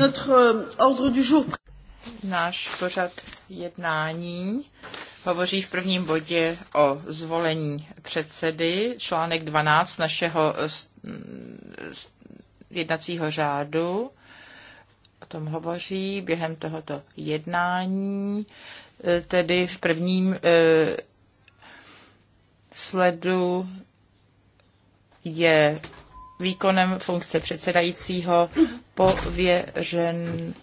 Euh, Náš pořad jednání hovoří v prvním bodě o zvolení předsedy, článek 12 našeho jednacího řádu. O tom hovoří během tohoto jednání, e, tedy v prvním e, sledu je výkonem funkce předsedajícího pověřen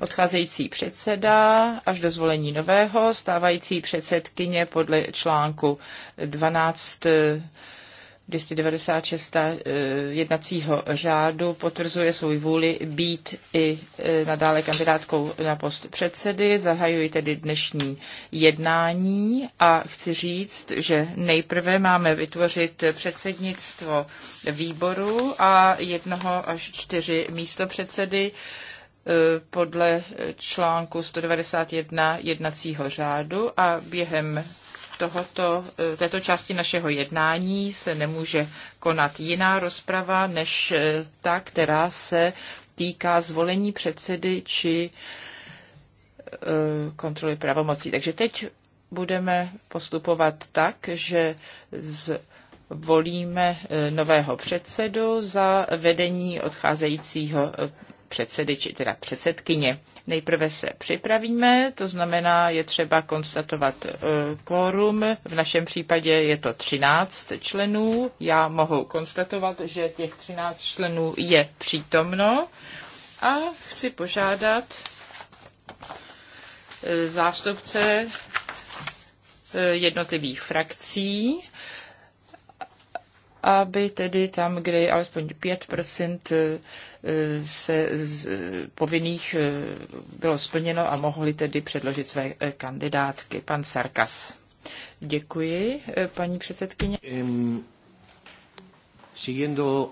odcházející předseda až do zvolení nového, stávající předsedkyně podle článku 12 296 eh, jednacího řádu potvrzuje svůj vůli být i eh, nadále kandidátkou na post předsedy. Zahajuji tedy dnešní jednání a chci říct, že nejprve máme vytvořit předsednictvo výboru a jednoho až čtyři místo předsedy eh, podle článku 191 jednacího řádu a během tohoto, eh, této části našeho jednání se nemůže konat jiná rozprava než eh, ta, která se týká zvolení předsedy či eh, kontroly pravomocí. Takže teď budeme postupovat tak, že z volíme nového předsedu za vedení odcházejícího předsedy, či teda předsedkyně. Nejprve se připravíme, to znamená, je třeba konstatovat e, kvórum. V našem případě je to 13 členů. Já mohu konstatovat, že těch 13 členů je přítomno a chci požádat e, zástupce e, jednotlivých frakcí, aby tedy tam, kde je alespoň 5% eh, se z eh, povinných eh, bylo splněno a mohli tedy předložit své kandidátky. Pan Sarkas. Děkuji, paní předsedkyně. Um, siguiendo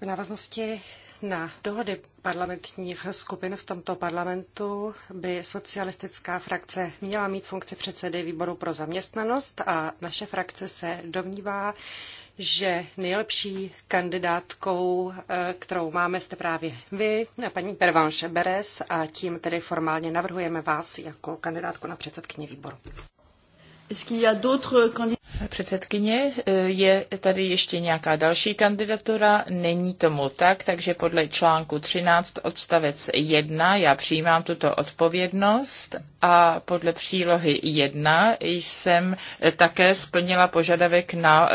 V návaznosti na dohody parlamentních skupin v tomto parlamentu by socialistická frakce měla mít funkci předsedy výboru pro zaměstnanost a naše frakce se domnívá, že nejlepší kandidátkou, eh, kterou máme, jste právě vy, paní Pervanche Beres, a tím tedy formálně navrhujeme vás jako kandidátku na předsedkyni výboru. Předsedkyně, eh, je tady ještě nějaká další kandidatura? Není tomu tak, takže podle článku 13 odstavec 1 já přijímám tuto odpovědnost a podle přílohy 1 jsem eh, také splnila požadavek na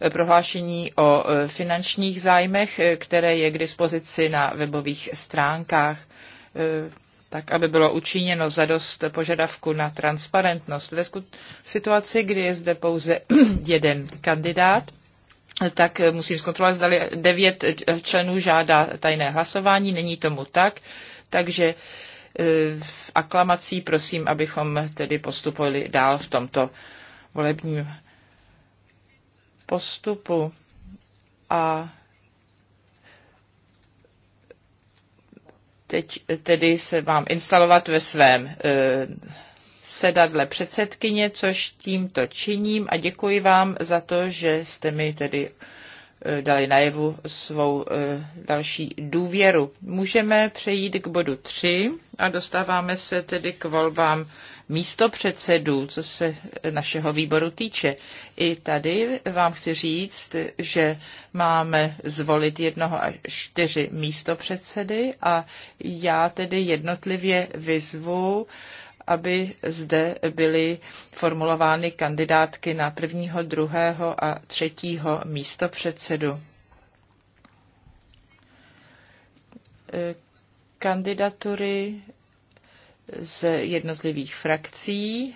eh, prohlášení o finančních zájmech, které je k dispozici na webových stránkách tak aby bylo učiněno zadost požadavku na transparentnost. Ve situaci, kdy je zde pouze jeden kandidát, tak musím zkontrolovat, zda devět členů žádá tajné hlasování. Není tomu tak, takže e, v aklamací prosím, abychom tedy postupovali dál v tomto volebním postupu. A Teď tedy se mám instalovat ve svém eh, sedadle předsedkyně, což tímto činím a děkuji vám za to, že jste mi tedy eh, dali najevu svou eh, další důvěru. Můžeme přejít k bodu 3 a dostáváme se tedy k volbám Místo předsedů, co se našeho výboru týče. I tady vám chci říct, že máme zvolit jednoho a čtyři předsedy, a já tedy jednotlivě vyzvu aby zde byly formulovány kandidátky na prvního, druhého a třetího místo předsedu. Kandidatury z jednotlivých frakcí.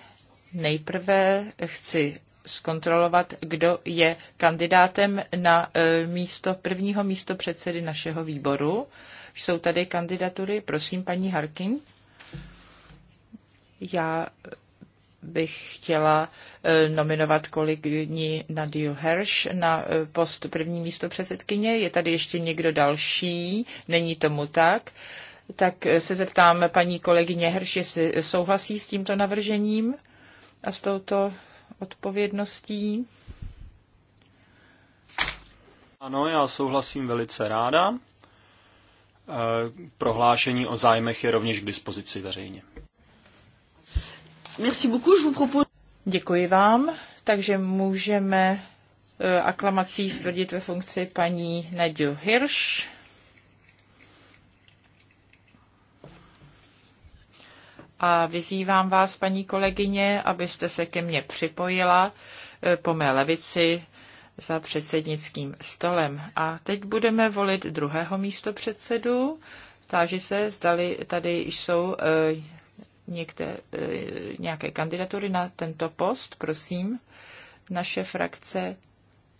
Nejprve chci zkontrolovat, kdo je kandidátem na e, místo prvního místo předsedy našeho výboru. Jsou tady kandidatury. Prosím, paní Harkin. Já bych chtěla e, nominovat kolegyni Nadiu Hersh na e, post první místo předsedkyně. Je tady ještě někdo další? Není tomu tak tak se zeptám paní kolegyně Hrš, jestli souhlasí s tímto navržením a s touto odpovědností. Ano, já souhlasím velice ráda. E, prohlášení o zájmech je rovněž k dispozici veřejně. Merci beaucoup, je vous propose... Děkuji vám, takže můžeme e, aklamací stvrdit ve funkci paní Nadě Hirsch. a vyzývám vás, paní kolegyně, abyste se ke mně připojila eh, po mé levici za předsednickým stolem. A teď budeme volit druhého místo předsedu. Táži se, zdali tady jsou eh, někde, eh, nějaké kandidatury na tento post, prosím. Naše frakce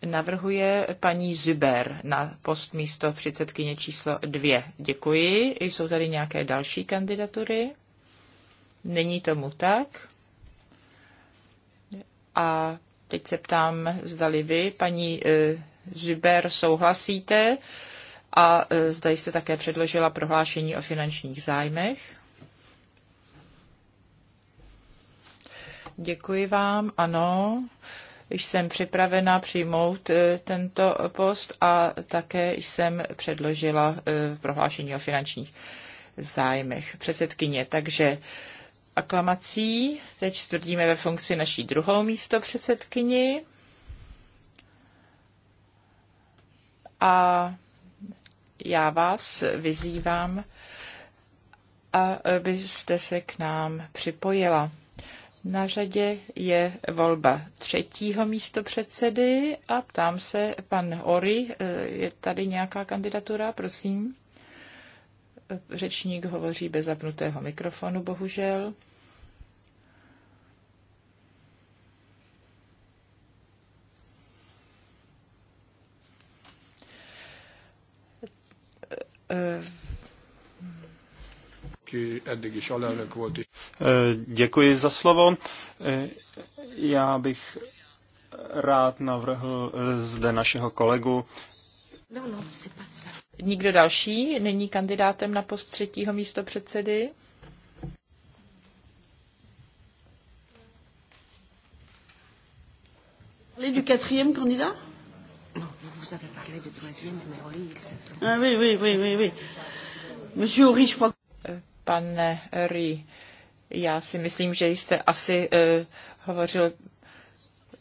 navrhuje paní Zuber na post místo předsedkyně číslo dvě. Děkuji. Jsou tady nějaké další kandidatury? Není tomu tak. A teď se ptám, zdali vy, paní eh, Žiber, souhlasíte a eh, zda jste také předložila prohlášení o finančních zájmech. Děkuji vám, ano. Jsem připravena přijmout eh, tento post a také jsem předložila prohlášení o finančních zájmech předsedkyně. Takže aklamací. Teď stvrdíme ve funkci naší druhou místo předsedkyni. A já vás vyzývám, abyste se k nám připojila. Na řadě je volba třetího místo předsedy a ptám se, pan Ory, je tady nějaká kandidatura, prosím? Řečník hovoří bez zapnutého mikrofonu, bohužel. Děkuji za slovo. Já bych rád navrhl zde našeho kolegu. No, no, Nikdo další není kandidátem na post třetího místo předsedy? Du quatrième candidat vous avez parlé de troisième, mais il s'est trompé. Ah, oui, oui, oui, oui, oui. Monsieur Ori, je crois... Eh, pane Ori, já si myslím, že jste asi uh, hovořil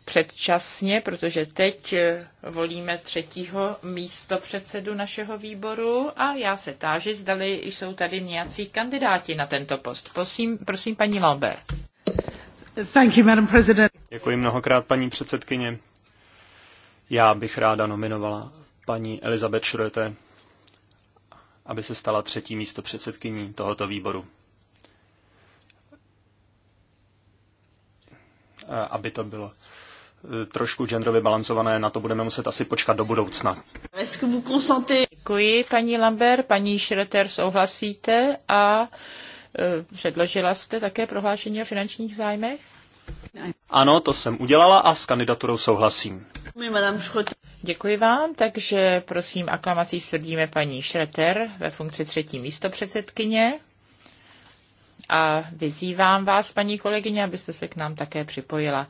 předčasně, protože teď eh, volíme třetího místo předsedu našeho výboru a já se táži, zdali jsou tady nějací kandidáti na tento post. Prosím, prosím paní Lambert. Thank you, Madam President. Děkuji mnohokrát, paní předsedkyně. Já bych ráda nominovala paní Elizabeth Schröte, aby se stala třetí místo předsedkyní tohoto výboru. Aby to bylo e, trošku genderově balancované, na to budeme muset asi počkat do budoucna. Děkuji, paní Lambert, paní Schroeter, souhlasíte a e, předložila jste také prohlášení o finančních zájmech? Ano, to jsem udělala a s kandidaturou souhlasím. Děkuji vám, takže prosím aklamací stvrdíme paní Šreter ve funkci třetí místopředsedkyně a vyzývám vás, paní kolegyně, abyste se k nám také připojila.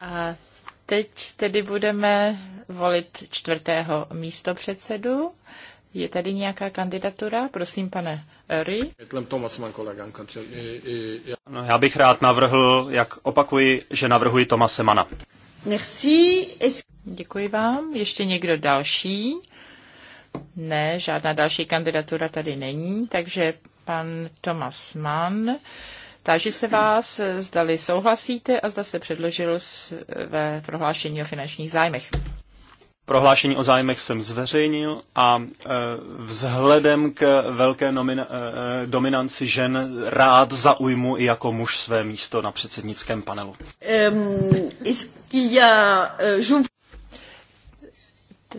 A teď tedy budeme volit čtvrtého místopředsedu. předsedu. Je tady nějaká kandidatura? Prosím, pane Ry. No, já bych rád navrhl, jak opakuji, že navrhuji Toma Semana. Merci. Děkuji vám. Ještě někdo další? Ne, žádná další kandidatura tady není, takže pan Thomas Mann. Táži se vás, zdali souhlasíte a zda se předložil své prohlášení o finančních zájmech prohlášení o zájmech jsem zveřejnil a e, vzhledem k velké nomina- e, e, dominanci žen rád zaujmu i jako muž své místo na předsednickém panelu.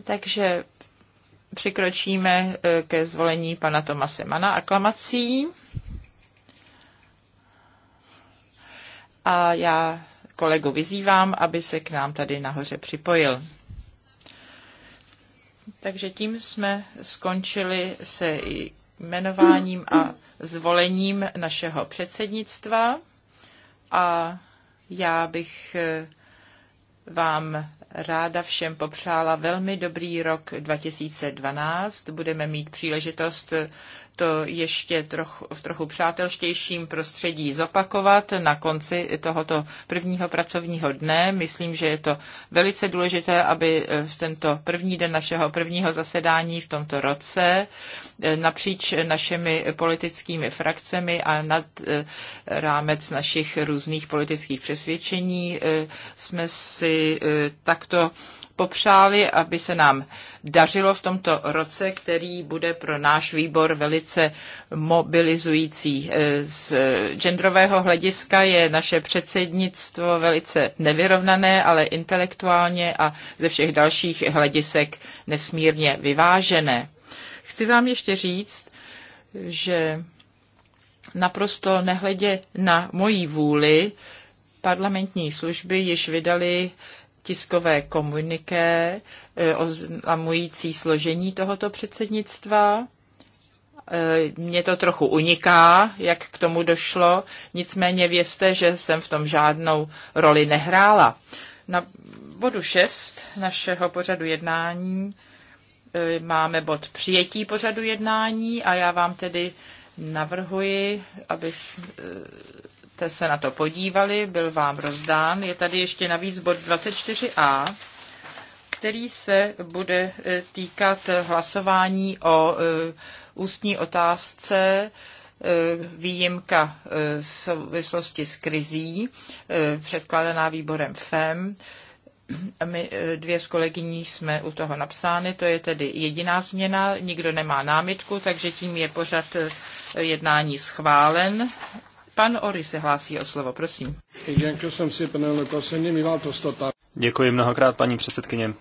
Takže přikročíme ke zvolení pana Tomase Mana aklamací. A já kolegu vyzývám, aby se k nám tady nahoře připojil. Takže tím jsme skončili se jmenováním a zvolením našeho předsednictva a já bych eh, vám ráda všem popřála velmi dobrý rok 2012. Budeme mít příležitost to ještě trochu v trochu přátelštějším prostředí zopakovat na konci tohoto prvního pracovního dne. Myslím, že je to velice důležité, aby eh, v tento první den našeho prvního zasedání v tomto roce eh, napříč našimi politickými frakcemi a nad eh, rámec našich různých politických přesvědčení jsme si takto popřáli, aby se nám dařilo v tomto roce, který bude pro náš výbor velice mobilizující. E, z genderového hlediska je naše předsednictvo velice nevyrovnané, ale intelektuálně a ze všech dalších hledisek nesmírně vyvážené. Chci vám ještě říct, že naprosto nehledě na mojí vůli, parlamentní služby již vydali tiskové komuniké e, oznamující složení tohoto předsednictva. E, Mně to trochu uniká, jak k tomu došlo, nicméně vězte, že jsem v tom žádnou roli nehrála. Na bodu 6 našeho pořadu jednání e, máme bod přijetí pořadu jednání a já vám tedy navrhuji, aby jste se na to podívali, byl vám rozdán. Je tady ještě navíc bod 24a, který se bude e, týkat hlasování o e, ústní otázce e, výjimka v souvislosti s krizí, předkladaná výborem FEM. My dvě z kolegyní jsme u toho napsány, to je tedy jediná změna, nikdo nemá námitku, takže tím je pořad jednání schválen. Pan Ory se hlásí o slovo, prosím. Děkuji mnohokrát, paní předsedkyně.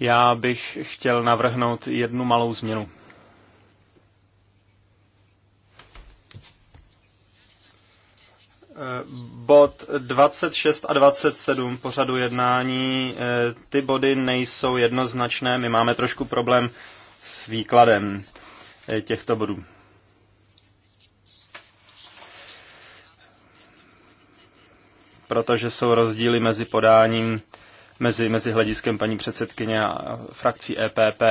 Já bych chtěl navrhnout jednu malou změnu. Bod 26 a 27 pořadu jednání, eh, ty body nejsou jednoznačné, my máme trošku problém s výkladem eh, těchto bodů. protože jsou rozdíly mezi podáním mezi, mezi hlediskem paní předsedkyně a frakcí EPP.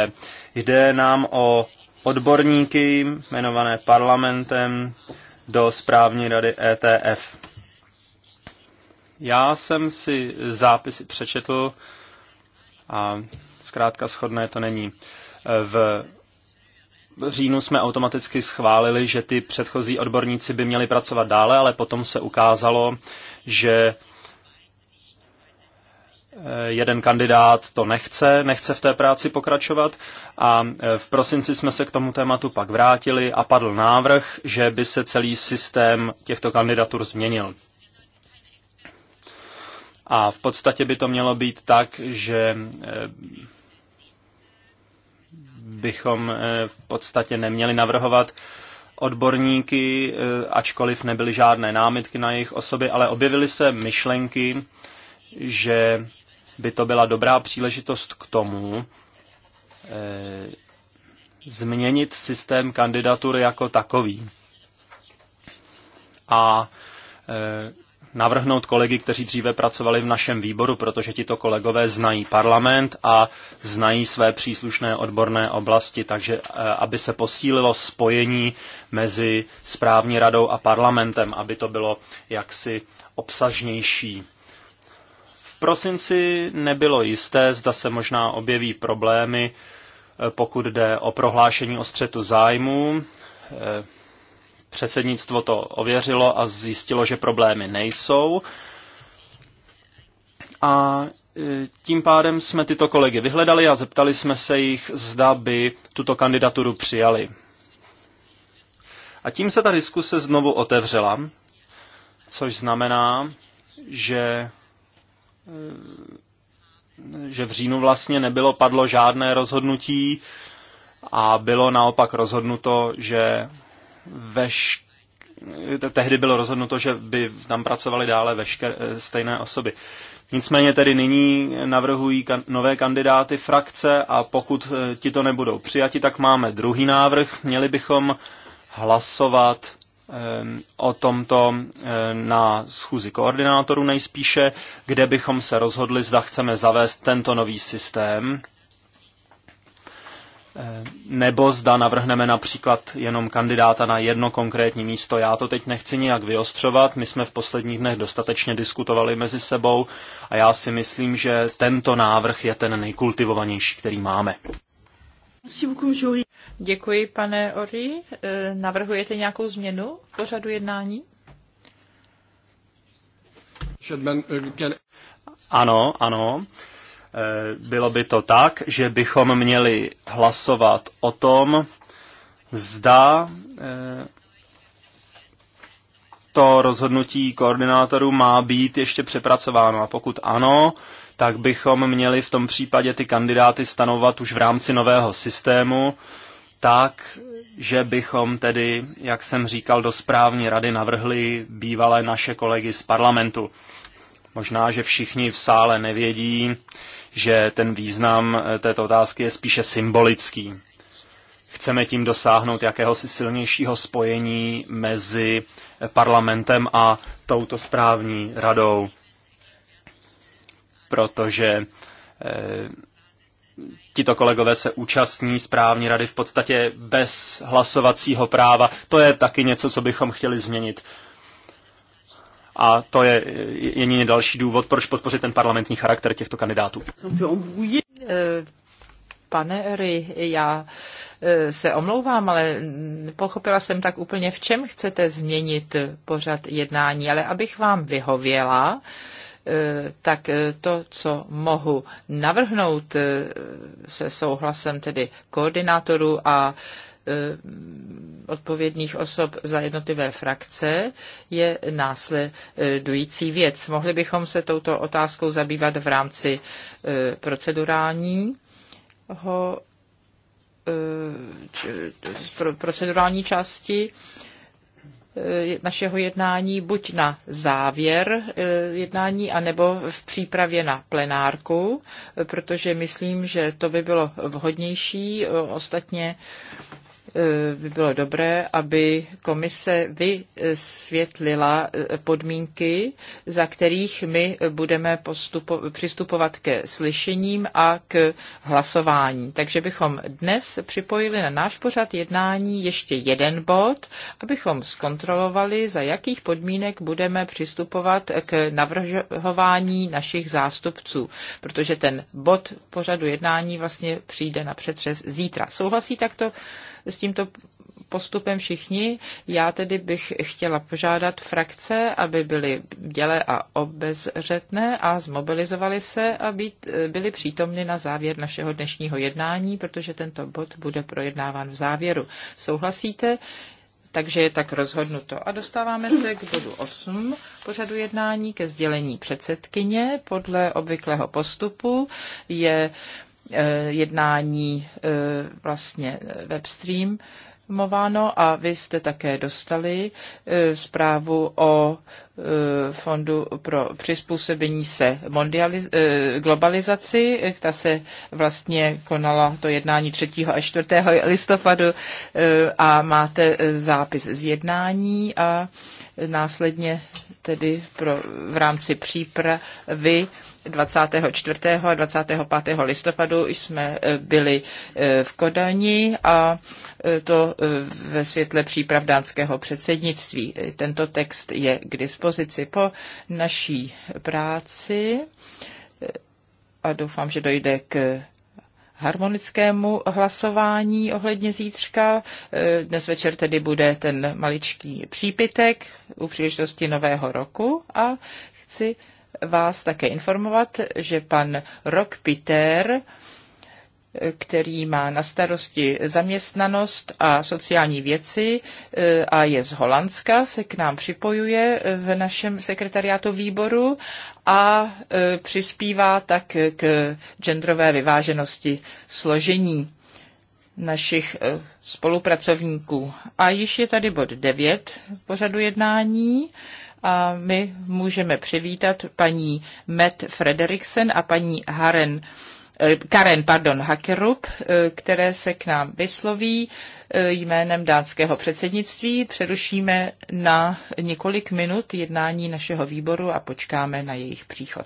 Jde nám o odborníky jmenované parlamentem do správní rady ETF. Já jsem si zápisy přečetl a zkrátka shodné to není. V říjnu jsme automaticky schválili, že ty předchozí odborníci by měli pracovat dále, ale potom se ukázalo, že eh, jeden kandidát to nechce, nechce v té práci pokračovat a eh, v prosinci jsme se k tomu tématu pak vrátili a padl návrh, že by se celý systém těchto kandidatur změnil. A v podstatě by to mělo být tak, že eh, bychom v podstatě neměli navrhovat odborníky, eh, ačkoliv nebyly žádné námitky na jejich osoby, ale objevily se myšlenky, že by to byla dobrá příležitost k tomu, e, změnit systém kandidatury jako takový. A e, navrhnout kolegy, kteří dříve pracovali v našem výboru, protože tito kolegové znají parlament a znají své příslušné odborné oblasti, takže eh, aby se posílilo spojení mezi správní radou a parlamentem, aby to bylo jaksi obsažnější. V prosinci nebylo jisté, zda se možná objeví problémy, eh, pokud jde o prohlášení o střetu zájmů eh, Předsednictvo to ověřilo a zjistilo, že problémy nejsou. A e, tím pádem jsme tyto kolegy vyhledali a zeptali jsme se jich, zda by tuto kandidaturu přijali. A tím se ta diskuse znovu otevřela, což znamená, že, e, že v říjnu vlastně nebylo padlo žádné rozhodnutí a bylo naopak rozhodnuto, že veš... tehdy bylo rozhodnuto, že by tam pracovali dále vešker... stejné osoby. Nicméně tedy nyní navrhují kan- nové kandidáty frakce a pokud eh, ti to nebudou přijati, tak máme druhý návrh. Měli bychom hlasovat ehm, o tomto eh, na schůzi koordinátorů nejspíše, kde bychom se rozhodli, zda chceme zavést tento nový systém Eh, nebo zda navrhneme například jenom kandidáta na jedno konkrétní místo. Já to teď nechci nijak vyostřovat, my jsme v posledních dnech dostatečně diskutovali mezi sebou a já si myslím, že tento návrh je ten nejkultivovanější, který máme. Děkuji, pane Ori. Eh, navrhujete nějakou změnu v pořadu jednání? Eh, ano, ano. Eh, bylo by to tak, že bychom měli hlasovat o tom, zda eh, to rozhodnutí koordinátorů má být ještě přepracováno. A pokud ano, tak bychom měli v tom případě ty kandidáty stanovat už v rámci nového systému, tak, že bychom tedy, jak jsem říkal, do správní rady navrhli bývalé naše kolegy z parlamentu. Možná, že všichni v sále nevědí, že ten význam eh, této otázky je spíše symbolický. Chceme tím dosáhnout jakéhosi silnějšího spojení mezi eh, parlamentem a touto správní radou, protože eh, tito kolegové se účastní správní rady v podstatě bez hlasovacího práva. To je taky něco, co bychom chtěli změnit a to je jedině další důvod, proč podpořit ten parlamentní charakter těchto kandidátů. Eh, pane Ery, já eh, se omlouvám, ale pochopila jsem tak úplně, v čem chcete změnit pořad jednání, ale abych vám vyhověla, eh, tak to, co mohu navrhnout se souhlasem tedy koordinátorů a Eh, odpovědných osob za jednotlivé frakce je následující věc. Mohli bychom se touto otázkou zabývat v rámci eh, procedurálního eh, procedurální části našeho jednání buď na závěr jednání, anebo v přípravě na plenárku, protože myslím, že to by bylo vhodnější. Ostatně Eh, by bylo dobré, aby komise vysvětlila eh, podmínky, za kterých my budeme postupo- přistupovat ke slyšením a k hlasování. Takže bychom dnes připojili na náš pořad jednání ještě jeden bod, abychom zkontrolovali, za jakých podmínek budeme přistupovat k navrhování našich zástupců, protože ten bod pořadu jednání vlastně přijde na přetřes zítra. Souhlasí takto? s tímto postupem všichni. Já tedy bych chtěla požádat frakce, aby byly děle a obezřetné a zmobilizovali se a být, byli přítomny na závěr našeho dnešního jednání, protože tento bod bude projednáván v závěru. Souhlasíte? Takže je tak rozhodnuto. A dostáváme se k bodu 8 pořadu jednání ke sdělení předsedkyně. Podle obvyklého postupu je Eh, jednání eh, vlastně webstream mováno a vy jste také dostali eh, zprávu o Fondu pro přizpůsobení se globalizaci. Ta se vlastně konala to jednání 3. a 4. listopadu a máte zápis z jednání a následně tedy pro, v rámci přípravy 24. a 25. listopadu jsme e, byli e, v Kodani a e, to ve světle příprav dánského předsednictví. Tento text je k dispozici po naší práci a doufám, že dojde k harmonickému hlasování ohledně zítřka. Dnes večer tedy bude ten maličký přípitek u příležitosti nového roku a chci vás také informovat, že pan Rock Peter který má na starosti zaměstnanost a sociální věci e, a je z Holandska, se k nám připojuje v našem sekretariátu výboru a e, přispívá tak k genderové vyváženosti složení našich e, spolupracovníků. A již je tady bod 9 pořadu jednání a my můžeme přivítat paní Matt Frederiksen a paní Haren. Eh, Karen, pardon, Hakerup, eh, které se k nám vysloví eh, jménem dánského předsednictví. Přerušíme na několik minut jednání našeho výboru a počkáme na jejich příchod.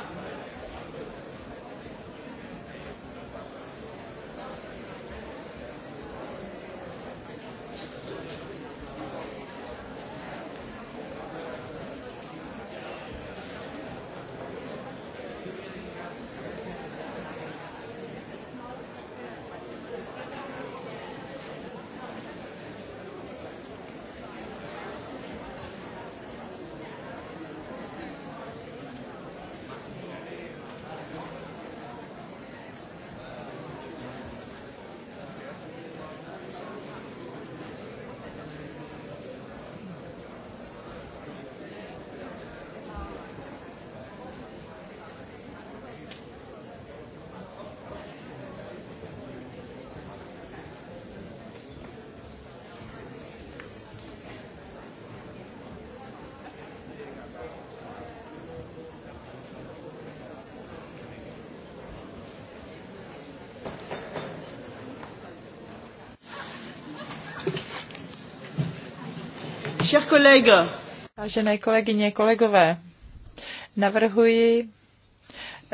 Chers collègues. Vážené kolegyně, kolegové, navrhuji,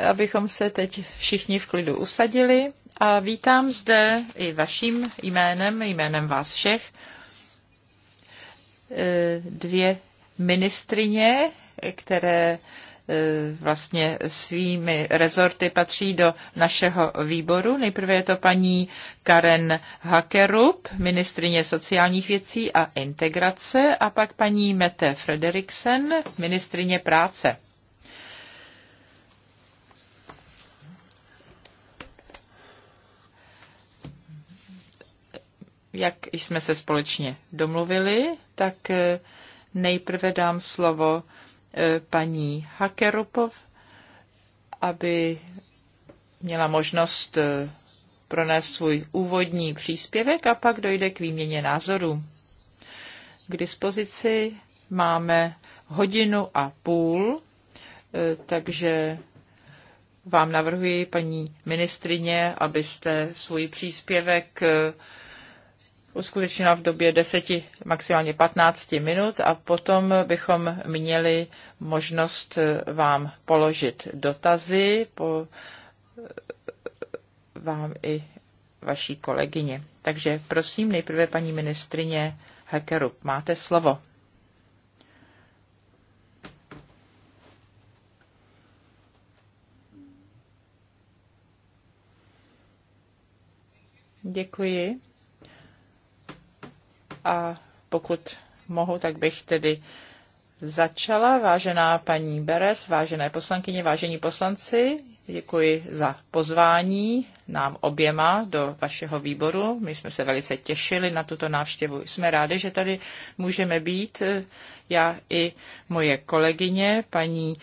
abychom se teď všichni v klidu usadili a vítám zde i vaším jménem, jménem vás všech, eh, dvě ministrině, které Eh, vlastně svými rezorty patří do našeho výboru. Nejprve je to paní Karen Hakerup, ministrině sociálních věcí a integrace, a pak paní Mette Frederiksen, ministrině práce. Jak jsme se společně domluvili, tak eh, nejprve dám slovo Eh, paní Hakerupov, aby měla možnost eh, pronést svůj úvodní příspěvek a pak dojde k výměně názorů. K dispozici máme hodinu a půl, eh, takže vám navrhuji, paní ministrině, abyste svůj příspěvek Uskutečněna v době 10, maximálně 15 minut a potom bychom měli možnost eh, vám položit dotazy, po, eh, vám i vaší kolegyně. Takže prosím, nejprve paní ministrině Hekerup, máte slovo. Děkuji a pokud mohu, tak bych tedy začala. Vážená paní Beres, vážené poslankyně, vážení poslanci, děkuji za pozvání nám oběma do vašeho výboru. My jsme se velice těšili na tuto návštěvu. Jsme rádi, že tady můžeme být, já i moje kolegyně, paní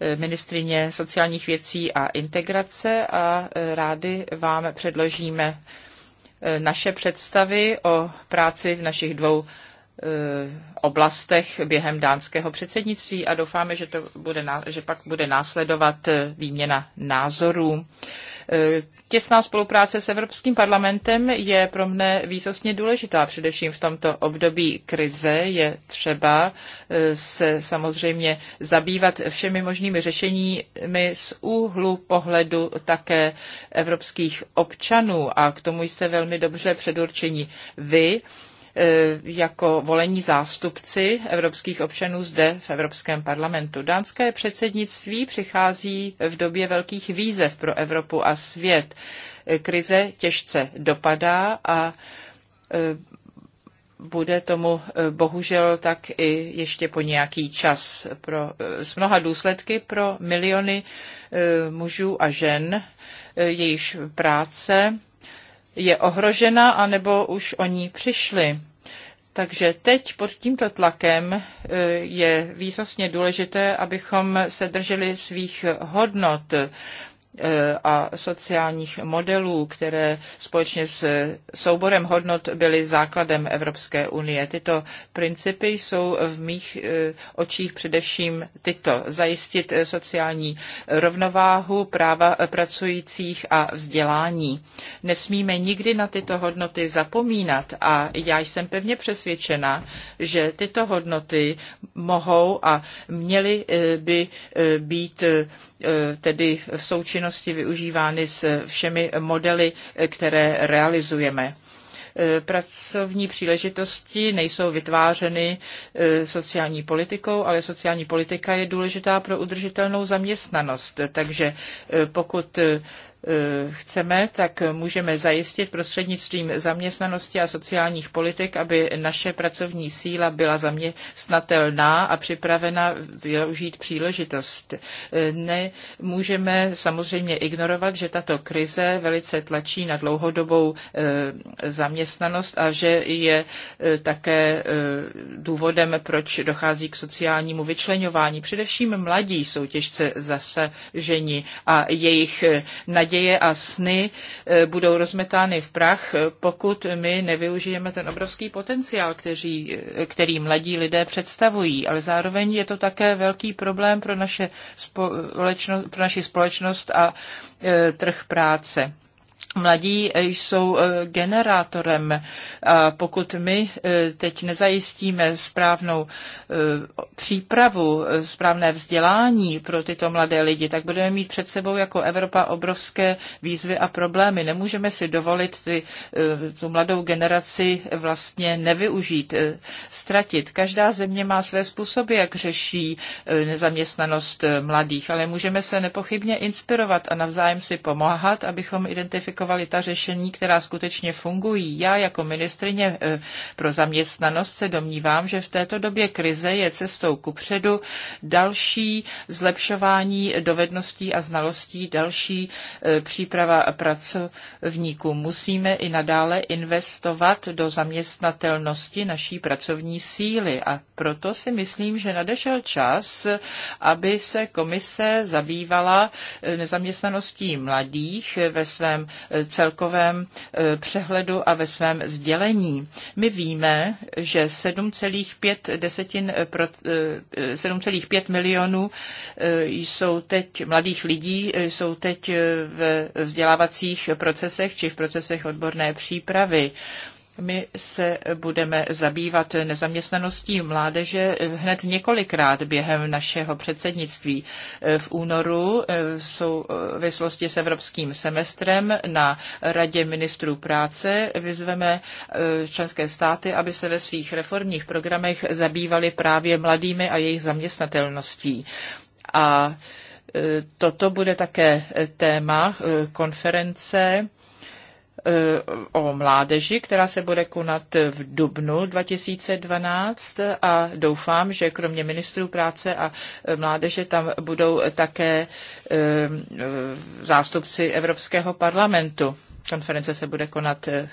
eh, ministrině sociálních věcí a integrace a eh, rádi vám předložíme naše představy o práci v našich dvou Eh, oblastech během dánského předsednictví a doufáme, že, to bude, že pak bude následovat eh, výměna názorů. Eh, těsná spolupráce s Evropským parlamentem je pro mne výsostně důležitá, především v tomto období krize je třeba se samozřejmě zabývat všemi možnými řešeními z úhlu pohledu také evropských občanů a k tomu jste velmi dobře předurčení vy E, jako volení zástupci evropských občanů zde v Evropském parlamentu. Dánské předsednictví přichází v době velkých výzev pro Evropu a svět. E, krize těžce dopadá a e, bude tomu bohužel tak i ještě po nějaký čas pro, s mnoha důsledky pro miliony mužů a žen, jejichž práce je ohrožena anebo už o ní přišli. Takže teď pod tímto tlakem e, je výsostně důležité, abychom se drželi svých hodnot. Eh, a sociálních modelů, které společně s souborem hodnot byly základem Evropské unie. Tyto principy jsou v mých eh, očích především tyto. Zajistit eh, sociální rovnováhu práva pracujících a vzdělání. Nesmíme nikdy na tyto hodnoty zapomínat a já jsem pevně přesvědčena, že tyto hodnoty mohou a měly by být tedy v součinnosti činnosti využívány s všemi modely, které realizujeme e, pracovní příležitosti nejsou vytvářeny e, sociální politikou, ale sociální politika je důležitá pro udržitelnou zaměstnanost. Takže e, pokud Eh, chceme, tak můžeme zajistit prostřednictvím zaměstnanosti a sociálních politik, aby naše pracovní síla byla zaměstnatelná a připravena využít příležitost. Eh, ne, můžeme samozřejmě ignorovat, že tato krize velice tlačí na dlouhodobou eh, zaměstnanost a že je také důvodem, proč dochází k sociálnímu vyčlenování. Především mladí jsou těžce zasaženi a jejich naděje naděje a sny eh, budou rozmetány v prach, eh, pokud my nevyužijeme ten obrovský potenciál, který, eh, který mladí lidé představují. Ale zároveň je to také velký problém pro, naše společnost, pro naši společnost a trh práce. Mladí jsou e, generátorem a pokud my e, teď nezajistíme správnou e, přípravu, správné vzdělání pro tyto mladé lidi, tak budeme mít před sebou jako Evropa obrovské výzvy a problémy. Nemůžeme si dovolit ty, tu mladou generaci vlastně nevyužít, ztratit. Každá země má své způsoby, jak řeší nezaměstnanost mladých, ale můžeme se nepochybně inspirovat a navzájem si pomáhat, abychom identifikovali identifikovali ta řešení, která skutečně fungují. Já jako ministrině eh, pro zaměstnanost se domnívám, že v této době krize je cestou kupředu další zlepšování dovedností a znalostí, další eh, příprava pracovníků. Musíme i nadále investovat do zaměstnatelnosti naší pracovní síly a proto si myslím, že nadešel čas, aby se komise zabývala eh, nezaměstnaností mladých ve svém celkovém eh, přehledu a ve svém sdělení. My víme, že 7,5 eh, milionů eh, jsou teď mladých lidí, jsou teď v vzdělávacích procesech či v procesech odborné přípravy. My se budeme zabývat nezaměstnaností mládeže hned několikrát během našeho předsednictví. V únoru eh, v souvislosti s evropským semestrem na Radě ministrů práce vyzveme eh, členské státy, aby se ve svých reformních programech zabývali právě mladými a jejich zaměstnatelností. A eh, toto bude také téma konference Eh, o mládeži, která se bude konat v dubnu 2012 a doufám, že kromě ministrů práce a mládeže tam budou také eh, zástupci Evropského parlamentu. Konference se bude konat eh,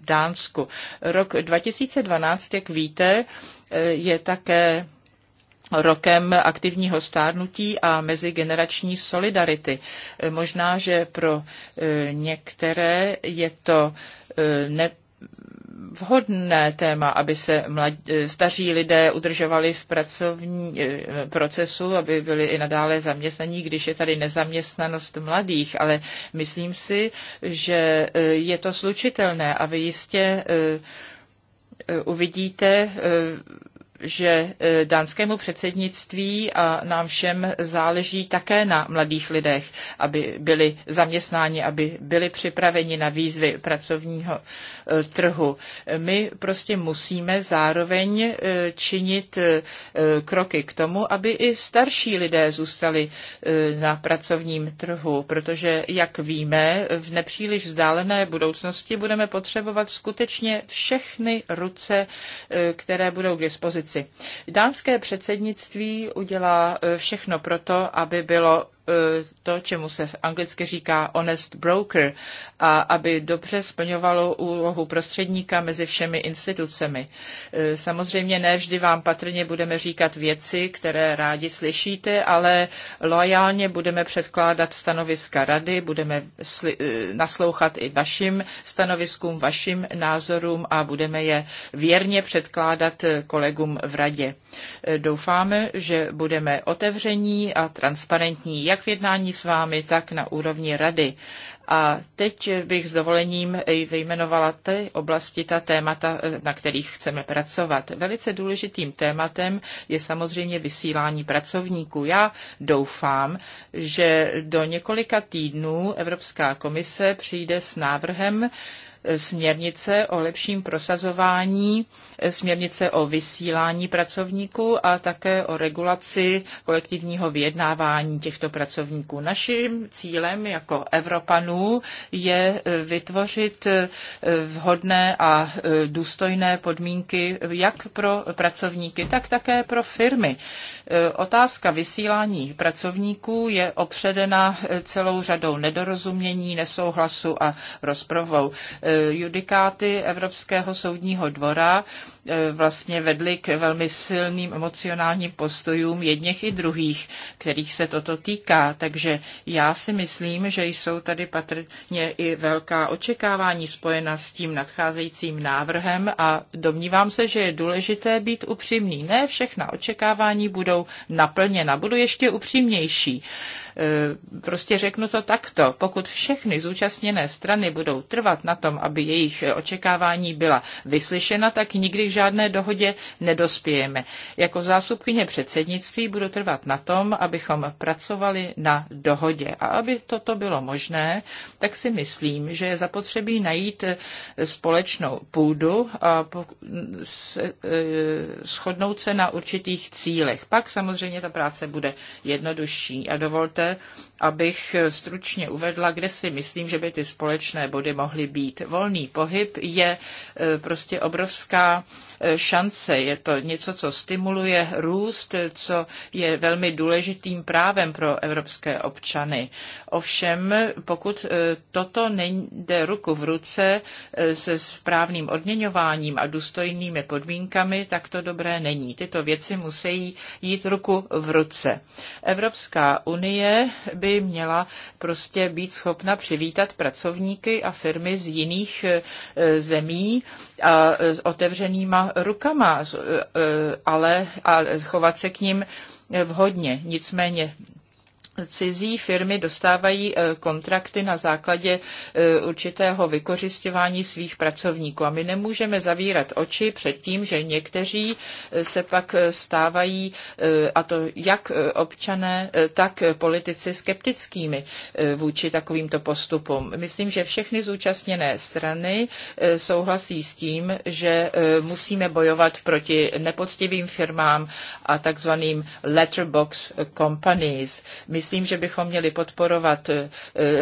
v Dánsku. Rok 2012, jak víte, je také rokem aktivního stárnutí a mezigenerační solidarity. E, možná, že pro e, některé je to e, ne vhodné téma, aby se mlad, staří lidé udržovali v pracovní procesu, aby byli i nadále zaměstnaní, když je tady nezaměstnanost mladých, ale myslím si, že je to slučitelné a vy jistě uvidíte že e, dánskému předsednictví a nám všem záleží také na mladých lidech, aby byli zaměstnáni, aby byli připraveni na výzvy pracovního e, trhu. My prostě musíme zároveň e, činit kroky k tomu, aby i starší lidé zůstali na pracovním trhu, protože, jak víme, v nepříliš vzdálené budoucnosti budeme potřebovat skutečně všechny ruce, které budou k dispozici konferenci. Dánské předsednictví udělá eh, všechno proto, aby bylo Eh, to, čemu se anglicky říká honest broker, a aby dobře splňovalo úlohu prostředníka mezi všemi institucemi. Eh, samozřejmě ne vždy vám patrně budeme říkat věci, které rádi slyšíte, ale loajálně budeme předkládat stanoviska rady, budeme eh, naslouchat i vašim stanoviskům, vašim názorům a budeme je věrně předkládat kolegům v radě. Doufáme, že budeme otevření a transparentní jak v jednání s vámi, tak na úrovni rady. A teď bych s dovolením vyjmenovala ty oblasti, ta témata, na kterých chceme pracovat. Velice důležitým tématem je samozřejmě vysílání pracovníků. Já doufám, že do několika týdnů Evropská komise přijde s návrhem, směrnice o lepším prosazování, e, směrnice o vysílání pracovníků a také o regulaci kolektivního vyjednávání těchto pracovníků. Naším cílem jako Evropanů je e, vytvořit e, vhodné a důstojné podmínky jak pro pracovníky, tak také pro firmy. E, otázka vysílání pracovníků je opředena e, celou řadou nedorozumění, nesouhlasu a rozprovou. E, judikáty Evropského soudního dvora Eh, vlastně vedly k velmi silným emocionálním postojům jedněch i druhých, kterých se toto týká. Takže já si myslím, že jsou tady patrně i velká očekávání spojena s tím nadcházejícím návrhem a domnívám se, že je důležité být upřímný. Ne všechna očekávání budou naplněna. Budu ještě upřímnější. Eh, prostě řeknu to takto. Pokud všechny zúčastněné strany budou trvat na tom, aby jejich očekávání byla vyslyšena, tak nikdy k žádné dohodě nedospějeme. Jako zástupkyně předsednictví budu trvat na tom, abychom pracovali na dohodě. A aby toto bylo možné, tak si myslím, že je zapotřebí najít eh, společnou půdu a eh, shodnout se na určitých cílech. Pak samozřejmě ta práce bude jednodušší. A dovolte můžete abych stručně uvedla, kde si myslím, že by ty společné body mohly být. Volný pohyb je e, prostě obrovská e, šance, je to něco, co stimuluje růst, co je velmi důležitým právem pro evropské občany. Ovšem, pokud e, toto nejde ruku v ruce se správným odměňováním a důstojnými podmínkami, tak to dobré není. Tyto věci musí jít ruku v ruce. Evropská unie by měla prostě být schopna přivítat pracovníky a firmy z jiných e, zemí a s otevřenýma rukama, e, e, ale a chovat se k ním vhodně. Nicméně cizí firmy dostávají eh, kontrakty na základě eh, určitého vykořišťování svých pracovníků. A my nemůžeme zavírat oči před tím, že někteří eh, se pak stávají, a to jak občané, tak politici skeptickými vůči takovýmto postupům. Myslím, že všechny zúčastněné strany souhlasí s tím, že musíme bojovat proti nepoctivým firmám a takzvaným letterbox companies. My myslím, že bychom měli podporovat eh,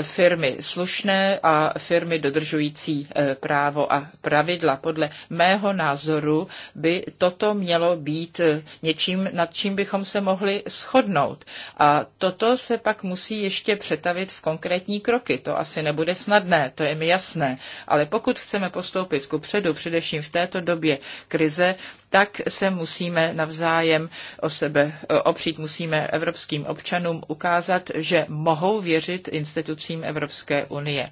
firmy slušné a firmy dodržující eh, právo a pravidla. Podle mého názoru by toto mělo být eh, něčím, nad čím bychom se mohli shodnout. A toto se pak musí ještě přetavit v konkrétní kroky. To asi nebude snadné, to je mi jasné. Ale pokud chceme postoupit ku předu, především v této době krize, tak se musíme navzájem o sebe opřít, musíme evropským občanům ukázat, ukázat, že mohou věřit institucím Evropské unie.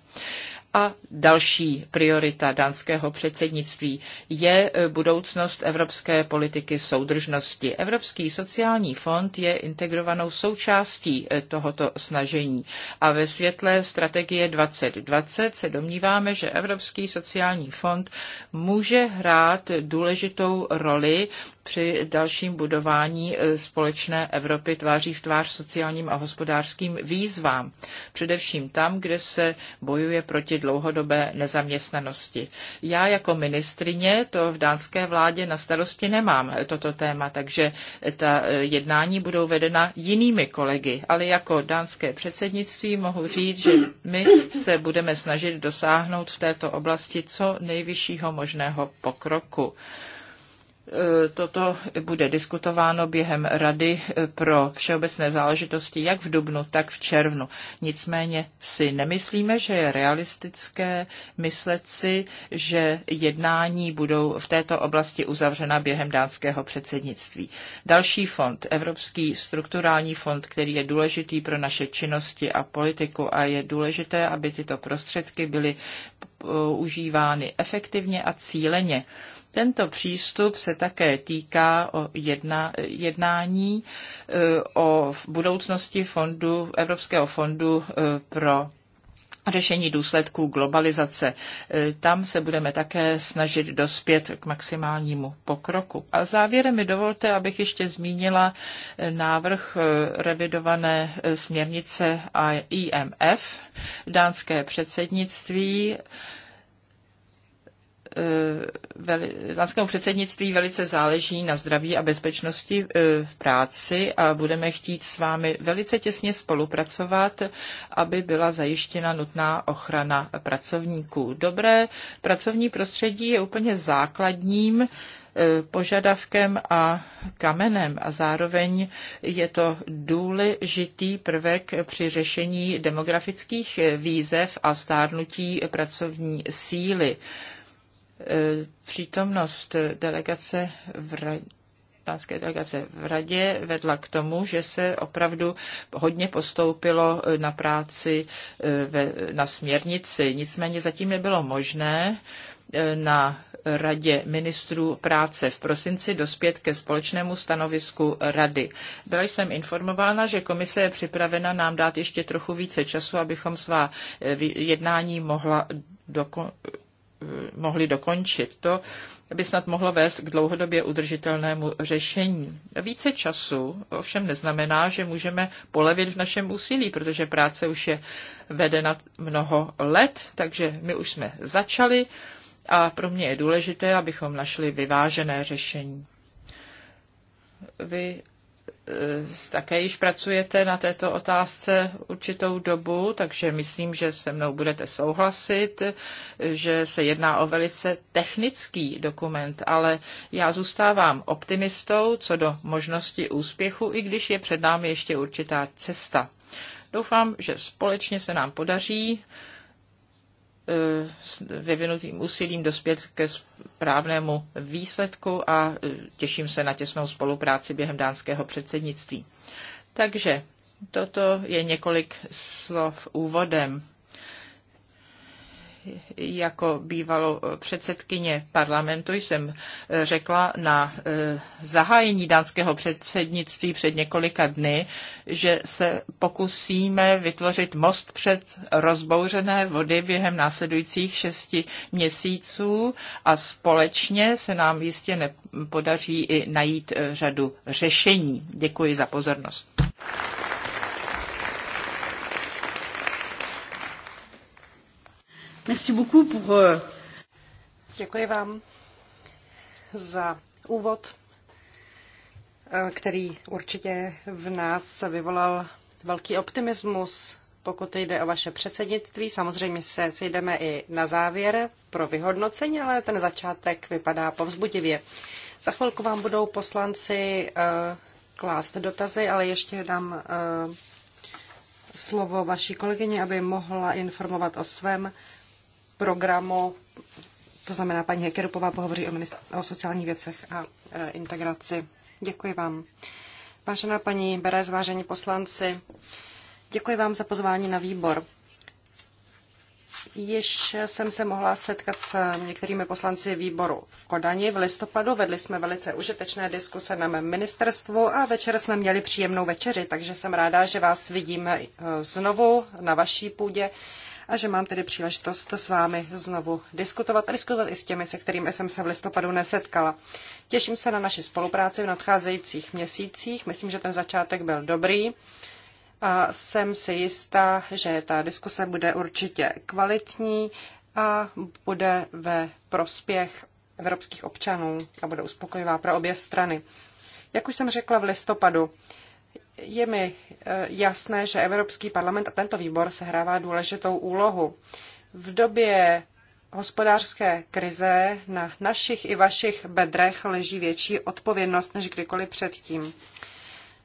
A další priorita dánského předsednictví je eh, budoucnost evropské politiky soudržnosti. Evropský sociální fond je integrovanou součástí eh, tohoto snažení a ve světle strategie 2020 se domníváme, že Evropský sociální fond může hrát důležitou roli při dalším budování e, společné Evropy tváří v tvář sociálním a hospodářským výzvám, především tam, kde se bojuje proti dlouhodobé nezaměstnanosti. Já jako ministrině to v dánské vládě na starosti nemám, e, toto téma, takže ta e, jednání budou vedena jinými kolegy, ale jako dánské předsednictví mohu říct, že my se budeme snažit dosáhnout v této oblasti co nejvyššího možného pokroku. Eh, toto bude diskutováno během Rady eh, pro všeobecné záležitosti jak v dubnu, tak v červnu. Nicméně si nemyslíme, že je realistické myslet si, že jednání budou v této oblasti uzavřena během dánského předsednictví. Další fond, Evropský strukturální fond, který je důležitý pro naše činnosti a politiku a je důležité, aby tyto prostředky byly eh, užívány efektivně a cíleně. Tento přístup se také týká o jedna, jednání eh, o budoucnosti fondu, Evropského fondu eh, pro řešení důsledků globalizace. Eh, tam se budeme také snažit dospět k maximálnímu pokroku. A závěrem mi dovolte, abych ještě zmínila návrh revidované směrnice IMF, dánské předsednictví lanskému předsednictví velice záleží na zdraví a bezpečnosti e, v práci a budeme chtít s vámi velice těsně spolupracovat, aby byla zajištěna nutná ochrana pracovníků. Dobré pracovní prostředí je úplně základním e, požadavkem a kamenem a zároveň je to důležitý prvek při řešení demografických výzev a stárnutí pracovní síly přítomnost delegace v radě delegace v radě vedla k tomu, že se opravdu hodně postoupilo na práci eh, ve, na směrnici. Nicméně zatím nebylo možné eh, na Radě ministrů práce v prosinci dospět ke společnému stanovisku Rady. Byla jsem informována, že komise je připravena nám dát ještě trochu více času, abychom svá eh, jednání mohla dokončit Eh, mohli dokončit. To by snad mohlo vést k dlouhodobě udržitelnému řešení. Více času ovšem neznamená, že můžeme polevit v našem úsilí, protože práce už je vedena mnoho let, takže my už jsme začali a pro mě je důležité, abychom našli vyvážené řešení. Vy Eh, také již pracujete na této otázce určitou dobu, takže myslím, že se mnou budete souhlasit, že se jedná o velice technický dokument, ale já zůstávám optimistou co do možnosti úspěchu, i když je před námi ještě určitá cesta. Doufám, že společně se nám podaří Eh, vyvinutým úsilím dospět ke správnému výsledku a eh, těším se na těsnou spolupráci během dánského předsednictví. Takže toto je několik slov úvodem jako bývalou eh, předsedkyně parlamentu jsem eh, řekla na eh, zahájení dánského předsednictví před několika dny, že se pokusíme vytvořit most před rozbouřené vody během následujících šesti měsíců a společně se nám jistě nepodaří i najít řadu řešení. Děkuji za pozornost. Merci beaucoup pour... Euh, Děkuji vám za úvod, eh, který určitě v nás vyvolal velký optimismus, pokud jde o vaše předsednictví. Samozřejmě se sejdeme i na závěr pro vyhodnocení, ale ten začátek vypadá povzbudivě. Za chvilku vám budou poslanci eh, klást dotazy, ale ještě dám eh, slovo vaší kolegyně, aby mohla informovat o svém programu, to znamená paní Hekerupová pohovoří o, o sociálních věcech a e, integraci. Děkuji vám. Vážená paní Berez, vážení poslanci, děkuji vám za pozvání na výbor. Již jsem se mohla setkat s některými poslanci výboru v Kodani v listopadu. Vedli jsme velice užitečné diskuse na mém ministerstvu a večer jsme měli příjemnou večeři, takže jsem ráda, že vás vidím e, znovu na vaší půdě a že mám tedy příležitost s vámi znovu diskutovat a diskutovat i s těmi, se kterými jsem se v listopadu nesetkala. Těším se na naši spolupráci v nadcházejících měsících. Myslím, že ten začátek byl dobrý. A jsem si jistá, že ta diskuse bude určitě kvalitní a bude ve prospěch evropských občanů a bude uspokojivá pro obě strany. Jak už jsem řekla v listopadu, je mi e, jasné, že Evropský parlament a tento výbor sehrává důležitou úlohu. V době hospodářské krize na našich i vašich bedrech leží větší odpovědnost než kdykoliv předtím.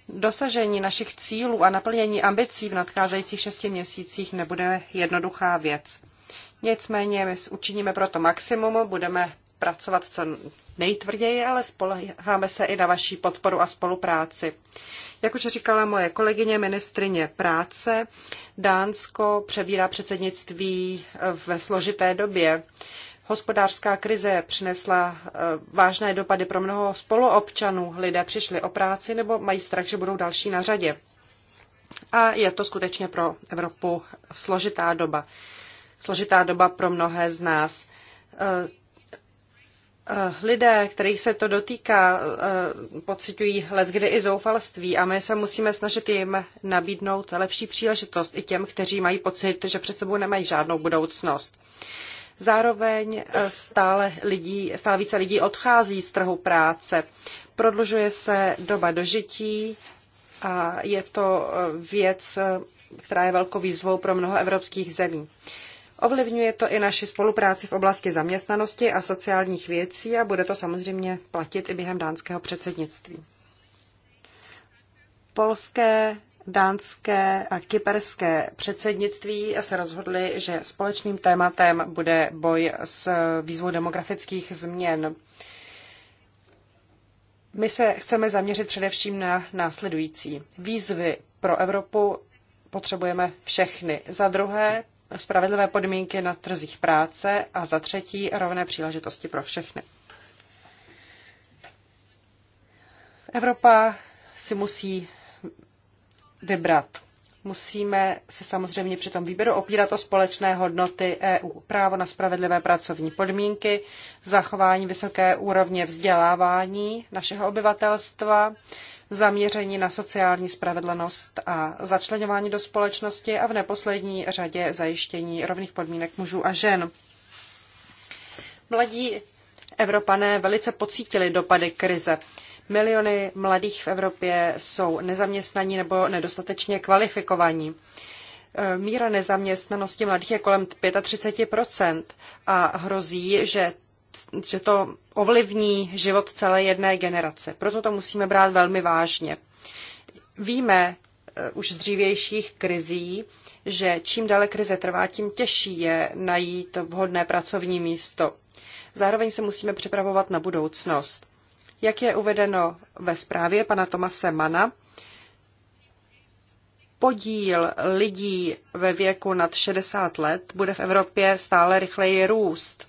Dosažení našich cílů a naplnění ambicí v nadcházejících šesti měsících nebude jednoduchá věc. Nicméně my učiníme proto maximum, budeme pracovat co nejtvrději, ale spoleháme se i na vaší podporu a spolupráci. Jak už říkala moje kolegyně ministrině práce, Dánsko přebírá předsednictví ve složité době. Hospodářská krize přinesla eh, vážné dopady pro mnoho spoluobčanů. Lidé přišli o práci nebo mají strach, že budou další na řadě. A je to skutečně pro Evropu složitá doba. Složitá doba pro mnohé z nás. Eh, Eh, lidé, kterých se to dotýká, eh, pocitují leckdy i zoufalství a my se musíme snažit jim nabídnout lepší příležitost i těm, kteří mají pocit, že před sebou nemají žádnou budoucnost. Zároveň eh, stále, lidí, stále více lidí odchází z trhu práce. Prodlužuje se doba dožití a je to věc, která je velkou výzvou pro mnoho evropských zemí. Ovlivňuje to i naši spolupráci v oblasti zaměstnanosti a sociálních věcí a bude to samozřejmě platit i během dánského předsednictví. Polské, dánské a kyperské předsednictví se rozhodly, že společným tématem bude boj s výzvou demografických změn. My se chceme zaměřit především na následující. Výzvy pro Evropu potřebujeme všechny. Za druhé, spravedlivé podmínky na trzích práce a za třetí rovné příležitosti pro všechny. Evropa si musí vybrat. Musíme se samozřejmě při tom výběru opírat o společné hodnoty EU. Právo na spravedlivé pracovní podmínky, zachování vysoké úrovně vzdělávání našeho obyvatelstva, zaměření na sociální spravedlnost a začlenování do společnosti a v neposlední řadě zajištění rovných podmínek mužů a žen. Mladí Evropané velice pocítili dopady krize. Miliony mladých v Evropě jsou nezaměstnaní nebo nedostatečně kvalifikovaní. E, míra nezaměstnanosti mladých je kolem 35 a hrozí, že že to ovlivní život celé jedné generace. Proto to musíme brát velmi vážně. Víme eh, už z dřívějších krizí, že čím dále krize trvá, tím těžší je najít vhodné pracovní místo. Zároveň se musíme připravovat na budoucnost. Jak je uvedeno ve zprávě pana Tomase Mana, podíl lidí ve věku nad 60 let bude v Evropě stále rychleji růst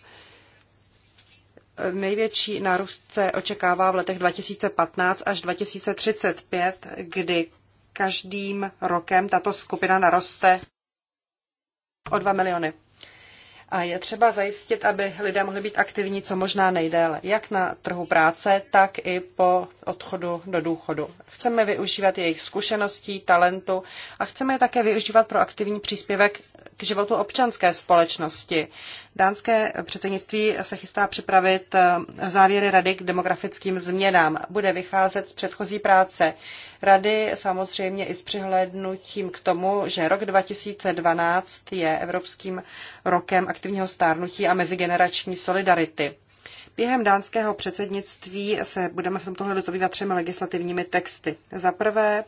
největší nárůst se očekává v letech 2015 až 2035, kdy každým rokem tato skupina naroste o 2 miliony. A je třeba zajistit, aby lidé mohli být aktivní co možná nejdéle, jak na trhu práce, tak i po odchodu do důchodu. Chceme využívat jejich zkušeností, talentu a chceme je také využívat pro aktivní příspěvek k životu občanské společnosti. Dánské předsednictví se chystá připravit eh, závěry rady k demografickým změnám. Bude vycházet z předchozí práce rady, samozřejmě i s přihlédnutím k tomu, že rok 2012 je Evropským rokem aktivního stárnutí a mezigenerační solidarity. Během dánského předsednictví se budeme v tomto hledu zabývat třemi legislativními texty. Za prvé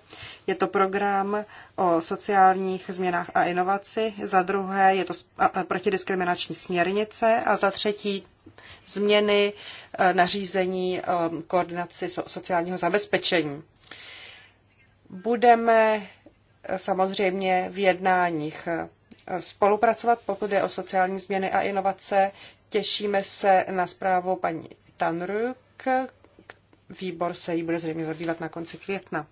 je to program o sociálních změnách a inovaci, za druhé je to protidiskriminační směrnice a za třetí změny e, nařízení koordinaci sociálního zabezpečení. Budeme e, samozřejmě v jednáních e, spolupracovat, pokud je o sociální změny a inovace. Těšíme se na zprávu paní Tanruk. Výbor se jí bude zřejmě zabývat na konci května.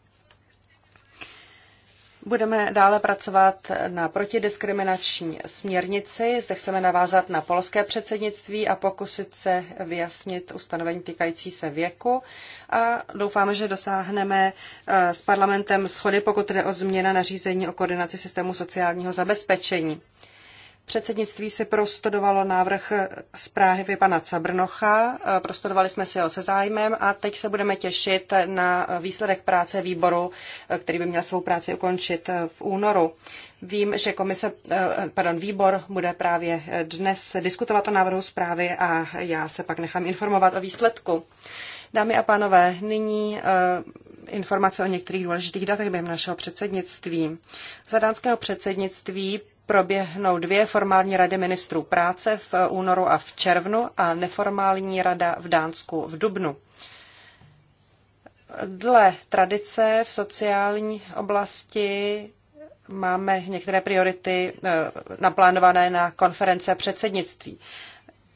Budeme dále pracovat na protidiskriminační směrnici. Zde chceme navázat na polské předsednictví a pokusit se vyjasnit ustanovení týkající se věku. A doufáme, že dosáhneme eh, s parlamentem schody, pokud jde o změna nařízení o koordinaci systému sociálního zabezpečení. Předsednictví si prostudovalo návrh zprávy pana Cabrnocha, prostudovali jsme si ho se zájmem a teď se budeme těšit na výsledek práce výboru, který by měl svou práci ukončit v únoru. Vím, že komise, pardon, výbor bude právě dnes diskutovat o návrhu zprávy a já se pak nechám informovat o výsledku. Dámy a pánové, nyní eh, informace o některých důležitých datech během našeho předsednictví. Za dánského předsednictví proběhnou dvě formální rady ministrů práce v únoru a v červnu a neformální rada v Dánsku v dubnu. Dle tradice v sociální oblasti máme některé priority eh, naplánované na konference předsednictví.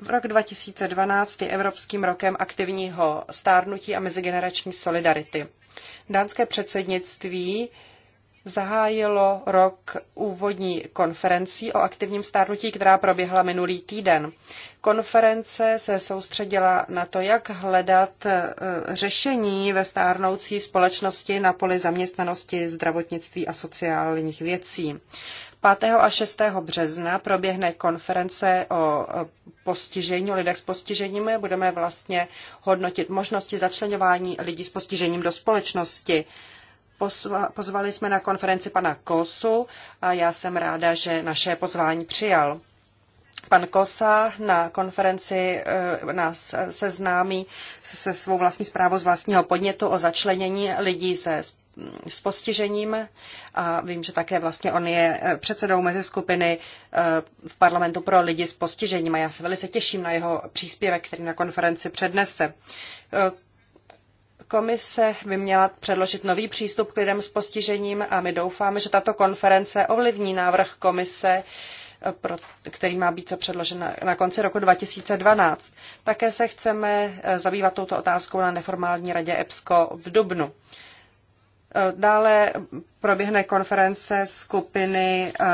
V rok 2012 je Evropským rokem aktivního stárnutí a mezigenerační solidarity. Dánské předsednictví zahájilo rok úvodní konferencí o aktivním stárnutí, která proběhla minulý týden. Konference se soustředila na to, jak hledat eh, řešení ve stárnoucí společnosti na poli zaměstnanosti, zdravotnictví a sociálních věcí. 5. a 6. března proběhne konference o eh, postižení, o lidech s postižením. Budeme vlastně hodnotit možnosti začlenování lidí s postižením do společnosti pozvali jsme na konferenci pana Kosu a já jsem ráda, že naše pozvání přijal. Pan Kosa na konferenci eh, nás seznámí se svou vlastní zprávou z vlastního podnětu o začlenění lidí se s postižením a vím, že také vlastně on je eh, předsedou mezi skupiny eh, v parlamentu pro lidi s postižením a já se velice těším na jeho příspěvek, který na konferenci přednese. Komise by měla předložit nový přístup k lidem s postižením a my doufáme, že tato konference ovlivní návrh komise, eh, který má být předložen na konci roku 2012. Také se chceme eh, zabývat touto otázkou na neformální radě EPSCO v Dubnu. Eh, dále proběhne konference skupiny eh,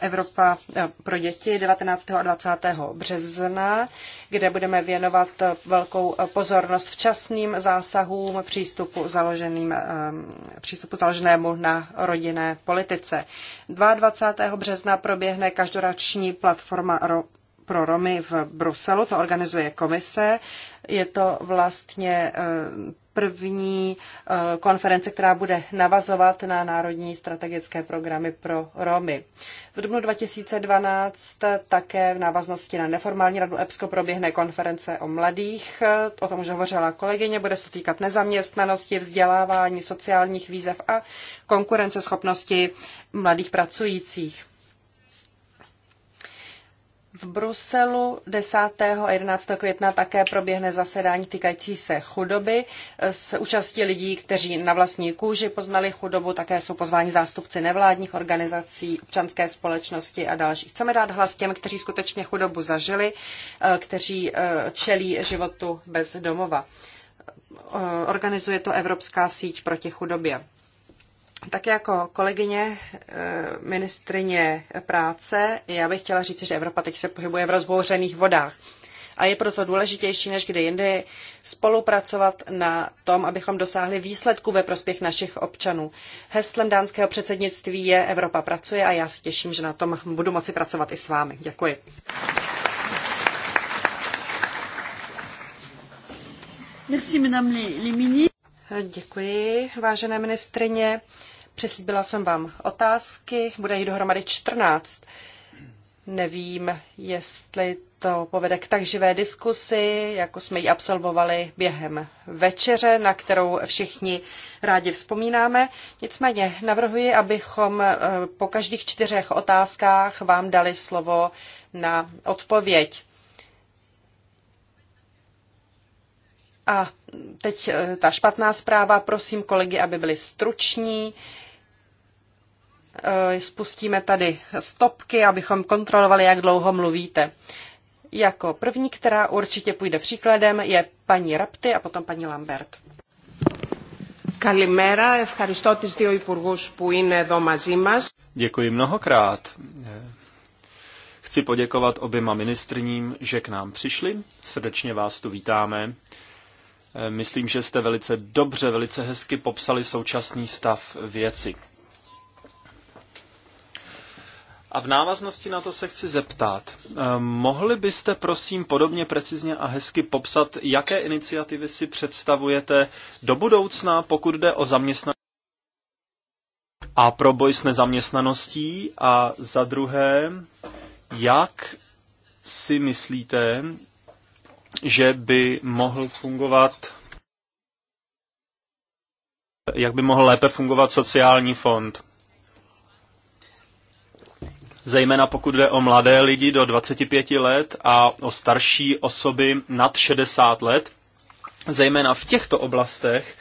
Evropa eh, pro děti 19. a 20. března, kde budeme věnovat velkou pozornost včasným zásahům přístupu, založeným, přístupu založenému na rodinné politice. 22. března proběhne každoroční platforma pro Romy v Bruselu, to organizuje komise. Je to vlastně eh, první eh, konference, která bude navazovat na národní strategické programy pro Romy. V dubnu 2012 také v návaznosti na neformální radu EPSCO proběhne konference o mladých. O tom už hovořila kolegyně. Bude se týkat nezaměstnanosti, vzdělávání, sociálních výzev a konkurenceschopnosti mladých pracujících. V Bruselu 10. a 11. května také proběhne zasedání týkající se chudoby s účastí lidí, kteří na vlastní kůži poznali chudobu. Také jsou pozváni zástupci nevládních organizací, občanské společnosti a další. Chceme dát hlas těm, kteří skutečně chudobu zažili, eh, kteří eh, čelí životu bez domova. Eh, organizuje to Evropská síť proti chudobě. Tak jako kolegyně eh, ministrině práce, já bych chtěla říct, že Evropa teď se pohybuje v rozbouřených vodách. A je proto důležitější než kdy jindy spolupracovat na tom, abychom dosáhli výsledku ve prospěch našich občanů. Heslem dánského předsednictví je Evropa pracuje a já se těším, že na tom budu moci pracovat i s vámi. Děkuji. Děkuji, vážené ministrině. Přislíbila jsem vám otázky, bude jich dohromady 14. Nevím, jestli to povede k tak živé diskusi, jako jsme ji absolvovali během večeře, na kterou všichni rádi vzpomínáme. Nicméně navrhuji, abychom eh, po každých čtyřech otázkách vám dali slovo na odpověď. A teď eh, ta špatná zpráva, prosím kolegy, aby byli struční. Eh, spustíme tady stopky, abychom kontrolovali, jak dlouho mluvíte. Jako první, která určitě půjde příkladem, je paní Rapty a potom paní Lambert. Kalimera, ευχαριστώ τις δύο υπουργούς που είναι εδώ μαζί μας. Děkuji mnohokrát. Chci poděkovat oběma ministrním, že k nám přišli. Srdečně vás tu vítáme. Myslím, že jste velice dobře, velice hezky popsali současný stav věci. A v návaznosti na to se chci zeptat. Eh, mohli byste prosím podobně precizně a hezky popsat, jaké iniciativy si představujete do budoucna, pokud jde o zaměstnanost a pro boj s nezaměstnaností? A za druhé, jak si myslíte, že by mohl fungovat jak by mohl lépe fungovat sociální fond? zejména pokud jde o mladé lidi do 25 let a o starší osoby nad 60 let. Zejména v těchto oblastech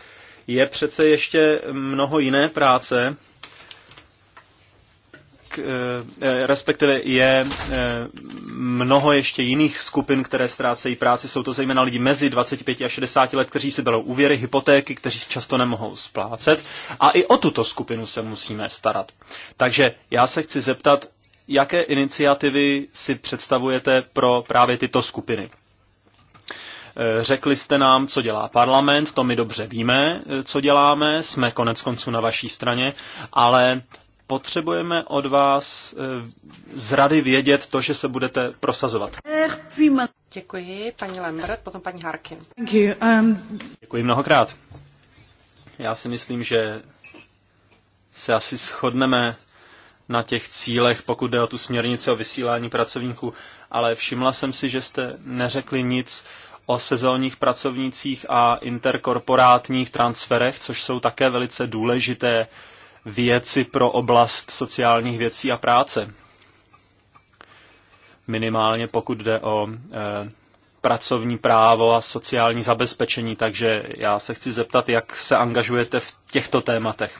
je přece ještě mnoho jiné práce, k, eh, eh, respektive je eh, mnoho ještě jiných skupin, které ztrácejí práci. Jsou to zejména lidi mezi 25 a 60 let, kteří si berou úvěry, hypotéky, kteří často nemohou splácet. A i o tuto skupinu se musíme starat. Takže já se chci zeptat, jaké iniciativy si představujete pro právě tyto skupiny. Eh, řekli jste nám, co dělá parlament, to my dobře víme, eh, co děláme, jsme konec konců na vaší straně, ale potřebujeme od vás eh, z rady vědět to, že se budete prosazovat. Děkuji, paní Lambert, potom paní Harkin. Um, Děkuji mnohokrát. Já si myslím, že se asi shodneme na těch cílech, pokud jde o tu směrnici o vysílání pracovníků, ale všimla jsem si, že jste neřekli nic o sezónních pracovnících a interkorporátních transferech, což jsou také velice důležité věci pro oblast sociálních věcí a práce. Minimálně pokud jde o e, pracovní právo a sociální zabezpečení, takže já se chci zeptat, jak se angažujete v těchto tématech.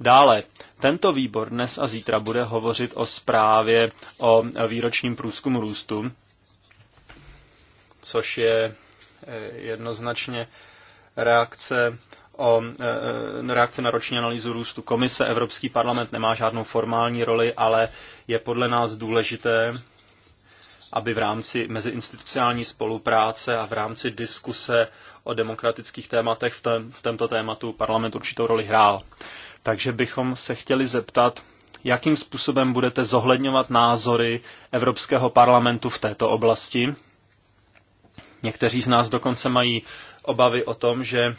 Dále, tento výbor dnes a zítra bude hovořit o zprávě o výročním průzkumu růstu, což je eh, jednoznačně reakce o eh, reakce na roční analýzu růstu komise. Evropský parlament nemá žádnou formální roli, ale je podle nás důležité, aby v rámci meziinstitucionální spolupráce a v rámci diskuse o demokratických tématech v, tém, v tomto tématu parlament určitou roli hrál. Takže bychom se chtěli zeptat, jakým způsobem budete zohledňovat názory Evropského parlamentu v této oblasti. Někteří z nás dokonce mají obavy o tom, že eh,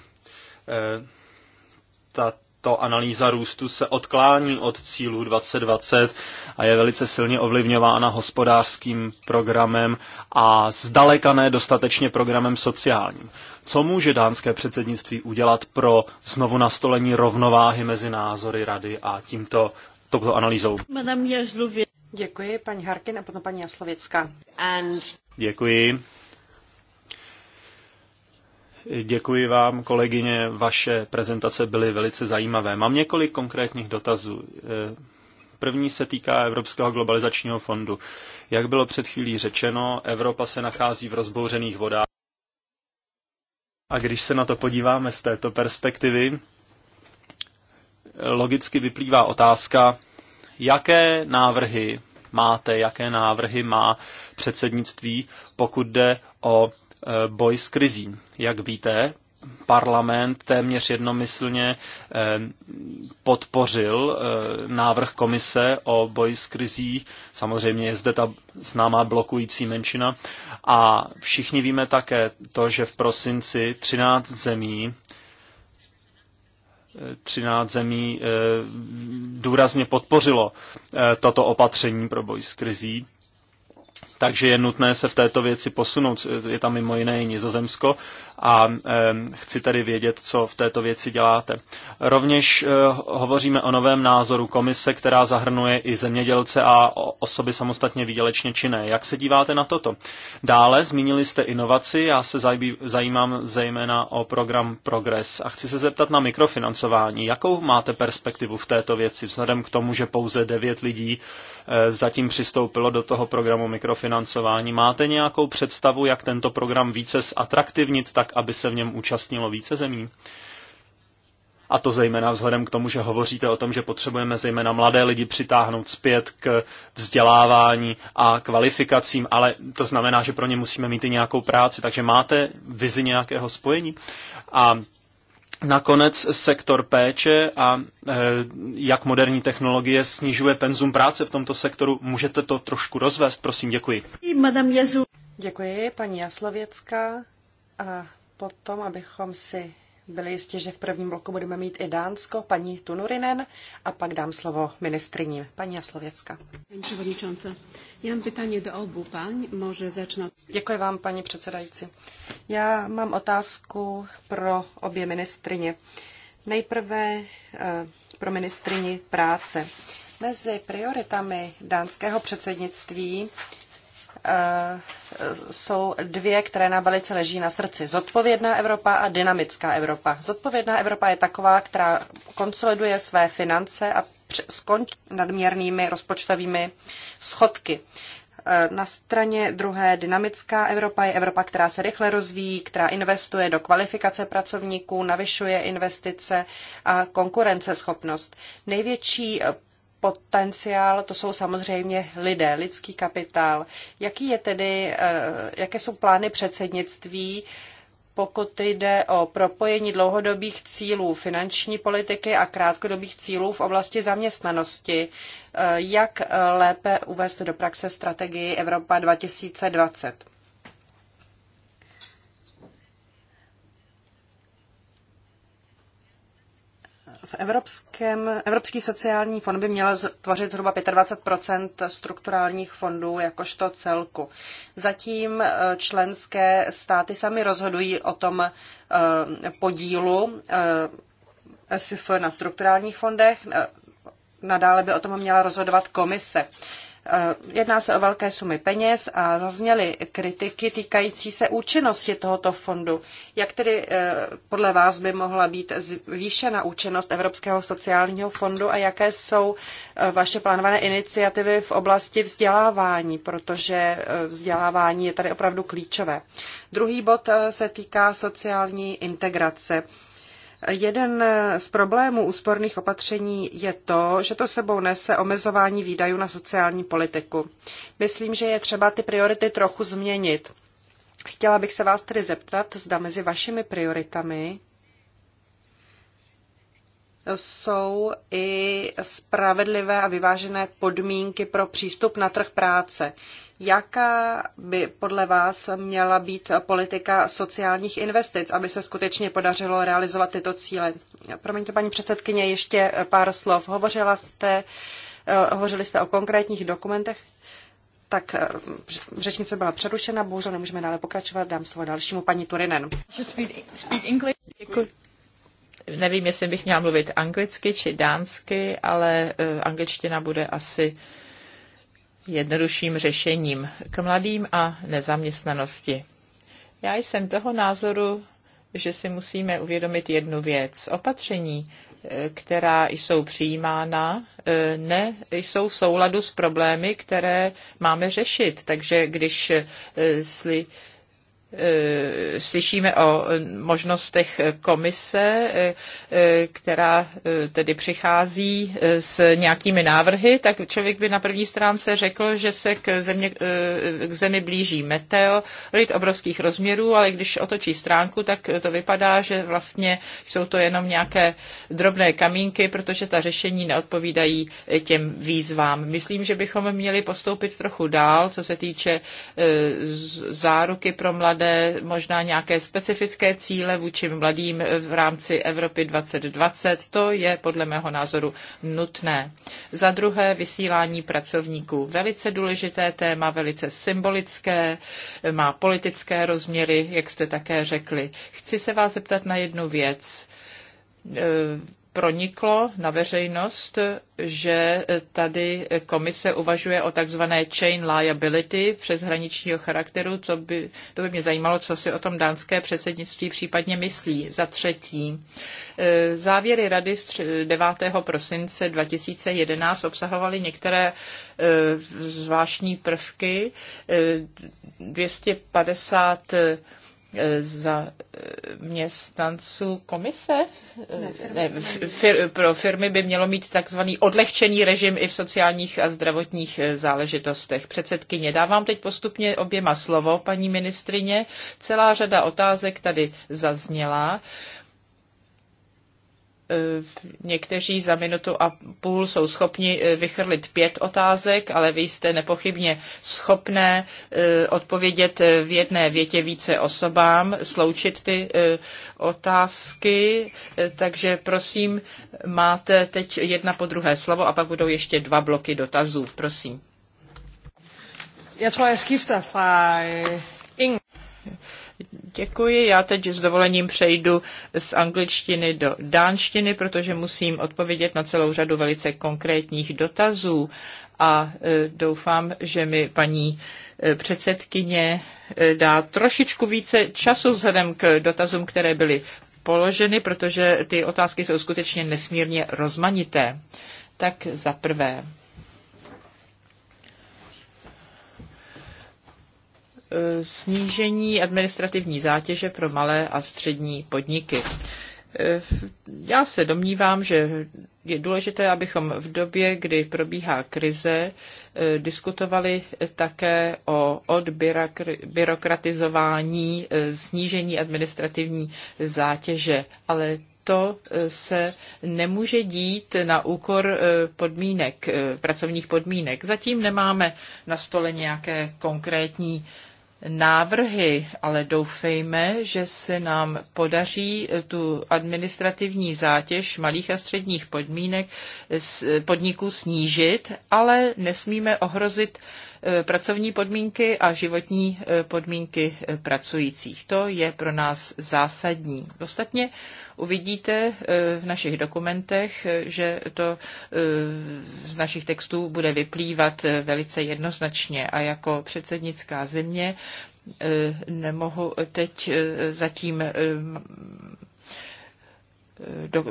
ta tato analýza růstu se odklání od cílů 2020 a je velice silně ovlivňována hospodářským programem a zdaleka ne dostatečně programem sociálním. Co může dánské předsednictví udělat pro znovu nastolení rovnováhy mezi názory rady a tímto touto analýzou? Děkuji, paní Harkin a potom paní Jaslověcka. And... Děkuji. Děkuji vám, kolegyně. Vaše prezentace byly velice zajímavé. Mám několik konkrétních dotazů. Eh, první se týká Evropského globalizačního fondu. Jak bylo před chvílí řečeno, Evropa se nachází v rozbouřených vodách. A když se na to podíváme z této perspektivy, logicky vyplývá otázka, jaké návrhy máte, jaké návrhy má předsednictví, pokud jde o Eh, boj s krizí. Jak víte, parlament téměř jednomyslně eh, podpořil eh, návrh komise o boji s krizí. Samozřejmě je zde ta známá blokující menšina. A všichni víme také to, že v prosinci 13 zemí 13 zemí důrazně podpořilo toto opatření pro boj s krizí takže je nutné se v této věci posunout. Je tam mimo jiné i Nizozemsko a chci tedy vědět, co v této věci děláte. Rovněž eh, hovoříme o novém názoru komise, která zahrnuje i zemědělce a osoby samostatně výdělečně činné. Jak se díváte na toto? Dále zmínili jste inovaci, já se zajímám zejména o program Progress a chci se zeptat na mikrofinancování. Jakou máte perspektivu v této věci vzhledem k tomu, že pouze devět lidí eh, zatím přistoupilo do toho programu mikrofinancování? Máte nějakou představu, jak tento program více zatraktivnit tak, aby se v něm účastnilo více zemí? A to zejména vzhledem k tomu, že hovoříte o tom, že potřebujeme zejména mladé lidi přitáhnout zpět k vzdělávání a kvalifikacím, ale to znamená, že pro ně musíme mít i nějakou práci. Takže máte vizi nějakého spojení? A Nakonec sektor péče a e, jak moderní technologie snižuje penzum práce v tomto sektoru. Můžete to trošku rozvést, prosím, děkuji. Děkuji, paní Jaslověcka. A potom, abychom si byli jistí, že v prvním bloku budeme mít i Dánsko, paní Tunurinen, a pak dám slovo ministrině, paní Jaslověcka. Paní předsedající, já mám pytanie do obou paň, může začnout. Děkuji vám, paní předsedající. Já mám otázku pro obě ministrině. Nejprve eh, pro ministrině práce. Mezi prioritami dánského předsednictví Eh, jsou dvě, které nám velice leží na srdci. Zodpovědná Evropa a dynamická Evropa. Zodpovědná Evropa je taková, která konsoliduje své finance a skončí nadměrnými rozpočtovými schodky. Eh, na straně druhé dynamická Evropa je Evropa, která se rychle rozvíjí, která investuje do kvalifikace pracovníků, navyšuje investice a konkurenceschopnost. Největší potenciál, to jsou samozřejmě lidé, lidský kapitál. Jaký je tedy, eh, jaké jsou plány předsednictví, pokud jde o propojení dlouhodobých cílů finanční politiky a krátkodobých cílů v oblasti zaměstnanosti, eh, jak lépe uvést do praxe strategii Evropa 2020? v Evropském, Evropský sociální fond by měl tvořit zhruba 25 strukturálních fondů jakožto celku. Zatím eh, členské státy sami rozhodují o tom eh, podílu eh, SF na strukturálních fondech. Nadále by o tom měla rozhodovat komise. Eh, jedná se o velké sumy peněz a zazněly kritiky týkající se účinnosti tohoto fondu. Jak tedy eh, podle vás by mohla být zvýšena účinnost Evropského sociálního fondu a jaké jsou eh, vaše plánované iniciativy v oblasti vzdělávání, protože vzdělávání je tady opravdu klíčové. Druhý bod se týká sociální integrace. Jeden z problémů úsporných opatření je to, že to sebou nese omezování výdajů na sociální politiku. Myslím, že je třeba ty priority trochu změnit. Chtěla bych se vás tedy zeptat, zda mezi vašimi prioritami jsou i spravedlivé a vyvážené podmínky pro přístup na trh práce. Jaká by podle vás měla být politika sociálních investic, aby se skutečně podařilo realizovat tyto cíle? Promiňte, paní předsedkyně, ještě pár slov. Hovořila jste, eh, hovořili jste o konkrétních dokumentech, tak eh, řečnice byla přerušena, bohužel nemůžeme dále pokračovat, dám slovo dalšímu paní Turinen. Nevím, jestli bych měla mluvit anglicky či dánsky, ale eh, angličtina bude asi jednodušším řešením k mladým a nezaměstnanosti. Já jsem toho názoru, že si musíme uvědomit jednu věc. Opatření, e, která jsou přijímána, e, ne, jsou v souladu s problémy, které máme řešit. Takže když e, sli, slyšíme o možnostech komise, která tedy přichází s nějakými návrhy, tak člověk by na první stránce řekl, že se k, země, k zemi blíží meteorit obrovských rozměrů, ale když otočí stránku, tak to vypadá, že vlastně jsou to jenom nějaké drobné kamínky, protože ta řešení neodpovídají těm výzvám. Myslím, že bychom měli postoupit trochu dál, co se týče eh, záruky pro mladé klade možná nějaké specifické cíle vůči mladým v rámci Evropy 2020. To je podle mého názoru nutné. Za druhé vysílání pracovníků. Velice důležité téma, velice symbolické, má politické rozměry, jak jste také řekli. Chci se vás zeptat na jednu věc proniklo na veřejnost, že tady komise uvažuje o takzvané chain liability přeshraničního charakteru, co by, to by mě zajímalo, co si o tom dánské předsednictví případně myslí. Za třetí, e, závěry rady 9. prosince 2011 obsahovaly některé e, zvláštní prvky. 250 e, E, za e, městnanců komise e, ne, Ne, fir, pro firmy by mělo mít takzvaný odlehčený režim i v sociálních a zdravotních záležitostech. Předsedkyně, dávám teď postupně oběma slovo, paní ministrině. Celá řada otázek tady zazněla. Eh, někteří za minutu a půl jsou schopni eh, vychrlit pět otázek, ale vy jste nepochybně schopné eh, odpovědět v jedné větě více osobám, sloučit ty otázky, takže prosím, máte teď jedna po druhé slovo a pak budou ještě dva bloky dotazů, prosím. Já tror, jeg skifter fra Děkuji. Já teď s dovolením přejdu z angličtiny do dánštiny, protože musím odpovědět na celou řadu velice konkrétních dotazů a e, doufám, že mi paní e, předsedkyně e, dá trošičku více času vzhledem k dotazům, které byly položeny, protože ty otázky jsou skutečně nesmírně rozmanité. Tak za prvé, E, snížení administrativní zátěže pro malé a střední podniky. E, já se domnívám, že je důležité, abychom v době, kdy probíhá krize, e, diskutovali také o odbyrokratizování, snížení administrativní zátěže, ale to se nemůže dít na úkor podmínek, pracovních podmínek. Zatím nemáme na stole nějaké konkrétní návrhy, ale doufejme, že se nám podaří eh, tu administrativní zátěž malých a středních podmínek, eh, eh, podniků snížit, ale nesmíme ohrozit pracovní podmínky a životní podmínky pracujících. To je pro nás zásadní. Ostatně Uvidíte eh, v našich dokumentech, eh, že to eh, z našich textů bude vyplývat velice jednoznačně a jako předsednická země nemohu teď zatím do,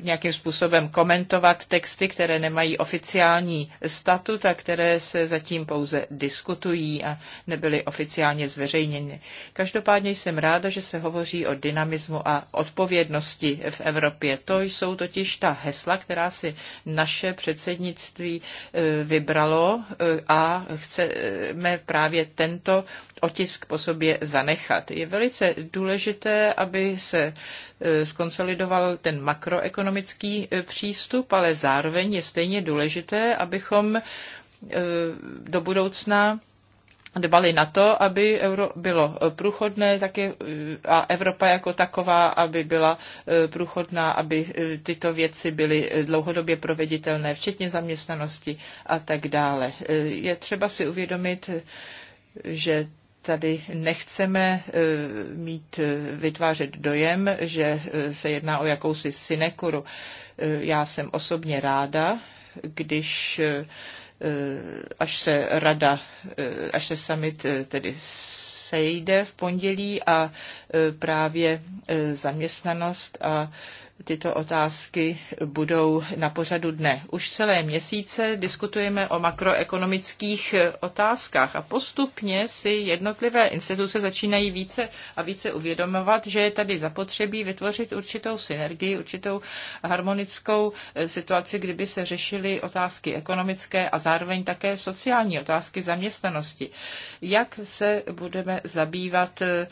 nějakým způsobem komentovat texty, které nemají oficiální statut a které se zatím pouze diskutují a nebyly oficiálně zveřejněny. Každopádně jsem ráda, že se hovoří o dynamismu a odpovědnosti v Evropě. To jsou totiž ta hesla, která si naše předsednictví e, vybralo e, a chceme právě tento otisk po sobě zanechat. Je velice důležité, aby se Eh, skonsolidoval ten makroekonomický eh, přístup, ale zároveň je stejně důležité, abychom eh, do budoucna dbali na to, aby euro bylo průchodné taky a Evropa jako taková, aby byla průchodná, aby tyto věci byly dlouhodobě proveditelné, včetně zaměstnanosti a tak dále. Je třeba si uvědomit, že tady nechceme e, mít, e, vytvářet dojem, že e, se jedná o jakousi synekuru. Já jsem osobně ráda, když až se rada, až se summit tedy sejde v pondělí a právě zaměstnanost a tyto otázky budou na pořadu dne. Už celé měsíce diskutujeme o makroekonomických otázkách a postupně si jednotlivé instituce začínají více a více uvědomovat, že je tady zapotřebí vytvořit určitou synergii, určitou harmonickou eh, situaci, kdyby se řešily otázky ekonomické a zároveň také sociální otázky zaměstnanosti. Jak se budeme zabývat eh,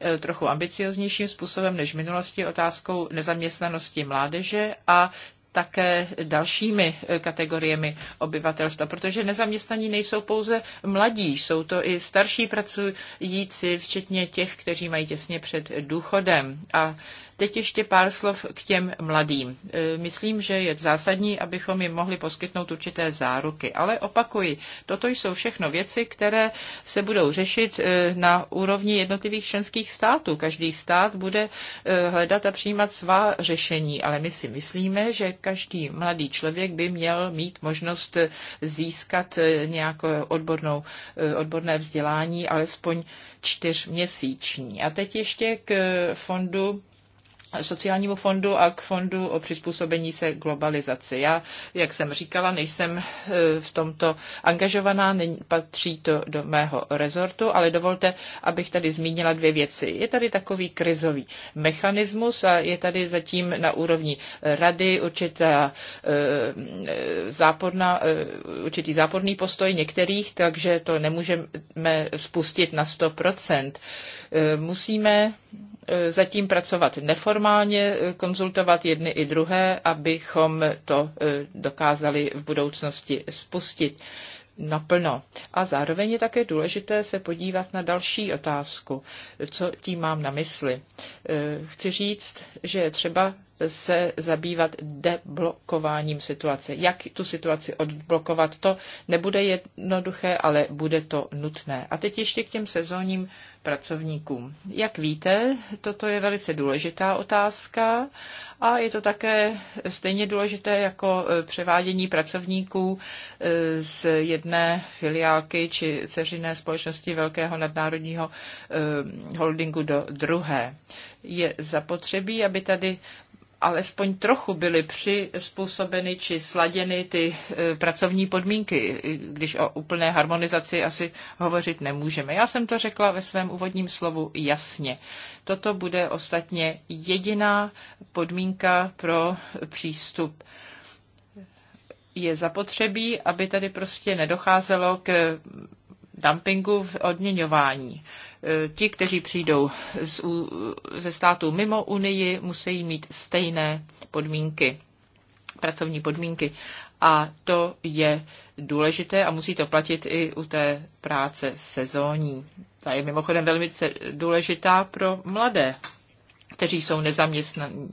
E, trochu ambicioznějším způsobem než v minulosti otázkou nezaměstnanosti mládeže a také dalšími e, kategoriemi obyvatelstva, protože nezaměstnaní nejsou pouze mladí, jsou to i starší pracující, včetně těch, kteří mají těsně před důchodem. A Teď ještě pár slov k těm mladým. E, myslím, že je zásadní, abychom jim mohli poskytnout určité záruky. Ale opakuji, toto jsou všechno věci, které se budou řešit e, na úrovni jednotlivých členských států. Každý stát bude e, hledat a přijímat svá řešení, ale my si myslíme, že každý mladý člověk by měl mít možnost získat nějakou odbornou, odborné vzdělání, alespoň čtyřměsíční. A teď ještě k fondu sociálnímu fondu a k fondu o přizpůsobení se globalizaci. Já, jak jsem říkala, nejsem e, v tomto angažovaná, patří to do mého rezortu, ale dovolte, abych tady zmínila dvě věci. Je tady takový krizový mechanismus a je tady zatím na úrovni rady určitá e, e, záporná, určitý záporný postoj některých, takže to nemůžeme spustit na 100%. Musíme E, zatím pracovat neformálně, e, konzultovat jedny i druhé, abychom to e, dokázali v budoucnosti spustit naplno. A zároveň je také důležité se podívat na další otázku, co tím mám na mysli. Chci říct, že třeba se zabývat deblokováním situace. Jak tu situaci odblokovat, to nebude jednoduché, ale bude to nutné. A teď ještě k těm sezónním pracovníkům. Jak víte, toto je velice důležitá otázka a je to také stejně důležité jako e, převádění pracovníků e, z jedné filiálky či ceřinné společnosti velkého nadnárodního e, holdingu do druhé. Je zapotřebí, aby tady alespoň trochu byly přizpůsobeny či sladěny ty e, pracovní podmínky, když o úplné harmonizaci asi hovořit nemůžeme. Já jsem to řekla ve svém úvodním slovu jasně. Toto bude ostatně jediná podmínka pro přístup je zapotřebí, aby tady prostě nedocházelo k dumpingu v odměňování. Eh, ti, kteří přijdou z, ze států mimo Unii, musí mít stejné podmínky, pracovní podmínky. A to je důležité a musí to platit i u té práce sezónní. Ta je mimochodem velmi důležitá pro mladé, kteří jsou nezaměstnaní.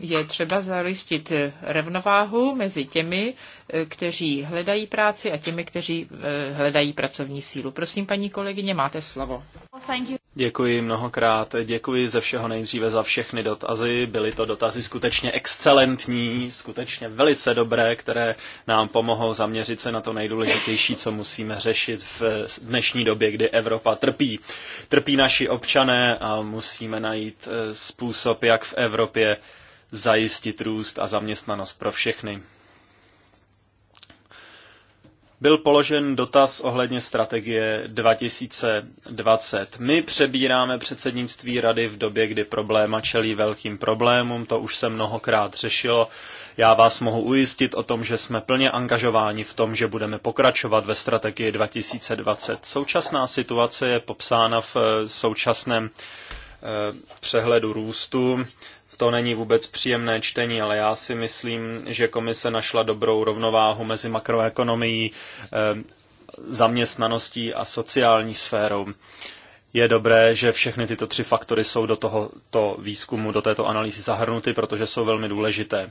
Je třeba zajistit rovnováhu mezi těmi, kteří hledají práci a těmi, kteří eh, hledají pracovní sílu. Prosím, paní kolegyně, máte slovo. Děkuji mnohokrát, děkuji ze všeho nejdříve za všechny dotazy. Byly to dotazy skutečně excelentní, skutečně velice dobré, které nám pomohou zaměřit se na to nejdůležitější, co musíme řešit v dnešní době, kdy Evropa trpí. Trpí naši občané a musíme najít eh, způsob, jak v Evropě zajistit růst a zaměstnanost pro všechny byl položen dotaz ohledně strategie 2020. My přebíráme předsednictví rady v době, kdy probléma čelí velkým problémům, to už se mnohokrát řešilo. Já vás mohu ujistit o tom, že jsme plně angažováni v tom, že budeme pokračovat ve strategii 2020. Současná situace je popsána v eh, současném eh, přehledu růstu to není vůbec příjemné čtení, ale já si myslím, že komise našla dobrou rovnováhu mezi makroekonomií, eh, zaměstnaností a sociální sférou. Je dobré, že všechny tyto tři faktory jsou do tohoto výzkumu, do této analýzy zahrnuty, protože jsou velmi důležité.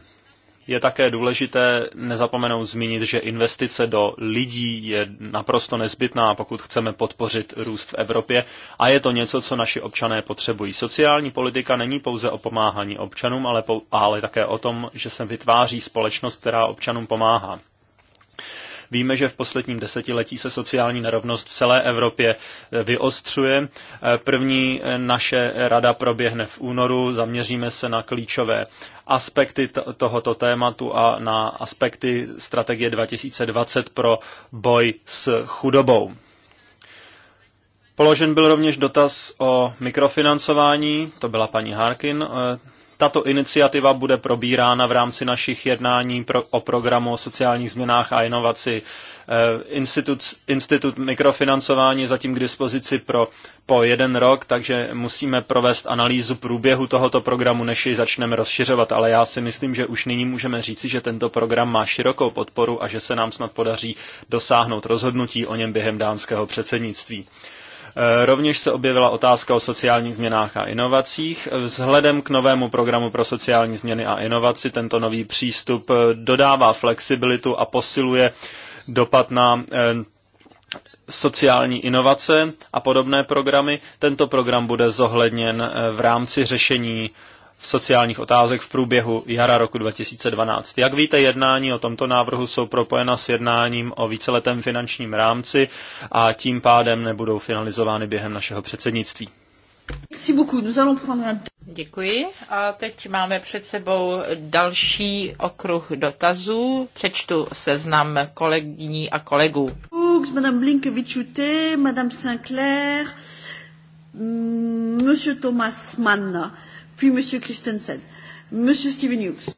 Je také důležité nezapomenout zmínit, že investice do lidí je naprosto nezbytná, pokud chceme podpořit růst v Evropě a je to něco, co naši občané potřebují. Sociální politika není pouze o pomáhání občanům, ale, po, ale také o tom, že se vytváří společnost, která občanům pomáhá. Víme, že v posledním desetiletí se sociální nerovnost v celé Evropě eh, vyostřuje. Eh, první eh, naše rada proběhne v únoru, zaměříme se na klíčové aspekty tohoto tématu a na aspekty strategie 2020 pro boj s chudobou. Položen byl rovněž dotaz o mikrofinancování, to byla paní Harkin, tato iniciativa bude probírána v rámci našich jednání pro, o programu o sociálních změnách a inovaci. Eh, institut, institut mikrofinancování je zatím k dispozici pro po jeden rok, takže musíme provést analýzu průběhu tohoto programu, než ji začneme rozšiřovat, ale já si myslím, že už nyní můžeme říci, že tento program má širokou podporu a že se nám snad podaří dosáhnout rozhodnutí o něm během dánského předsednictví. Eh, rovněž se objevila otázka o sociálních změnách a inovacích. Vzhledem k novému programu pro sociální změny a inovaci tento nový přístup eh, dodává flexibilitu a posiluje dopad na eh, sociální inovace a podobné programy. Tento program bude zohledněn v rámci řešení sociálních otázek v průběhu jara roku 2012. Jak víte, jednání o tomto návrhu jsou propojena s jednáním o víceletém finančním rámci a tím pádem nebudou finalizovány během našeho předsednictví. Děkuji. A teď máme před sebou další okruh dotazů. Přečtu seznam kolegyní a kolegů. Madame Blinkevičute, Madame Sinclair, mm, Monsieur Thomas Mann puis Christensen. Steven Hughes.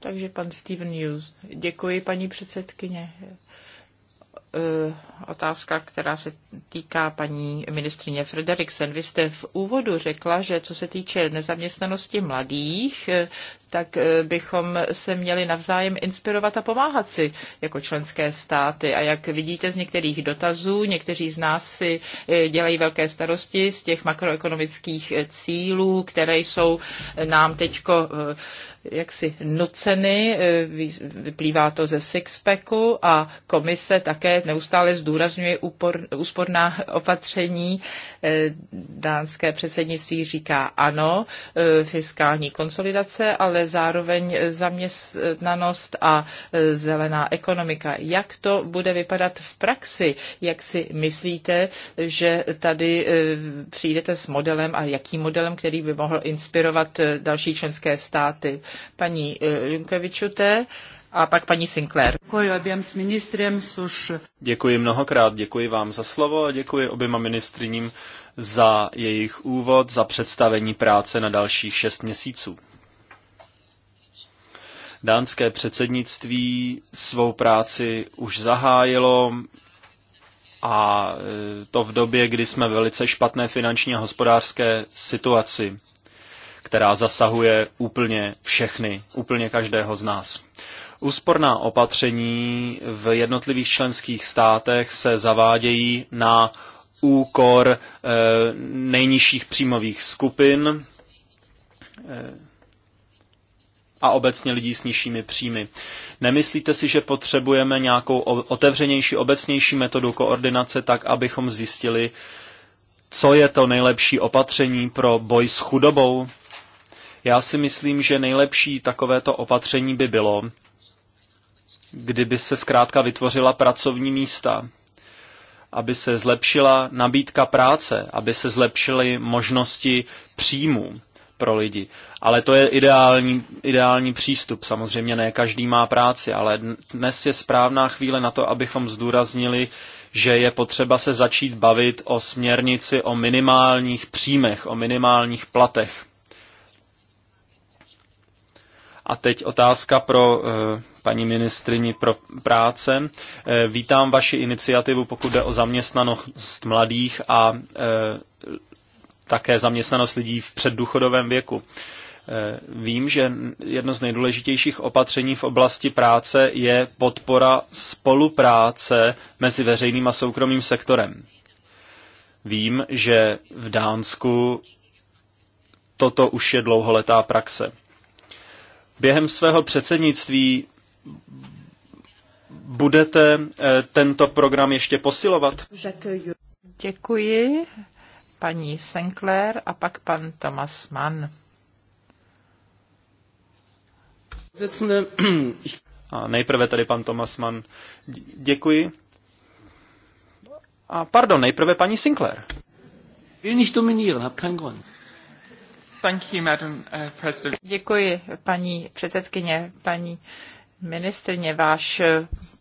Takže pan Steven Hughes. Děkuji, paní předsedkyně. Eh, otázka, která se týká paní ministrině Frederiksen. Vy jste v úvodu řekla, že co se týče nezaměstnanosti mladých, tak eh, bychom se měli navzájem inspirovat a pomáhat si jako členské státy. A jak vidíte z některých dotazů, někteří z nás si eh, dělají velké starosti z těch makroekonomických eh, cílů, které jsou nám teď jaksi nuceny, vyplývá to ze Sixpacku a komise také neustále zdůrazňuje úpor, úsporná opatření. Dánské předsednictví říká ano, fiskální konsolidace, ale zároveň zaměstnanost a e, zelená ekonomika. Jak to bude vypadat v praxi? Jak si myslíte, že tady e, přijdete s modelem a jakým modelem, který by mohl inspirovat e, další členské státy? Paní Junkevičuté, a pak paní Sinclair. Děkuji s ministrem, Děkuji mnohokrát, děkuji vám za slovo a děkuji oběma ministriním za jejich úvod, za představení práce na dalších šest měsíců. Dánské předsednictví svou práci už zahájilo a e, to v době, kdy jsme velice špatné finanční a hospodářské situaci, která zasahuje úplně všechny, úplně každého z nás. Úsporná opatření v jednotlivých členských státech se zavádějí na úkor e, nejnižších příjmových skupin, e, a obecně lidí s nižšími příjmy. Nemyslíte si, že potřebujeme nějakou otevřenější, obecnější metodu koordinace tak, abychom zjistili, co je to nejlepší opatření pro boj s chudobou? Já si myslím, že nejlepší takovéto opatření by bylo, kdyby se zkrátka vytvořila pracovní místa, aby se zlepšila nabídka práce, aby se zlepšily možnosti příjmů pro lidi. Ale to je ideální, ideální přístup. Samozřejmě ne každý má práci, ale dnes je správná chvíle na to, abychom zdůraznili, že je potřeba se začít bavit o směrnici o minimálních příjmech, o minimálních platech. A teď otázka pro e, paní ministrini pro práce. E, vítám vaši iniciativu, pokud jde o zaměstnanost mladých a e, také zaměstnanost lidí v předduchodovém věku. E, vím, že jedno z nejdůležitějších opatření v oblasti práce je podpora spolupráce mezi veřejným a soukromým sektorem. Vím, že v Dánsku toto už je dlouholetá praxe. Během svého předsednictví budete e, tento program ještě posilovat? Děkuji paní Sinclair a pak pan Thomas Mann. A nejprve tady pan Thomas Mann. Děkuji. A pardon, nejprve paní Sinclair. Will nicht dominieren, hab keinen Grund. Uh, děkuji, paní předsedkyně, paní ministrně. Váš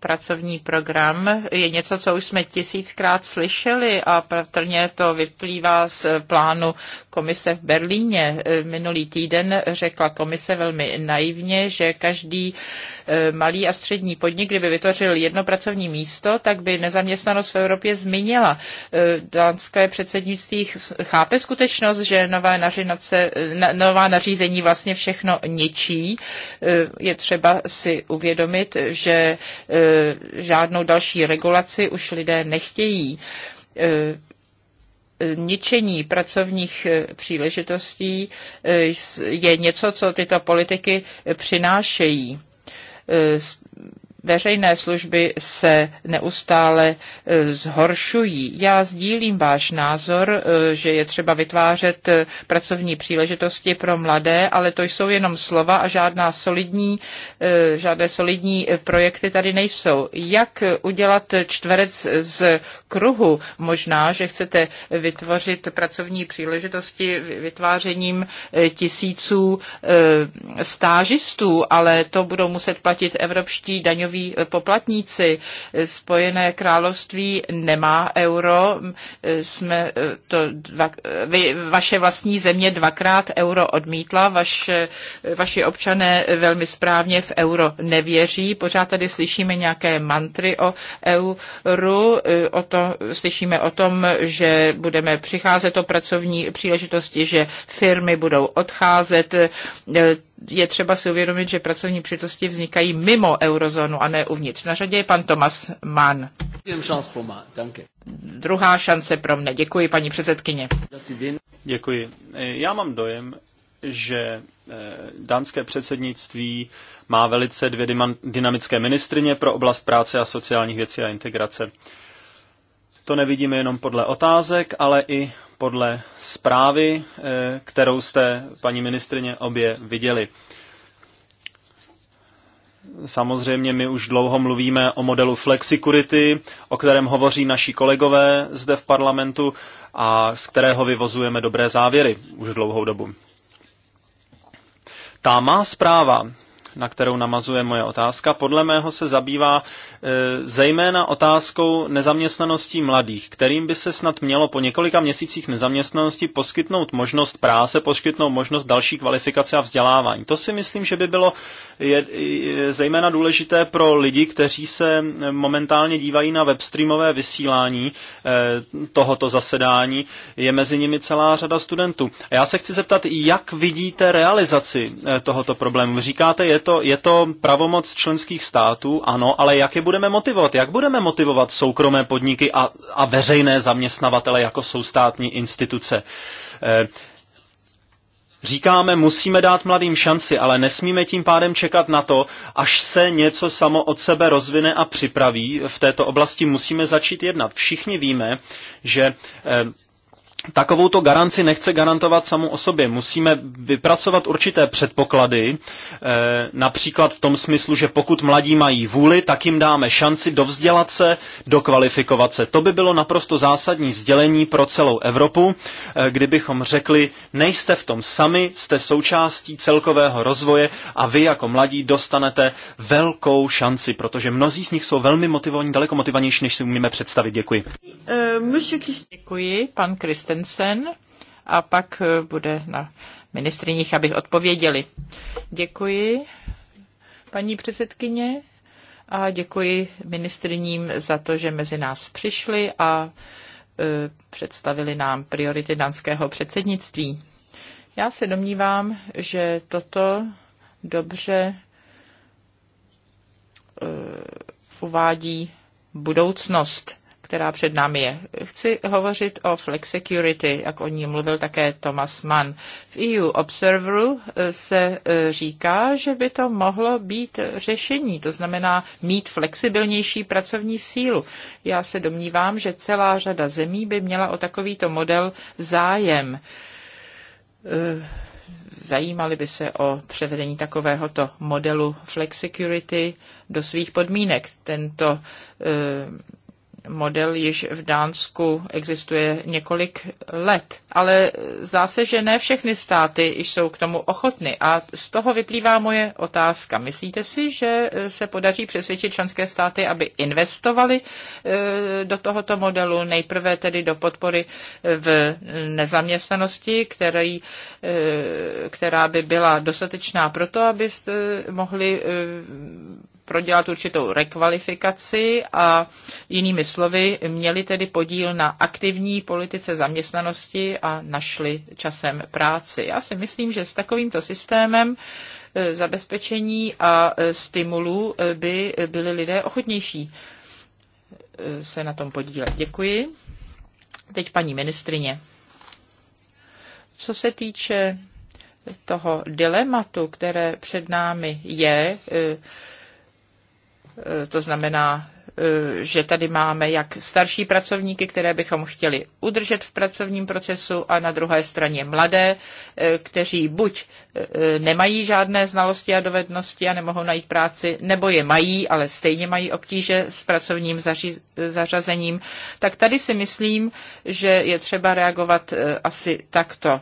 pracovní program je něco, co už jsme tisíckrát slyšeli a patrně to vyplývá z plánu komise v Berlíně. Minulý týden řekla komise velmi naivně, že každý Eh, malý a střední podnik, kdyby vytvořil jedno pracovní místo, tak by nezaměstnanost v Evropě zmínila. Eh, dánské předsednictví chápe skutečnost, že nová, nařinace, eh, nová nařízení vlastně všechno ničí. Je třeba si uvědomit, že žádnou další regulaci už lidé nechtějí ničení pracovních příležitostí je něco, co tyto politiky přinášejí z eh, veřejné služby se neustále e, zhoršují. Já sdílím váš názor, e, že je třeba vytvářet e, pracovní příležitosti pro mladé, ale to jsou jenom slova a žádná solidní, žádné solidní projekty tady nejsou. Jak udělat čtverec z kruhu? Možná, že chcete vytvořit pracovní příležitosti vytvářením tisíců stážistů, ale to budou muset platit evropští daňoví daňoví poplatníci. Spojené království nemá euro, jsme eh, to dva, eh, vy, vaše vlastní země dvakrát euro odmítla, vaše, eh, vaši občané velmi správně v euro nevěří. Pořád tady slyšíme nějaké mantry o euru, o to, slyšíme o tom, že budeme přicházet o pracovní příležitosti, že firmy budou odcházet, je třeba si uvědomit, že pracovní příležitosti vznikají mimo eurozónu a ne uvnitř. Na řadě je pan Tomas Mann. Druhá šance pro mne. Děkuji, paní předsedkyně. Děkuji. Já mám dojem, že eh, dánské předsednictví má velice dvě dynamické ministrině pro oblast práce a sociálních věcí a integrace. To nevidíme jenom podle otázek, ale i podle zprávy, eh, kterou jste, paní ministrině, obě viděli. Samozřejmě my už dlouho mluvíme o modelu flexicurity, o kterém hovoří naši kolegové zde v parlamentu a z kterého vyvozujeme dobré závěry už dlouhou dobu. Ta má zpráva na kterou namazuje moje otázka, podle mého se zabývá e, zejména otázkou nezaměstnaností mladých, kterým by se snad mělo po několika měsících nezaměstnanosti poskytnout možnost práce, poskytnout možnost další kvalifikace a vzdělávání. To si myslím, že by bylo je, je, zejména důležité pro lidi, kteří se momentálně dívají na webstreamové vysílání e, tohoto zasedání. Je mezi nimi celá řada studentů. A já se chci zeptat, jak vidíte realizaci e, tohoto problému? Říkáte, je to, je to pravomoc členských států, ano, ale jak je budeme motivovat? Jak budeme motivovat soukromé podniky a, a veřejné zaměstnavatele, jako jsou státní instituce? E, Říkáme, musíme dát mladým šanci, ale nesmíme tím pádem čekat na to, až se něco samo od sebe rozvine a připraví. V této oblasti musíme začít jednat. Všichni víme, že eh, Takovouto garanci nechce garantovat samu o sobě. Musíme vypracovat určité předpoklady, eh, například v tom smyslu, že pokud mladí mají vůli, tak jim dáme šanci dovzdělat se, dokvalifikovat se. To by bylo naprosto zásadní sdělení pro celou Evropu, eh, kdybychom řekli, nejste v tom sami, jste součástí celkového rozvoje a vy jako mladí dostanete velkou šanci, protože mnozí z nich jsou velmi motivovaní, daleko motivovanější, než si umíme představit. Děkuji. Eh, Děkuji, pan Kriste. Kristensen a pak eh, bude na ministriních, abych odpověděli. Děkuji, paní předsedkyně, a děkuji ministriním za to, že mezi nás přišli a eh, představili nám priority danského předsednictví. Já se domnívám, že toto dobře eh, uvádí budoucnost která před námi je. Chci hovořit o flexicurity, jak o ní mluvil také Thomas Mann. V EU Observeru eh, se eh, říká, že by to mohlo být řešení, to znamená mít flexibilnější pracovní sílu. Já se domnívám, že celá řada zemí by měla o takovýto model zájem eh, zajímali by se o převedení takovéhoto modelu flexicurity do svých podmínek. Tento model již v Dánsku existuje několik let, ale zdá se, že ne všechny státy jsou k tomu ochotny a z toho vyplývá moje otázka. Myslíte si, že se podaří přesvědčit členské státy, aby investovali eh, do tohoto modelu, nejprve tedy do podpory eh, v nezaměstnanosti, který, eh, která by byla dostatečná pro to, abyste mohli prodělat určitou rekvalifikaci a jinými slovy měli tedy podíl na aktivní politice zaměstnanosti a našli časem práci. Já si myslím, že s takovýmto systémem e, zabezpečení a e, stimulů e, by byli lidé ochotnější se na tom podílet. Děkuji. Teď paní ministrině. Co se týče toho dilematu, které před námi je, Eh, to znamená, eh, že tady máme jak starší pracovníky, které bychom chtěli udržet v pracovním procesu, a na druhé straně mladé, eh, kteří buď nemají žádné znalosti a dovednosti a nemohou najít práci, nebo je mají, ale stejně mají obtíže s pracovním zaři- zařazením. Tak tady si myslím, že je třeba reagovat asi takto.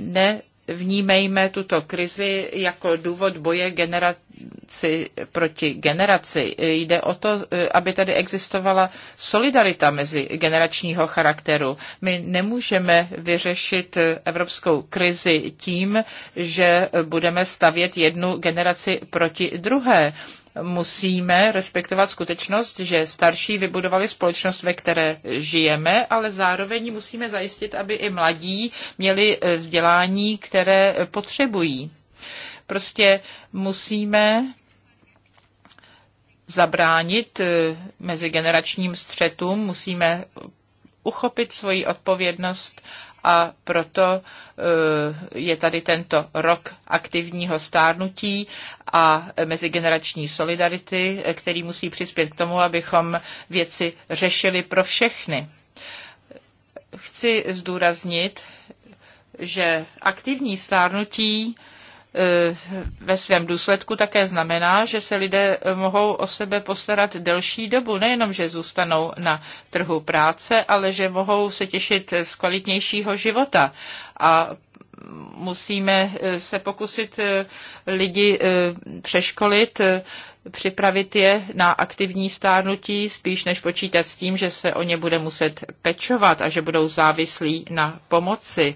Ne vnímejme tuto krizi jako důvod boje generaci proti generaci. Jde o to, eh, aby tady existovala solidarita mezi generačního charakteru. My nemůžeme vyřešit eh, evropskou krizi tím, že budeme stavět jednu generaci proti druhé musíme respektovat skutečnost, že starší vybudovali společnost, ve které žijeme, ale zároveň musíme zajistit, aby i mladí měli eh, vzdělání, které potřebují. Prostě musíme zabránit eh, mezigeneračním střetům, musíme uchopit svoji odpovědnost a proto eh, je tady tento rok aktivního stárnutí a mezigenerační solidarity, který musí přispět k tomu, abychom věci řešili pro všechny. Chci zdůraznit, že aktivní stárnutí eh, ve svém důsledku také znamená, že se lidé mohou o sebe postarat delší dobu. Nejenom, že zůstanou na trhu práce, ale že mohou se těšit z kvalitnějšího života. A musíme eh, se pokusit eh, lidi eh, přeškolit, připravit je na aktivní stárnutí, spíš než počítat s tím, že se o ně bude muset pečovat a že budou závislí na pomoci.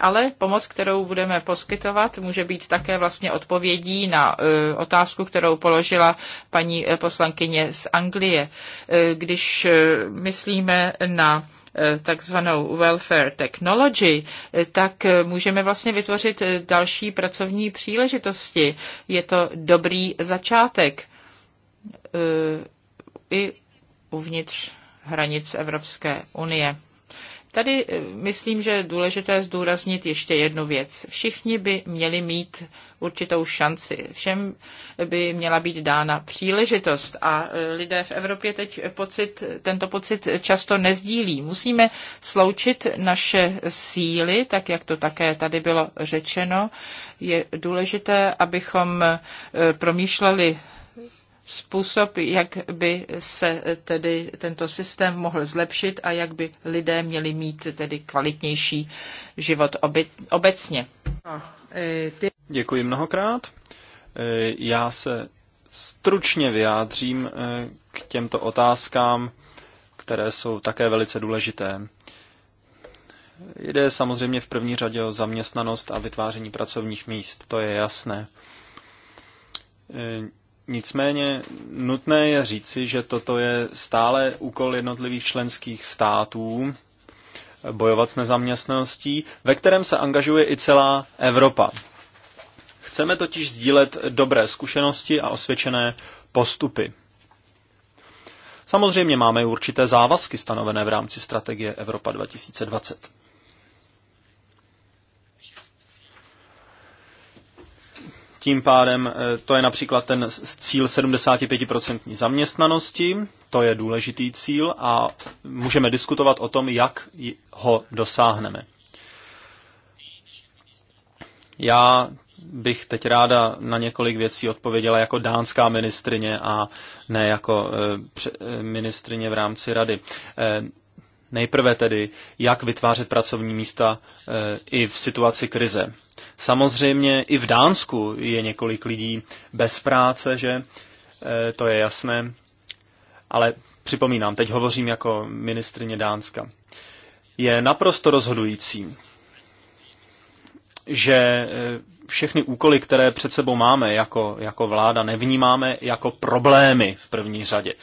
Ale pomoc, kterou budeme poskytovat, může být také vlastně odpovědí na otázku, kterou položila paní poslankyně z Anglie. když myslíme na Eh, takzvanou welfare technology, eh, tak eh, můžeme vlastně vytvořit další pracovní příležitosti. Je to dobrý začátek i uvnitř hranic Evropské unie. Tady eh, myslím, že je důležité zdůraznit ještě jednu věc. Všichni by měli mít určitou šanci. Všem by měla být dána příležitost a eh, lidé v Evropě teď pocit, tento pocit často nezdílí. Musíme sloučit naše síly, tak jak to také tady bylo řečeno. Je důležité, abychom eh, promýšleli způsob, jak by se tedy tento systém mohl zlepšit a jak by lidé měli mít tedy kvalitnější život obecně. Děkuji mnohokrát. E, já se stručně vyjádřím e, k těmto otázkám, které jsou také velice důležité. Jde samozřejmě v první řadě o zaměstnanost a vytváření pracovních míst, to je jasné e, Nicméně nutné je říci, že toto je stále úkol jednotlivých členských států bojovat s nezaměstností, ve kterém se angažuje i celá Evropa. Chceme totiž sdílet dobré zkušenosti a osvědčené postupy. Samozřejmě máme určité závazky stanovené v rámci strategie Evropa 2020. Tím pádem eh, to je například ten cíl 75% zaměstnanosti, to je důležitý cíl a můžeme diskutovat o tom, jak ho dosáhneme. Já bych teď ráda na několik věcí odpověděla jako dánská ministrině a ne jako eh, eh, ministrině v rámci rady. Nejprve tedy, jak vytvářet pracovní místa eh, i v situaci krize. Samozřejmě i v Dánsku je několik lidí bez práce, že eh, to je jasné, ale připomínám, teď hovořím jako ministrině Dánska. Je naprosto rozhodující, že eh, všechny úkoly, které před sebou máme jako, jako vláda, nevnímáme jako problémy v první řadě.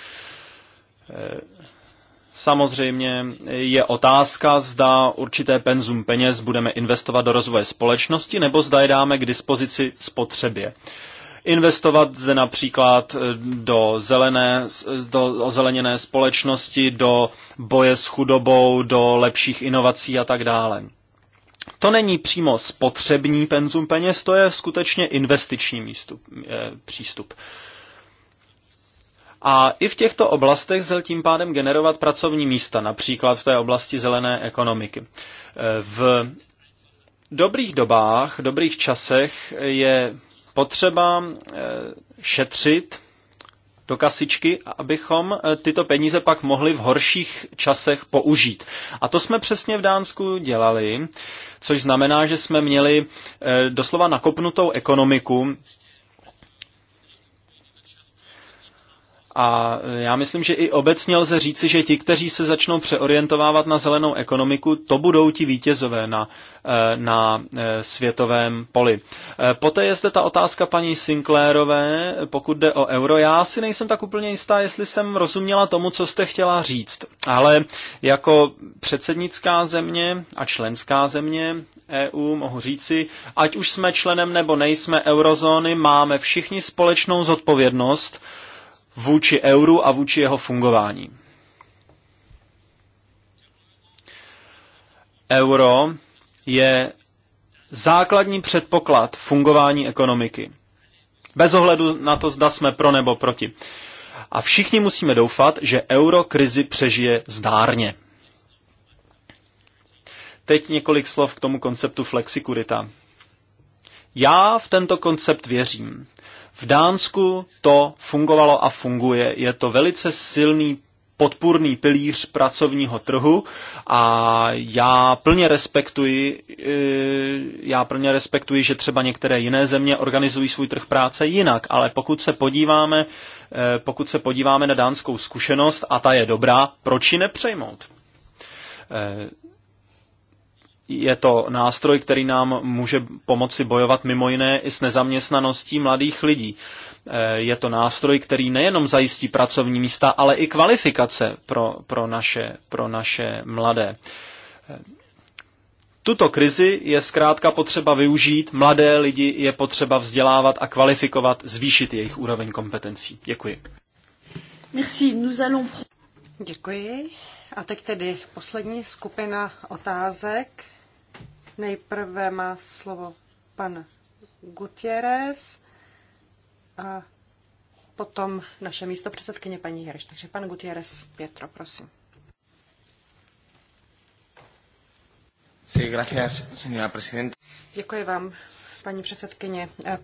Samozřejmě je otázka, zda určité penzum peněz budeme investovat do rozvoje společnosti nebo zda je dáme k dispozici spotřebě. Investovat zde například eh, do, zelené, eh, do ozeleněné společnosti, do boje s chudobou, do lepších inovací a tak dále. To není přímo spotřební penzum peněz, to je skutečně investiční místup, eh, přístup. A i v těchto oblastech zel tím pádem generovat pracovní místa, například v té oblasti zelené ekonomiky. E, v dobrých dobách, dobrých časech je potřeba e, šetřit do kasičky, abychom e, tyto peníze pak mohli v horších časech použít. A to jsme přesně v Dánsku dělali, což znamená, že jsme měli doslova nakopnutou ekonomiku, A e, já myslím, že i obecně lze říci, že ti, kteří se začnou přeorientovávat na zelenou ekonomiku, to budou ti vítězové na, e, na e, světovém poli. Poté je zde ta otázka paní Sinclairové, pokud jde o euro. Já si nejsem tak úplně jistá, jestli jsem rozuměla tomu, co jste chtěla říct. Ale jako předsednická země a členská země EU mohu říci, ať už jsme členem nebo nejsme eurozóny, máme všichni společnou zodpovědnost, vůči euru a vůči jeho fungování. Euro je základní předpoklad fungování ekonomiky. Bez ohledu na to, zda jsme pro nebo proti. A všichni musíme doufat, že euro krizi přežije zdárně. Teď několik slov k tomu konceptu flexikurita. Já v tento koncept věřím v Dánsku to fungovalo a funguje. Je to velice silný podpůrný pilíř pracovního trhu a já plně respektuji, eh, já plně respektuji, že třeba některé jiné země organizují svůj trh práce jinak, ale pokud se podíváme, eh, pokud se podíváme na dánskou zkušenost a ta je dobrá, proč ji nepřejmout? Eh, je to nástroj, který nám může pomoci bojovat mimo jiné i s nezaměstnaností mladých lidí. Eh, je to nástroj, který nejenom zajistí pracovní místa, ale i kvalifikace pro, pro, naše, pro naše mladé. Eh, tuto krizi je zkrátka potřeba využít, mladé lidi je potřeba vzdělávat a kvalifikovat, zvýšit jejich úroveň kompetencí. Děkuji. Merci, nous allons... Děkuji. A teď tedy poslední skupina otázek. Nejprve má slovo pan Gutierrez a potom naše místo předsedkyně paní Jereš. Takže pan Gutierrez Pětro, prosím. Sí, gracias, señora presidenta. Děkuji vám, paní předsedkyně. Eh,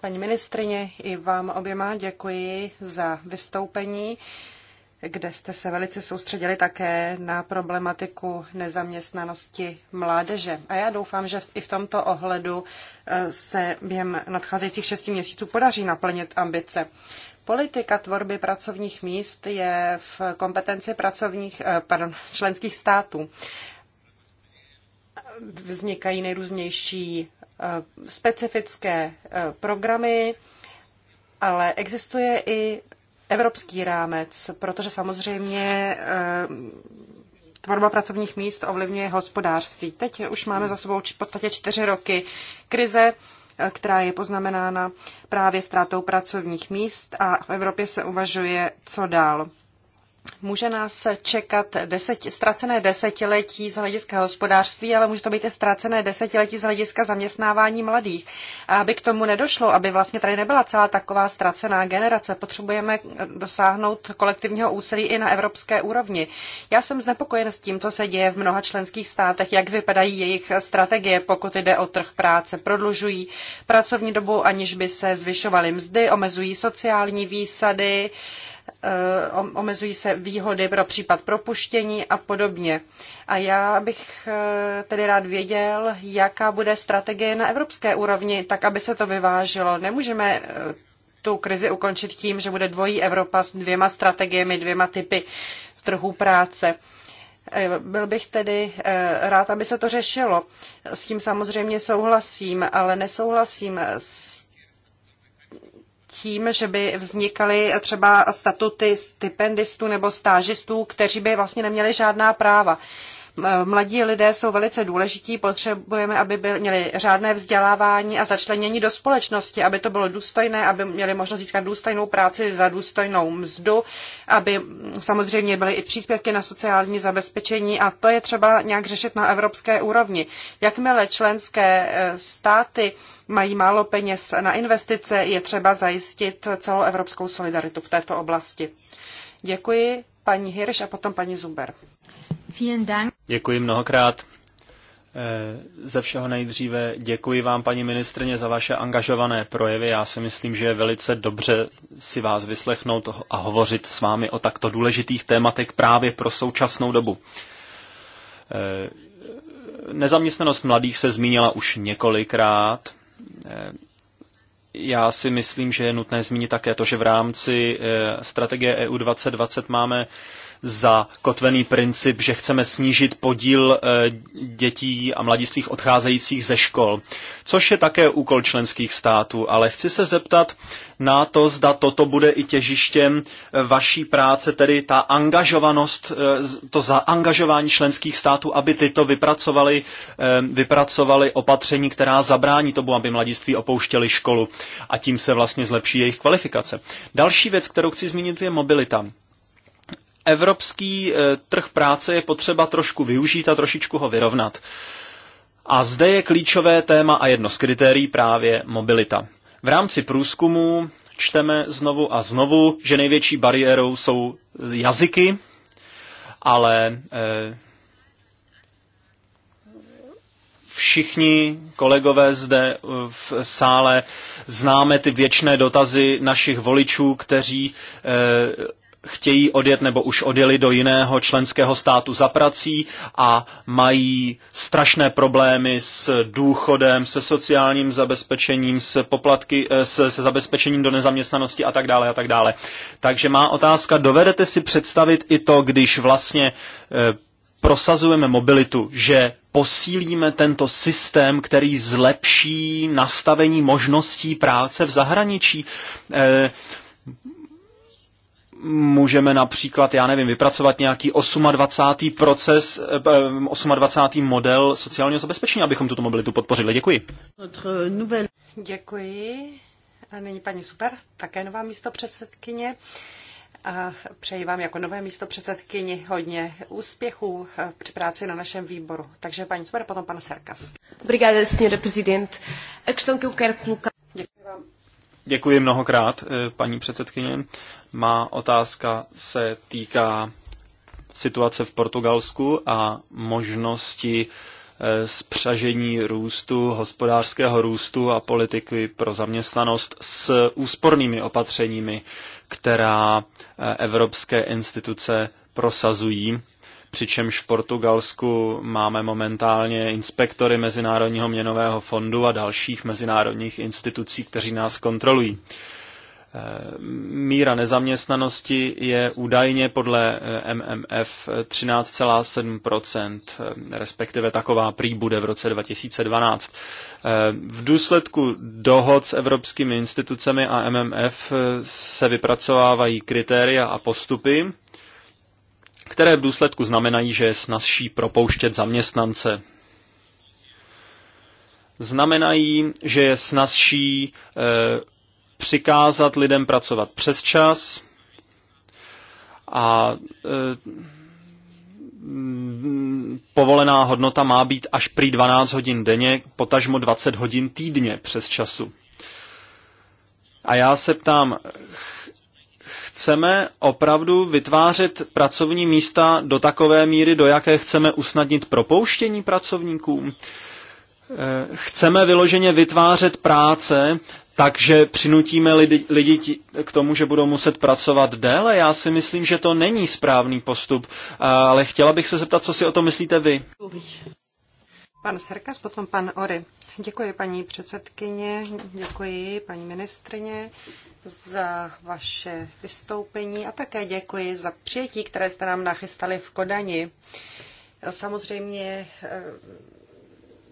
paní ministrině, i vám oběma děkuji za vystoupení kde jste se velice soustředili také na problematiku nezaměstnanosti mládeže. A já doufám, že i v tomto ohledu e, se během nadcházejících šesti měsíců podaří naplnit ambice. Politika tvorby pracovních míst je v kompetenci pracovních, e, pardon, členských států. Vznikají nejrůznější e, specifické programy, ale existuje i evropský rámec, protože samozřejmě eh, tvorba pracovních míst ovlivňuje hospodářství. Teď už máme za sebou v podstatě čtyři roky krize, eh, která je poznamenána právě ztrátou pracovních míst a v Evropě se uvažuje, co dál může nás čekat deset, ztracené desetiletí z hlediska hospodářství, ale může to být i ztracené desetiletí z hlediska zaměstnávání mladých. A aby k tomu nedošlo, aby vlastně tady nebyla celá taková ztracená generace, potřebujeme dosáhnout kolektivního úsilí i na evropské úrovni. Já jsem znepokojen s tím, co se děje v mnoha členských státech, jak vypadají jejich strategie, pokud jde o trh práce. Prodlužují pracovní dobu, aniž by se zvyšovaly mzdy, omezují sociální výsady, Eh, omezují se výhody pro případ propuštění a podobně. A já bych eh, tedy rád věděl, jaká bude strategie na evropské úrovni, tak aby se to vyvážilo. Nemůžeme eh, tu krizi ukončit tím, že bude dvojí Evropa s dvěma strategiemi, dvěma typy trhů práce. Byl bych tedy rád, aby se to řešilo. S tím samozřejmě souhlasím, ale nesouhlasím s tím, že by vznikaly třeba statuty stipendistů nebo stážistů, kteří by vlastně neměli žádná práva. Mladí lidé jsou velice důležití, potřebujeme, aby měli řádné vzdělávání a začlenění do společnosti, aby to bylo důstojné, aby měli možnost získat důstojnou práci za důstojnou mzdu, aby samozřejmě byly i příspěvky na sociální zabezpečení a to je třeba nějak řešit na evropské úrovni. Jakmile členské e, státy mají málo peněz na investice, je třeba zajistit celou evropskou solidaritu v této oblasti. Děkuji paní Hirš a potom paní Zuber. Děkuji mnohokrát. Eh, ze všeho nejdříve děkuji vám, paní ministrně, za vaše angažované projevy. Já si myslím, že je velice dobře si vás vyslechnout a hovořit s vámi o takto důležitých tématech právě pro současnou dobu. Eh, nezaměstnanost mladých se zmínila už několikrát. Eh, já si myslím, že je nutné zmínit také to, že v rámci strategie EU 2020 máme za kotvený princip, že chceme snížit podíl eh, dětí a mladistvých odcházejících ze škol, což je také úkol členských států. Ale chci se zeptat na to, zda toto bude i těžištěm eh, vaší práce, tedy ta angažovanost, eh, to zaangažování členských států, aby tyto vypracovali, vypracovali opatření, která zabrání tomu, aby mladiství opouštěli školu a tím se vlastně zlepší jejich kvalifikace. Další věc, kterou chci zmínit, je mobilita. Evropský eh, trh práce je potřeba trošku využít a trošičku ho vyrovnat. A zde je klíčové téma a jedno z kritérií právě mobilita. V rámci průzkumu čteme znovu a znovu, že největší bariérou jsou eh, jazyky, ale eh, všichni kolegové zde v sále známe ty věčné dotazy našich voličů, kteří chtějí odjet nebo už odjeli do jiného členského státu za prací a mají strašné problémy s důchodem, se sociálním zabezpečením, s poplatky, eh, se, se zabezpečením do nezaměstnanosti a tak dále a tak dále. Takže má otázka, dovedete si představit i to, když vlastně eh, prosazujeme mobilitu, že posílíme tento systém, který zlepší nastavení možností práce v zahraničí. E, můžeme například, já nevím, vypracovat nějaký 28. proces, 28. Eh, model sociálního zabezpečení, abychom tuto mobilitu podpořili. Děkuji. Děkuji. A nyní paní Super, také nová místo předsedkyně. A přeji vám jako nové místo předsedkyni hodně úspěchů eh, při práci na našem výboru. Takže paní Super, potom pan Serkas. Obrigada, senhora presidente. A questão que eu quero colocar Děkuji mnohokrát, eh, paní předsedkyně. Má otázka se týká situace v Portugalsku a možnosti eh, spřažení růstu, hospodářského růstu a politiky pro zaměstnanost s úspornými opatřeními, která eh, evropské instituce prosazují přičemž v Portugalsku máme momentálně inspektory Mezinárodního měnového fondu a dalších mezinárodních institucí, kteří nás kontrolují. Eh, míra nezaměstnanosti je údajně podle eh, MMF 13,7%, eh, respektive taková prý bude v roce 2012. V důsledku dohod s evropskými institucemi a MMF se vypracovávají kritéria a postupy, které v důsledku znamenají, že je snazší propouštět zaměstnance. Znamenají, že je snazší e, přikázat lidem pracovat přes čas a e, povolená hodnota má být až prý 12 hodin denně, potažmo 20 hodin týdně přes času. A já se ptám, chceme opravdu vytvářet pracovní místa do takové míry, do jaké chceme usnadnit propouštění pracovníkům? Eh, chceme vyloženě vytvářet práce, takže přinutíme lidi, lidi k tomu, že budou muset pracovat déle? Já si myslím, že to není správný postup, eh, ale chtěla bych se zeptat, co si o tom myslíte vy? Pan Serkas, potom pan Ory. Děkuji paní předsedkyně, děkuji paní ministrině, za vaše vystoupení a také děkuji za přijetí, které jste nám nachystali v Kodani. Samozřejmě eh,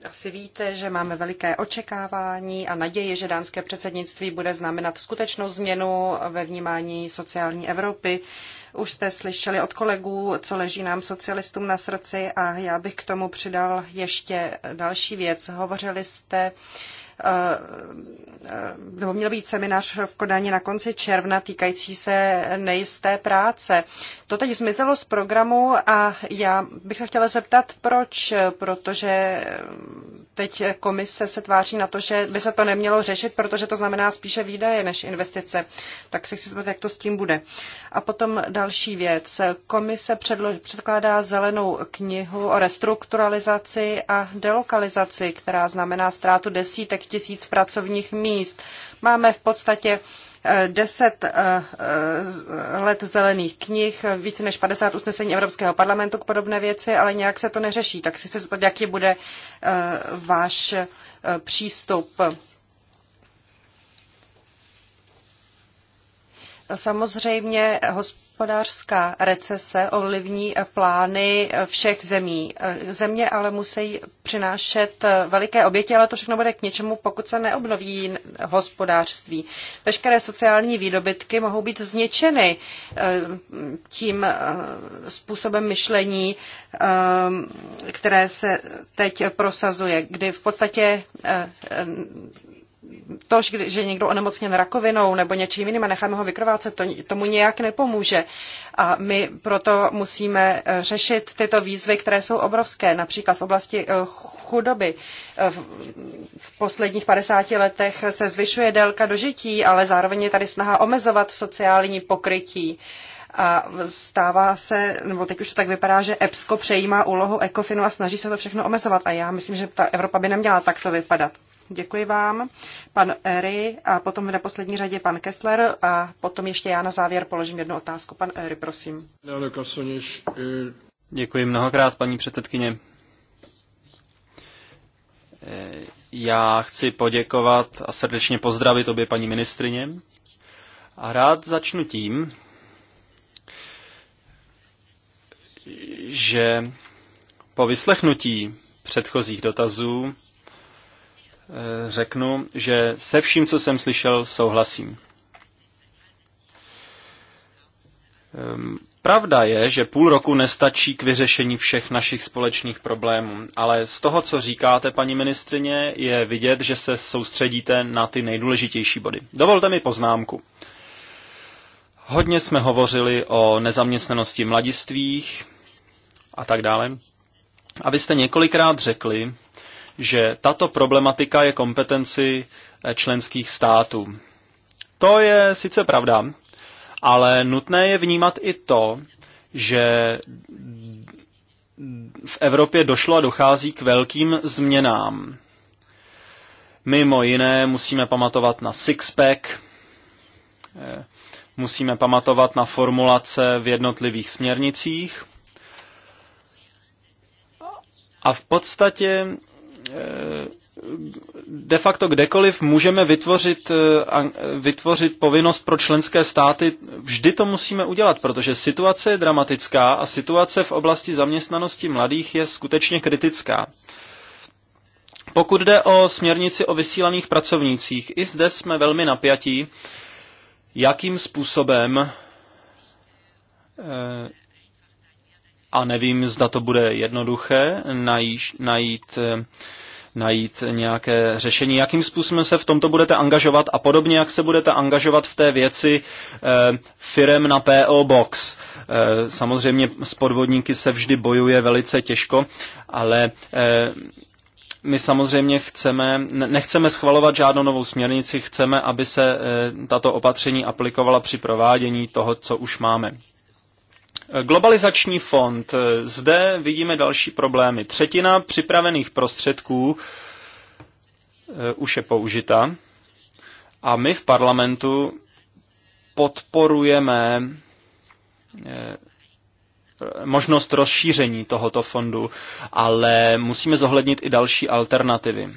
asi víte, že máme veliké očekávání a naději, že dánské předsednictví bude znamenat skutečnou změnu ve vnímání sociální Evropy. Už jste slyšeli od kolegů, co leží nám socialistům na srdci a já bych k tomu přidal ještě další věc. Hovořili jste Eh, eh, nebo měl být seminář v Kodani na konci června týkající se nejisté práce. To teď zmizelo z programu a já bych se chtěla zeptat, proč, protože teď komise se tváří na to, že by se to nemělo řešit, protože to znamená spíše výdaje než investice. Tak se chci zeptat, jak to s tím bude. A potom další věc. Komise předlo- předkládá zelenou knihu o restrukturalizaci a delokalizaci, která znamená ztrátu desítek tisíc pracovních míst. Máme v podstatě deset eh, eh, let zelených knih, více než 50 usnesení Evropského parlamentu k podobné věci, ale nějak se to neřeší. Tak si chci zeptat, jaký bude eh, váš přístup Samozřejmě hospodářská recese ovlivní plány všech zemí. Země ale musí přinášet veliké oběti, ale to všechno bude k něčemu, pokud se neobnoví hospodářství. Veškeré sociální výdobytky mohou být zničeny eh, tím eh, způsobem myšlení, eh, které se teď prosazuje, kdy v podstatě to, že někdo onemocněn rakovinou nebo něčím jiným a necháme ho vykrvácet, to, tomu nějak nepomůže. A my proto musíme eh, řešit tyto výzvy, které jsou obrovské, například v oblasti eh, chudoby. Eh, v posledních 50 letech se zvyšuje délka dožití, ale zároveň je tady snaha omezovat sociální pokrytí. A stává se, nebo teď už to tak vypadá, že EPSCO přejímá úlohu ECOFINu a snaží se to všechno omezovat. A já myslím, že ta Evropa by neměla takto vypadat. Děkuji vám, pan Ery a potom v neposlední řadě pan Kessler a potom ještě já na závěr položím jednu otázku. Pan Ery, prosím. Děkuji mnohokrát, paní předsedkyně. Eh, já chci poděkovat a srdečně pozdravit obě paní ministrině. A rád začnu tím, že po vyslechnutí předchozích dotazů Eh, řeknu, že se vším, co jsem slyšel, souhlasím. Ehm, pravda je, že půl roku nestačí k vyřešení všech našich společných problémů, ale z toho, co říkáte, paní ministrině, je vidět, že se soustředíte na ty nejdůležitější body. Dovolte mi poznámku. Hodně jsme hovořili o nezaměstnanosti mladistvých a tak dále. A vy jste několikrát řekli, že tato problematika je kompetenci eh, členských států. To je sice pravda, ale nutné je vnímat i to, že v Evropě došlo a dochází k velkým změnám. Mimo jiné musíme pamatovat na sixpack, eh, musíme pamatovat na formulace v jednotlivých směrnicích a v podstatě de facto kdekoliv můžeme vytvořit, eh, vytvořit povinnost pro členské státy, vždy to musíme udělat, protože situace je dramatická a situace v oblasti zaměstnanosti mladých je skutečně kritická. Pokud jde o směrnici o vysílaných pracovnících, i zde jsme velmi napjatí, jakým způsobem eh, a nevím, zda to bude jednoduché najíž, najít, eh, najít nějaké řešení, jakým způsobem se v tomto budete angažovat a podobně, jak se budete angažovat v té věci eh, firem na PO Box. Eh, samozřejmě s podvodníky se vždy bojuje velice těžko, ale eh, my samozřejmě chceme, nechceme schvalovat žádnou novou směrnici, chceme, aby se eh, tato opatření aplikovala při provádění toho, co už máme. Globalizační fond. Zde vidíme další problémy. Třetina připravených prostředků eh, už je použita a my v parlamentu podporujeme eh, možnost rozšíření tohoto fondu, ale musíme zohlednit i další alternativy.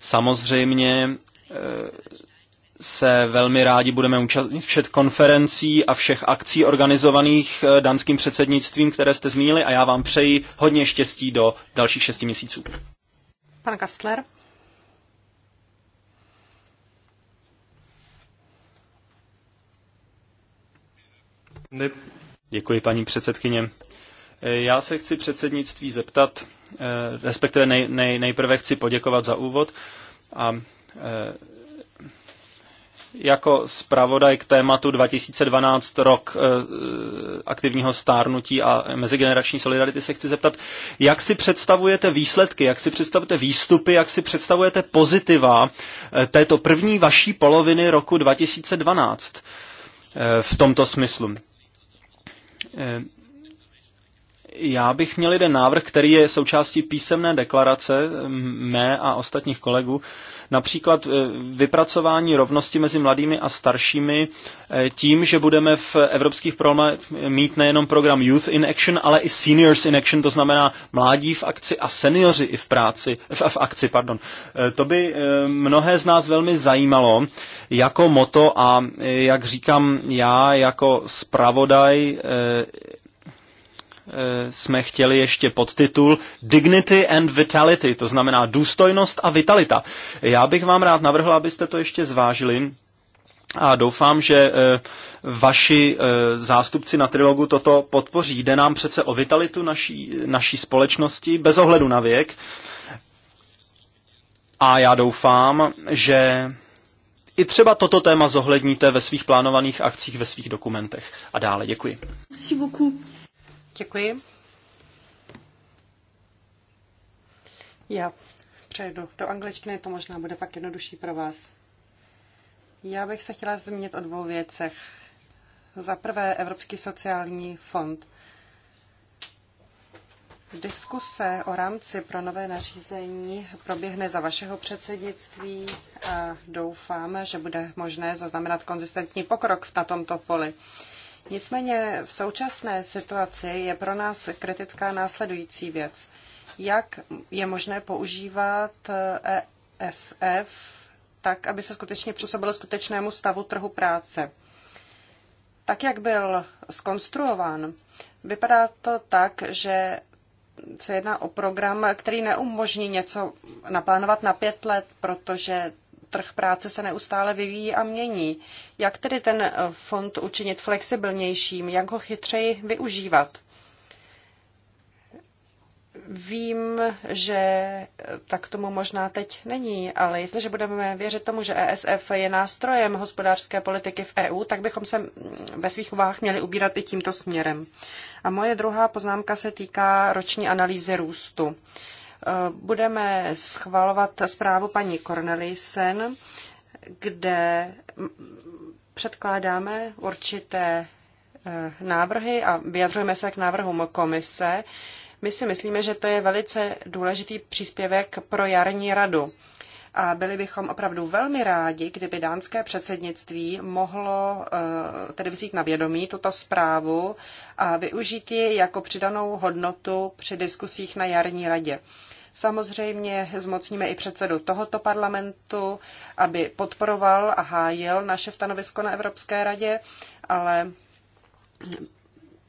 Samozřejmě eh, se velmi rádi budeme účastnit všet konferencí a všech akcí organizovaných eh, danským předsednictvím, které jste zmínili a já vám přeji hodně štěstí do dalších šesti měsíců. Pan Kastler. Děkuji, paní předsedkyně. Eh, já se chci předsednictví zeptat, eh, respektive nej, nej, nejprve chci poděkovat za úvod a jako zpravodaj k tématu 2012 rok eh, aktivního stárnutí a mezigenerační solidarity se chci zeptat, jak si představujete výsledky, jak si představujete výstupy, jak si představujete pozitiva eh, této první vaší poloviny roku 2012 eh, v tomto smyslu. Já bych měl jeden návrh, který je součástí písemné deklarace mé a ostatních kolegů. Například e, vypracování rovnosti mezi mladými a staršími e, tím, že budeme v evropských programech mít nejenom program Youth in Action, ale i Seniors in Action, to znamená mládí v akci a seniori i v práci, v, v akci, pardon. E, to by mnohé z nás velmi zajímalo jako moto a jak říkám já jako spravodaj Eh, jsme chtěli ještě podtitul Dignity and Vitality, to znamená důstojnost a vitalita. Já bych vám rád navrhl, abyste to ještě zvážili a doufám, že eh, vaši eh, zástupci na trilogu toto podpoří. Jde nám přece o vitalitu naší, naší společnosti bez ohledu na věk. A já doufám, že i třeba toto téma zohledníte ve svých plánovaných akcích, ve svých dokumentech. A dále děkuji. Merci beaucoup. Děkuji. Já přejdu do angličtiny, to možná bude pak jednodušší pro vás. Já bych se chtěla zmínit o dvou věcech. Za prvé Evropský sociální fond. Diskuse o rámci pro nové nařízení proběhne za vašeho předsednictví a doufám, že bude možné zaznamenat konzistentní pokrok na tomto poli. Nicméně v současné situaci je pro nás kritická následující věc. Jak je možné používat ESF tak, aby se skutečně působilo skutečnému stavu trhu práce? Tak, jak byl skonstruován, vypadá to tak, že se jedná o program, který neumožní něco naplánovat na pět let, protože trh práce se neustále vyvíjí a mění. Jak tedy ten fond učinit flexibilnějším, jak ho chytřeji využívat? Vím, že tak tomu možná teď není, ale jestliže budeme věřit tomu, že ESF je nástrojem hospodářské politiky v EU, tak bychom se ve svých uvách měli ubírat i tímto směrem. A moje druhá poznámka se týká roční analýzy růstu budeme schvalovat zprávu paní Cornelisen, kde předkládáme určité eh, návrhy a vyjadřujeme se k návrhům komise. My si myslíme, že to je velice důležitý příspěvek pro jarní radu. A byli bychom opravdu velmi rádi, kdyby dánské předsednictví mohlo eh, tedy vzít na vědomí tuto zprávu a využít ji jako přidanou hodnotu při diskusích na jarní radě. Samozřejmě zmocníme i předsedu tohoto parlamentu, aby podporoval a hájil naše stanovisko na Evropské radě, ale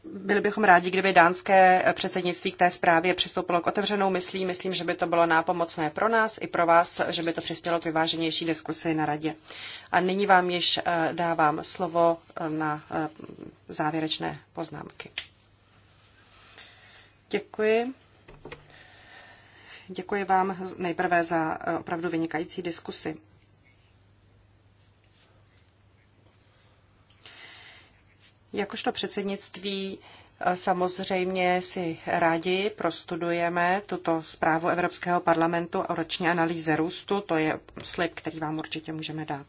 byli bychom rádi, kdyby dánské předsednictví k té zprávě přistoupilo k otevřenou myslí. Myslím, že by to bylo nápomocné pro nás i pro vás, že by to přispělo k vyváženější diskusi na radě. A nyní vám již eh, dávám slovo eh, na eh, závěrečné poznámky. Děkuji. Děkuji vám nejprve za opravdu vynikající diskusi. Jakožto předsednictví eh, samozřejmě si rádi prostudujeme tuto zprávu Evropského parlamentu o roční analýze růstu. To je slib, který vám určitě můžeme dát.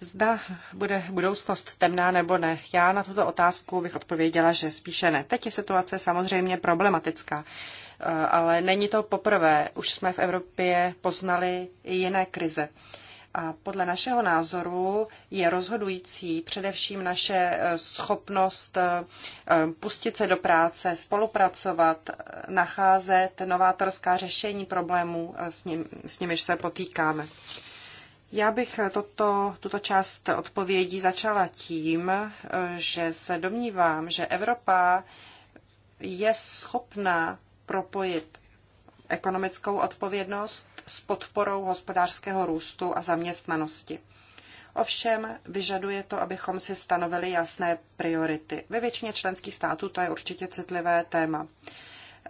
Zda bude budoucnost temná nebo ne, já na tuto otázku bych odpověděla, že spíše ne. Teď je situace samozřejmě problematická, eh, ale není to poprvé. Už jsme v Evropě poznali jiné krize. A podle našeho názoru je rozhodující především naše eh, schopnost eh, pustit se do práce, spolupracovat, nacházet novátorská řešení problémů, eh, s, ním, s nimiž se potýkáme. Já bych toto, tuto část odpovědí začala tím, že se domnívám, že Evropa je schopná propojit ekonomickou odpovědnost s podporou hospodářského růstu a zaměstnanosti. Ovšem vyžaduje to, abychom si stanovili jasné priority. Ve většině členských států to je určitě citlivé téma.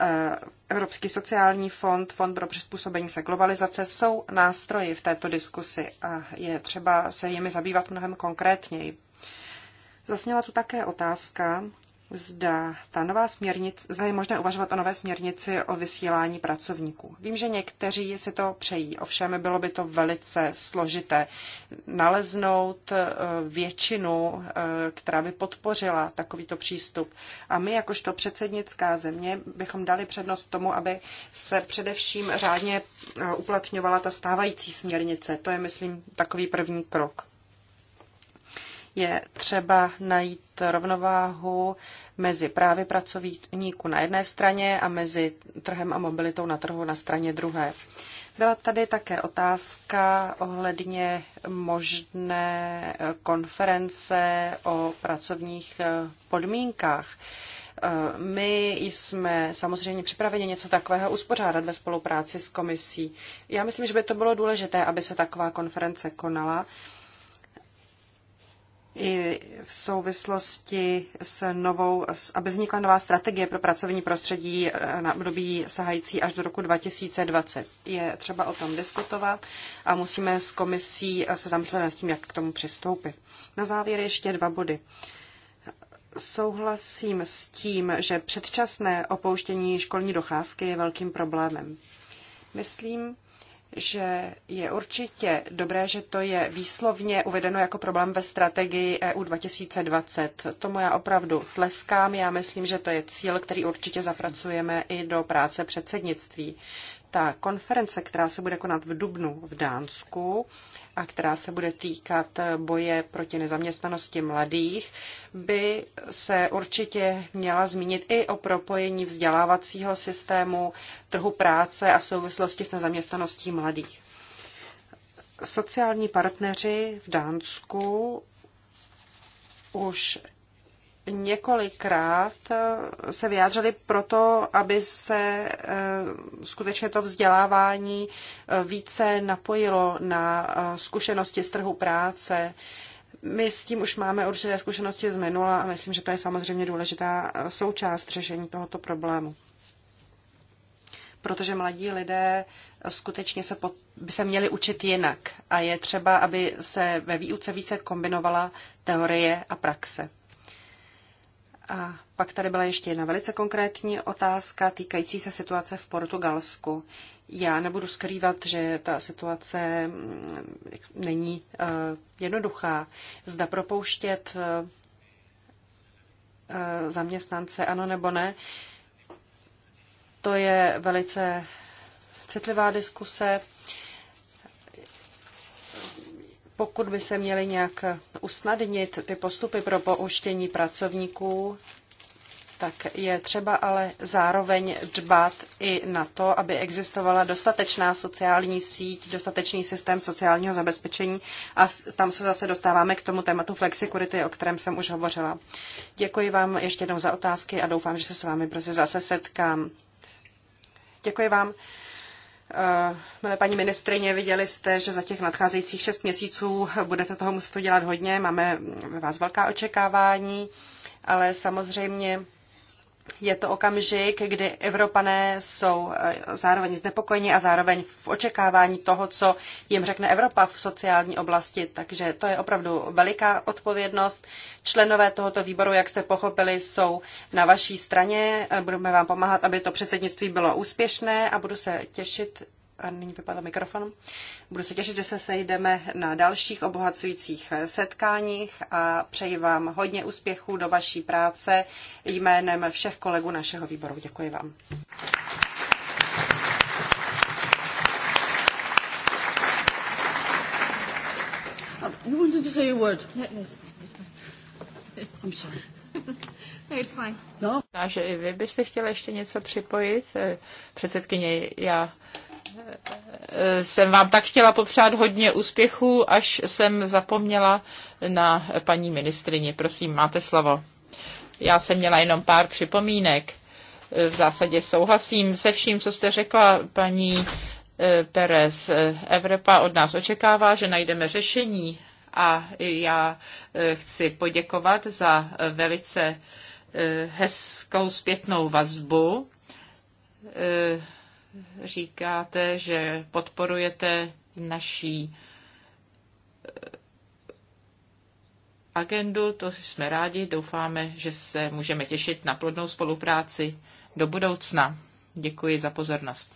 Eh, Evropský sociální fond, Fond pro přizpůsobení se globalizace jsou nástroji v této diskusi a je třeba se jimi zabývat mnohem konkrétněji. Zasněla tu také otázka, zda ta nová směrnice, zda je možné uvažovat o nové směrnici o vysílání pracovníků. Vím, že někteří si to přejí, ovšem bylo by to velice složité naleznout eh, většinu, eh, která by podpořila takovýto přístup. A my, jakožto předsednická země, bychom dali přednost tomu, aby se především řádně eh, uplatňovala ta stávající směrnice. To je, myslím, takový první krok je třeba najít rovnováhu mezi právy pracovníků na jedné straně a mezi trhem a mobilitou na trhu na straně druhé. Byla tady také otázka ohledně možné eh, konference o pracovních eh, podmínkách. Eh, my jsme samozřejmě připraveni něco takového uspořádat ve spolupráci s komisí. Já myslím, že by to bylo důležité, aby se taková konference konala, i v souvislosti s novou, aby vznikla nová strategie pro pracovní prostředí eh, na období sahající až do roku 2020. Je třeba o tom diskutovat a musíme s komisí eh, se zamyslet nad tím, jak k tomu přistoupit. Na závěr ještě dva body. Souhlasím s tím, že předčasné opouštění školní docházky je velkým problémem. Myslím, že je určitě dobré, že to je výslovně uvedeno jako problém ve strategii EU 2020. Tomu já opravdu tleskám. Já myslím, že to je cíl, který určitě zafracujeme i do práce předsednictví. Ta konference, která se bude konat v Dubnu v Dánsku, a která se bude týkat boje proti nezaměstnanosti mladých, by se určitě měla zmínit i o propojení vzdělávacího systému, trhu práce a souvislosti s nezaměstnaností mladých. Sociální partneři v Dánsku už několikrát eh, se vyjádřili proto, aby se eh, skutečně to vzdělávání eh, více napojilo na zkušenosti z trhu práce. My s tím už máme určité zkušenosti z minula a myslím, že to je samozřejmě důležitá součást řešení tohoto problému. Protože mladí lidé skutečně se pod, by se měli učit jinak a je třeba, aby se ve výuce více kombinovala teorie a praxe. A pak tady byla ještě jedna velice konkrétní otázka týkající se situace v Portugalsku. Já nebudu skrývat, že ta situace mm, není eh, jednoduchá. Zda propouštět eh, eh, zaměstnance, ano nebo ne, to je velice citlivá diskuse pokud by se měly nějak usnadnit ty postupy pro pouštění pracovníků, tak je třeba ale zároveň dbat i na to, aby existovala dostatečná sociální síť, dostatečný systém sociálního zabezpečení a tam se zase dostáváme k tomu tématu flexikurity, o kterém jsem už hovořila. Děkuji vám ještě jednou za otázky a doufám, že se s vámi brzy zase setkám. Děkuji vám. Eh, milé paní ministrině, viděli jste, že za těch nadcházejících šest měsíců budete toho muset udělat hodně. Máme ve vás velká očekávání, ale samozřejmě je to okamžik, kdy Evropané jsou eh, zároveň znepokojeni a zároveň v očekávání toho, co jim řekne Evropa v sociální oblasti. Takže to je opravdu veliká odpovědnost. Členové tohoto výboru, jak jste pochopili, jsou na vaší straně. Budeme vám pomáhat, aby to předsednictví bylo úspěšné a budu se těšit a nyní vypadl mikrofon. Budu se těšit, že se sejdeme na dalších obohacujících setkáních a přeji vám hodně úspěchů do vaší práce jménem všech kolegů našeho výboru. Děkuji vám. Um, you wanted to say a word? No, no, it's fine. I'm sorry. no, it's no? no. Že i vy byste chtěla ještě něco připojit. Eh, předsedkyně, já jsem vám tak chtěla popřát hodně úspěchů, až jsem zapomněla na paní ministrině. Prosím, máte slovo. Já jsem měla jenom pár připomínek. V zásadě souhlasím se vším, co jste řekla, paní eh, Perez. Evropa od nás očekává, že najdeme řešení a já eh, chci poděkovat za velice eh, hezkou zpětnou vazbu říkáte, že podporujete naší eh, agendu, to jsme rádi, doufáme, že se můžeme těšit na plodnou spolupráci do budoucna. Děkuji za pozornost.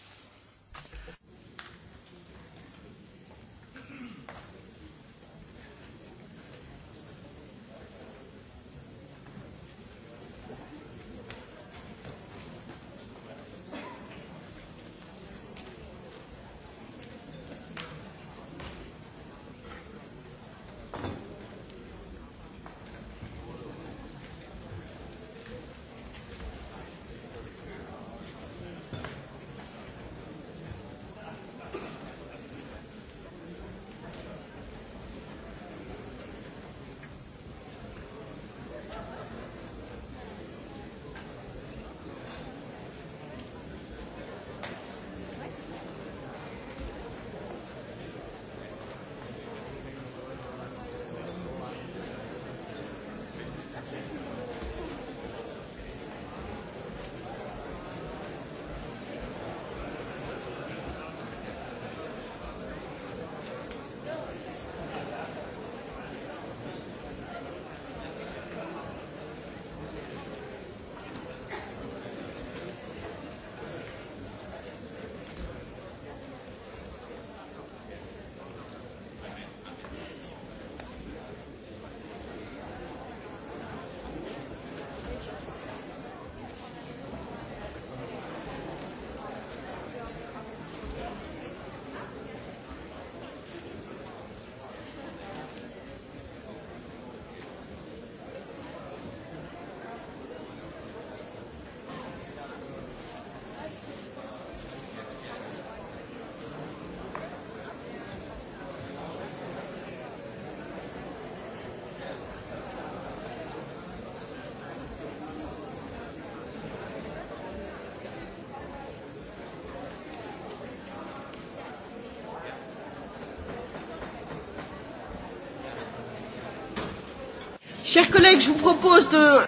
Chers collègues, je vous propose de...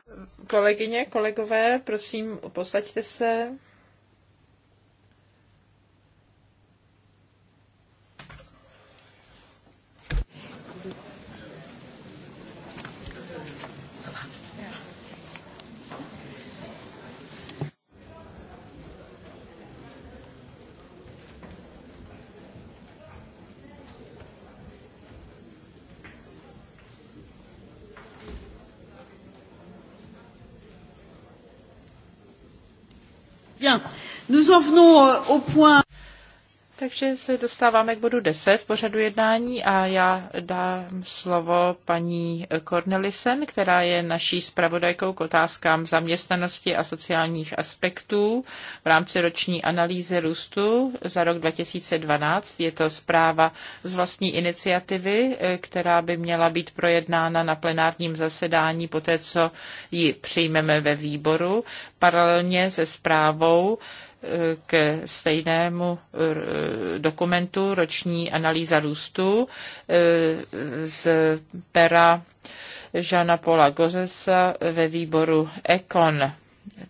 Kolegyně, kolegové, prosím, posaďte se. Takže se dostáváme k bodu 10 pořadu jednání a já dám slovo paní Cornelisen, která je naší zpravodajkou k otázkám zaměstnanosti a sociálních aspektů v rámci roční analýzy růstu za rok 2012. Je to zpráva z vlastní iniciativy, která by měla být projednána na plenárním zasedání poté, co ji přijmeme ve výboru. Paralelně se zprávou ke stejnému eh, dokumentu roční analýza růstu eh, z pera Žana Paula Gozesa ve výboru Econ.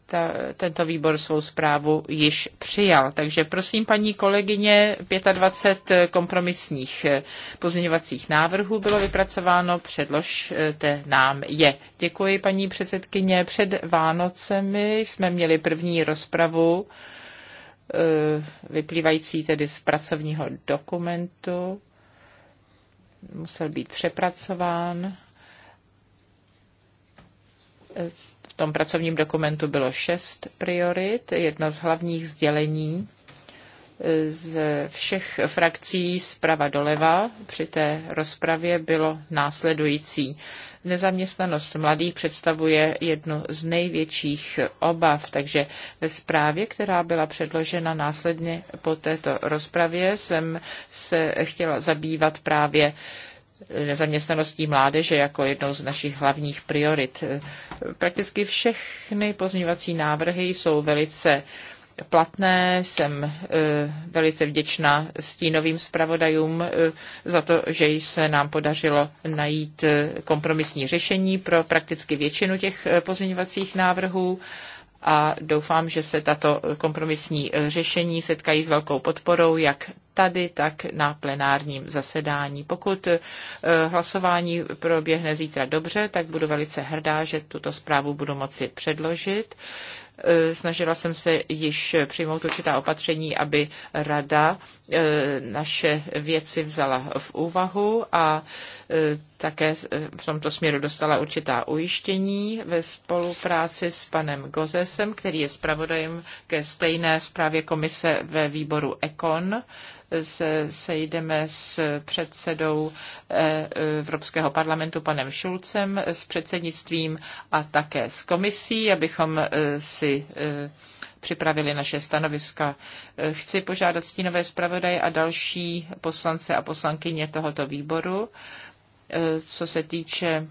Ta, tento výbor svou zprávu již přijal. Takže prosím, paní kolegyně, 25 kompromisních eh, pozměňovacích návrhů bylo vypracováno, předložte nám je. Děkuji, paní předsedkyně. Před Vánocemi jsme měli první rozpravu Eh, vyplývající tedy z pracovního dokumentu, musel být přepracován. Eh, v tom pracovním dokumentu bylo šest priorit. Jedno z hlavních sdělení z všech frakcí zprava doleva při té rozpravě bylo následující. Nezaměstnanost mladých představuje jednu z největších obav, takže ve zprávě, která byla předložena následně po této rozpravě, jsem se chtěla zabývat právě nezaměstnaností mládeže jako jednou z našich hlavních priorit. Prakticky všechny pozměňovací návrhy jsou velice platné. Jsem eh, velice vděčná stínovým zpravodajům eh, za to, že se nám podařilo najít eh, kompromisní řešení pro prakticky většinu těch pozměňovacích návrhů a doufám, že se tato kompromisní řešení setkají s velkou podporou jak tady, tak na plenárním zasedání. Pokud hlasování proběhne zítra dobře, tak budu velice hrdá, že tuto zprávu budu moci předložit. Eh, snažila jsem se již přijmout určitá opatření, aby rada eh, naše věci vzala v úvahu a eh, také v tomto směru dostala určitá ujištění ve spolupráci s panem Gozesem, který je zpravodajem ke stejné zprávě komise ve výboru ECON se sejdeme s předsedou eh, Evropského parlamentu panem Šulcem, s předsednictvím a také s komisí, abychom eh, si eh, připravili naše stanoviska. Chci požádat stínové zpravodaje a další poslance a poslankyně tohoto výboru, co se týče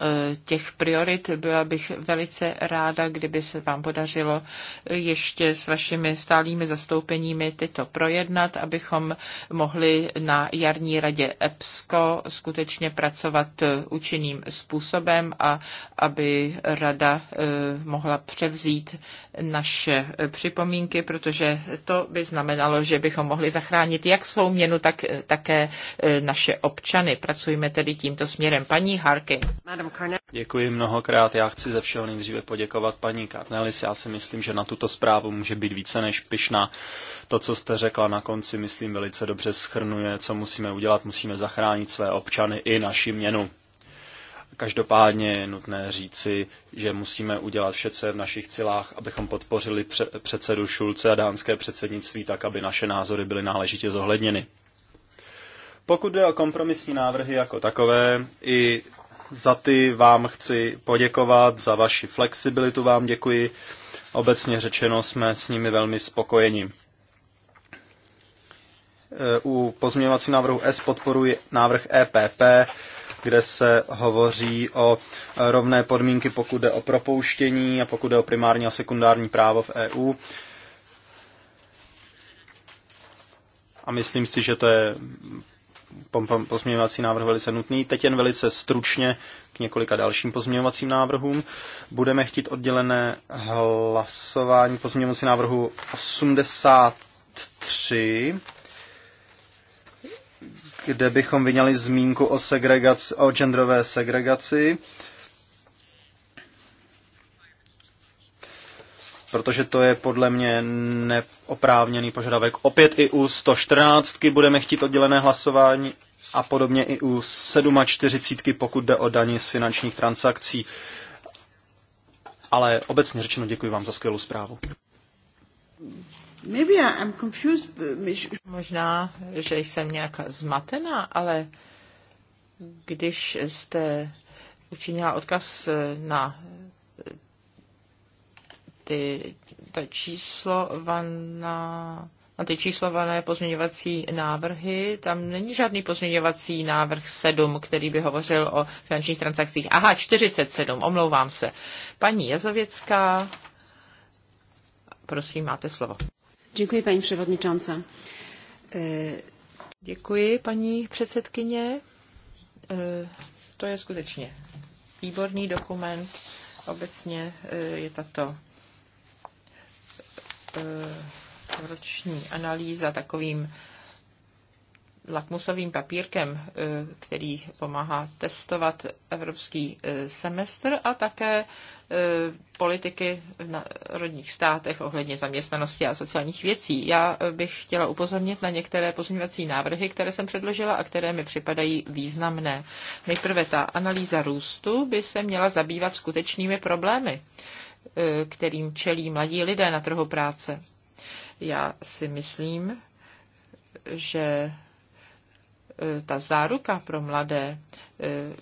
Eh, těch priorit. Byla bych velice ráda, kdyby se vám podařilo ještě s vašimi stálými zastoupeními tyto projednat, abychom mohli na jarní radě EPSCO skutečně pracovat eh, účinným způsobem a aby rada eh, mohla převzít naše připomínky, protože to by znamenalo, že bychom mohli zachránit jak svou měnu, tak také naše občany. Pracujeme tedy tímto směrem. Paní Harkin. Děkuji mnohokrát. Já chci ze všeho nejdříve poděkovat paní Karnelis. Já si myslím, že na tuto zprávu může být více než pyšná, To, co jste řekla na konci, myslím, velice dobře schrnuje, co musíme udělat. Musíme zachránit své občany i naši měnu. Každopádně je nutné říci, že musíme udělat vše, co je v našich cilách, abychom podpořili předsedu Šulce a dánské předsednictví tak, aby naše názory byly náležitě zohledněny. Pokud jde o kompromisní návrhy jako takové, i za ty vám chci poděkovat, za vaši flexibilitu vám děkuji. Obecně řečeno jsme s nimi velmi spokojeni. E, u pozměňovací návrhu S podporuji návrh EPP, kde se hovoří o rovné podmínky, pokud jde o propouštění a pokud jde o primární a sekundární právo v EU. A myslím si, že to je pozměňovací návrh velice nutný. Teď jen velice stručně k několika dalším pozměňovacím návrhům. Budeme chtít oddělené hlasování pozměňovací návrhu 83 kde bychom vyňali zmínku o, segregaci, o genderové segregaci protože to je podle mě neoprávněný požadavek. Opět i u 114 budeme chtít oddělené hlasování a podobně i u 47, pokud jde o daní z finančních transakcí. Ale obecně řečeno děkuji vám za skvělou zprávu. Maybe I'm confused. Možná, že jsem nějak zmatená, ale když jste učinila odkaz na ty, ta číslovaná na ty číslované pozměňovací návrhy. Tam není žádný pozměňovací návrh 7, který by hovořil o finančních transakcích. Aha, 47, omlouvám se. Paní Jazověcká, prosím, máte slovo. Děkuji, paní předsedkyně. E, Děkuji, paní předsedkyně. E, to je skutečně výborný dokument. Obecně e, je tato Eh, roční analýza takovým lakmusovým papírkem, eh, který pomáhá testovat evropský eh, semestr a také politiky v národních státech ohledně zaměstnanosti a sociálních věcí. Já bych chtěla upozornit na některé pozměňovací návrhy, které jsem předložila a které mi připadají významné. Nejprve ta analýza růstu by se měla zabývat skutečnými problémy. Eh, kterým čelí mladí lidé na trhu práce. Já si myslím, že eh, ta záruka pro mladé, eh,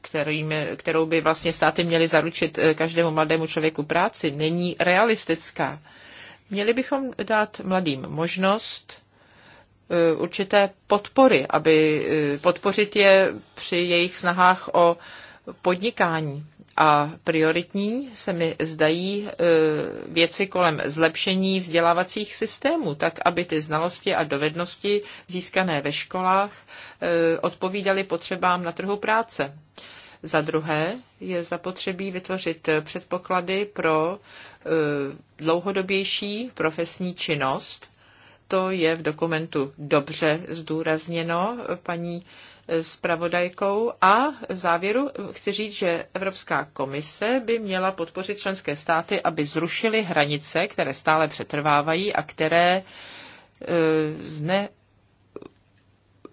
kterým, kterou by vlastně státy měly zaručit každému mladému člověku práci, není realistická. Měli bychom dát mladým možnost určité podpory, aby podpořit je při jejich snahách o podnikání a prioritní se mi zdají e, věci kolem zlepšení vzdělávacích systémů, tak aby ty znalosti a dovednosti získané ve školách e, odpovídaly potřebám na trhu práce. Za druhé je zapotřebí vytvořit předpoklady pro e, dlouhodobější profesní činnost. To je v dokumentu dobře zdůrazněno paní pravodajkou a závěru chci říct, že Evropská komise by měla podpořit členské státy, aby zrušily hranice, které stále přetrvávají a které e, zne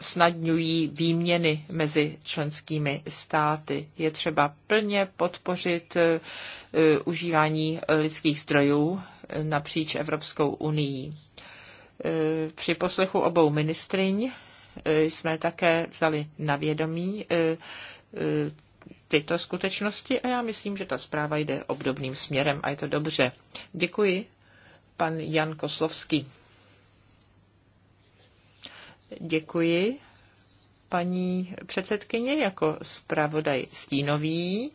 snadňují výměny mezi členskými státy. Je třeba plně podpořit e, užívání lidských zdrojů napříč Evropskou unii. E, při poslechu obou ministryň jsme také vzali na vědomí e, e, tyto skutečnosti a já myslím, že ta zpráva jde obdobným směrem a je to dobře. Děkuji, pan Jan Koslovský. Děkuji, paní předsedkyně, jako zpravodaj stínový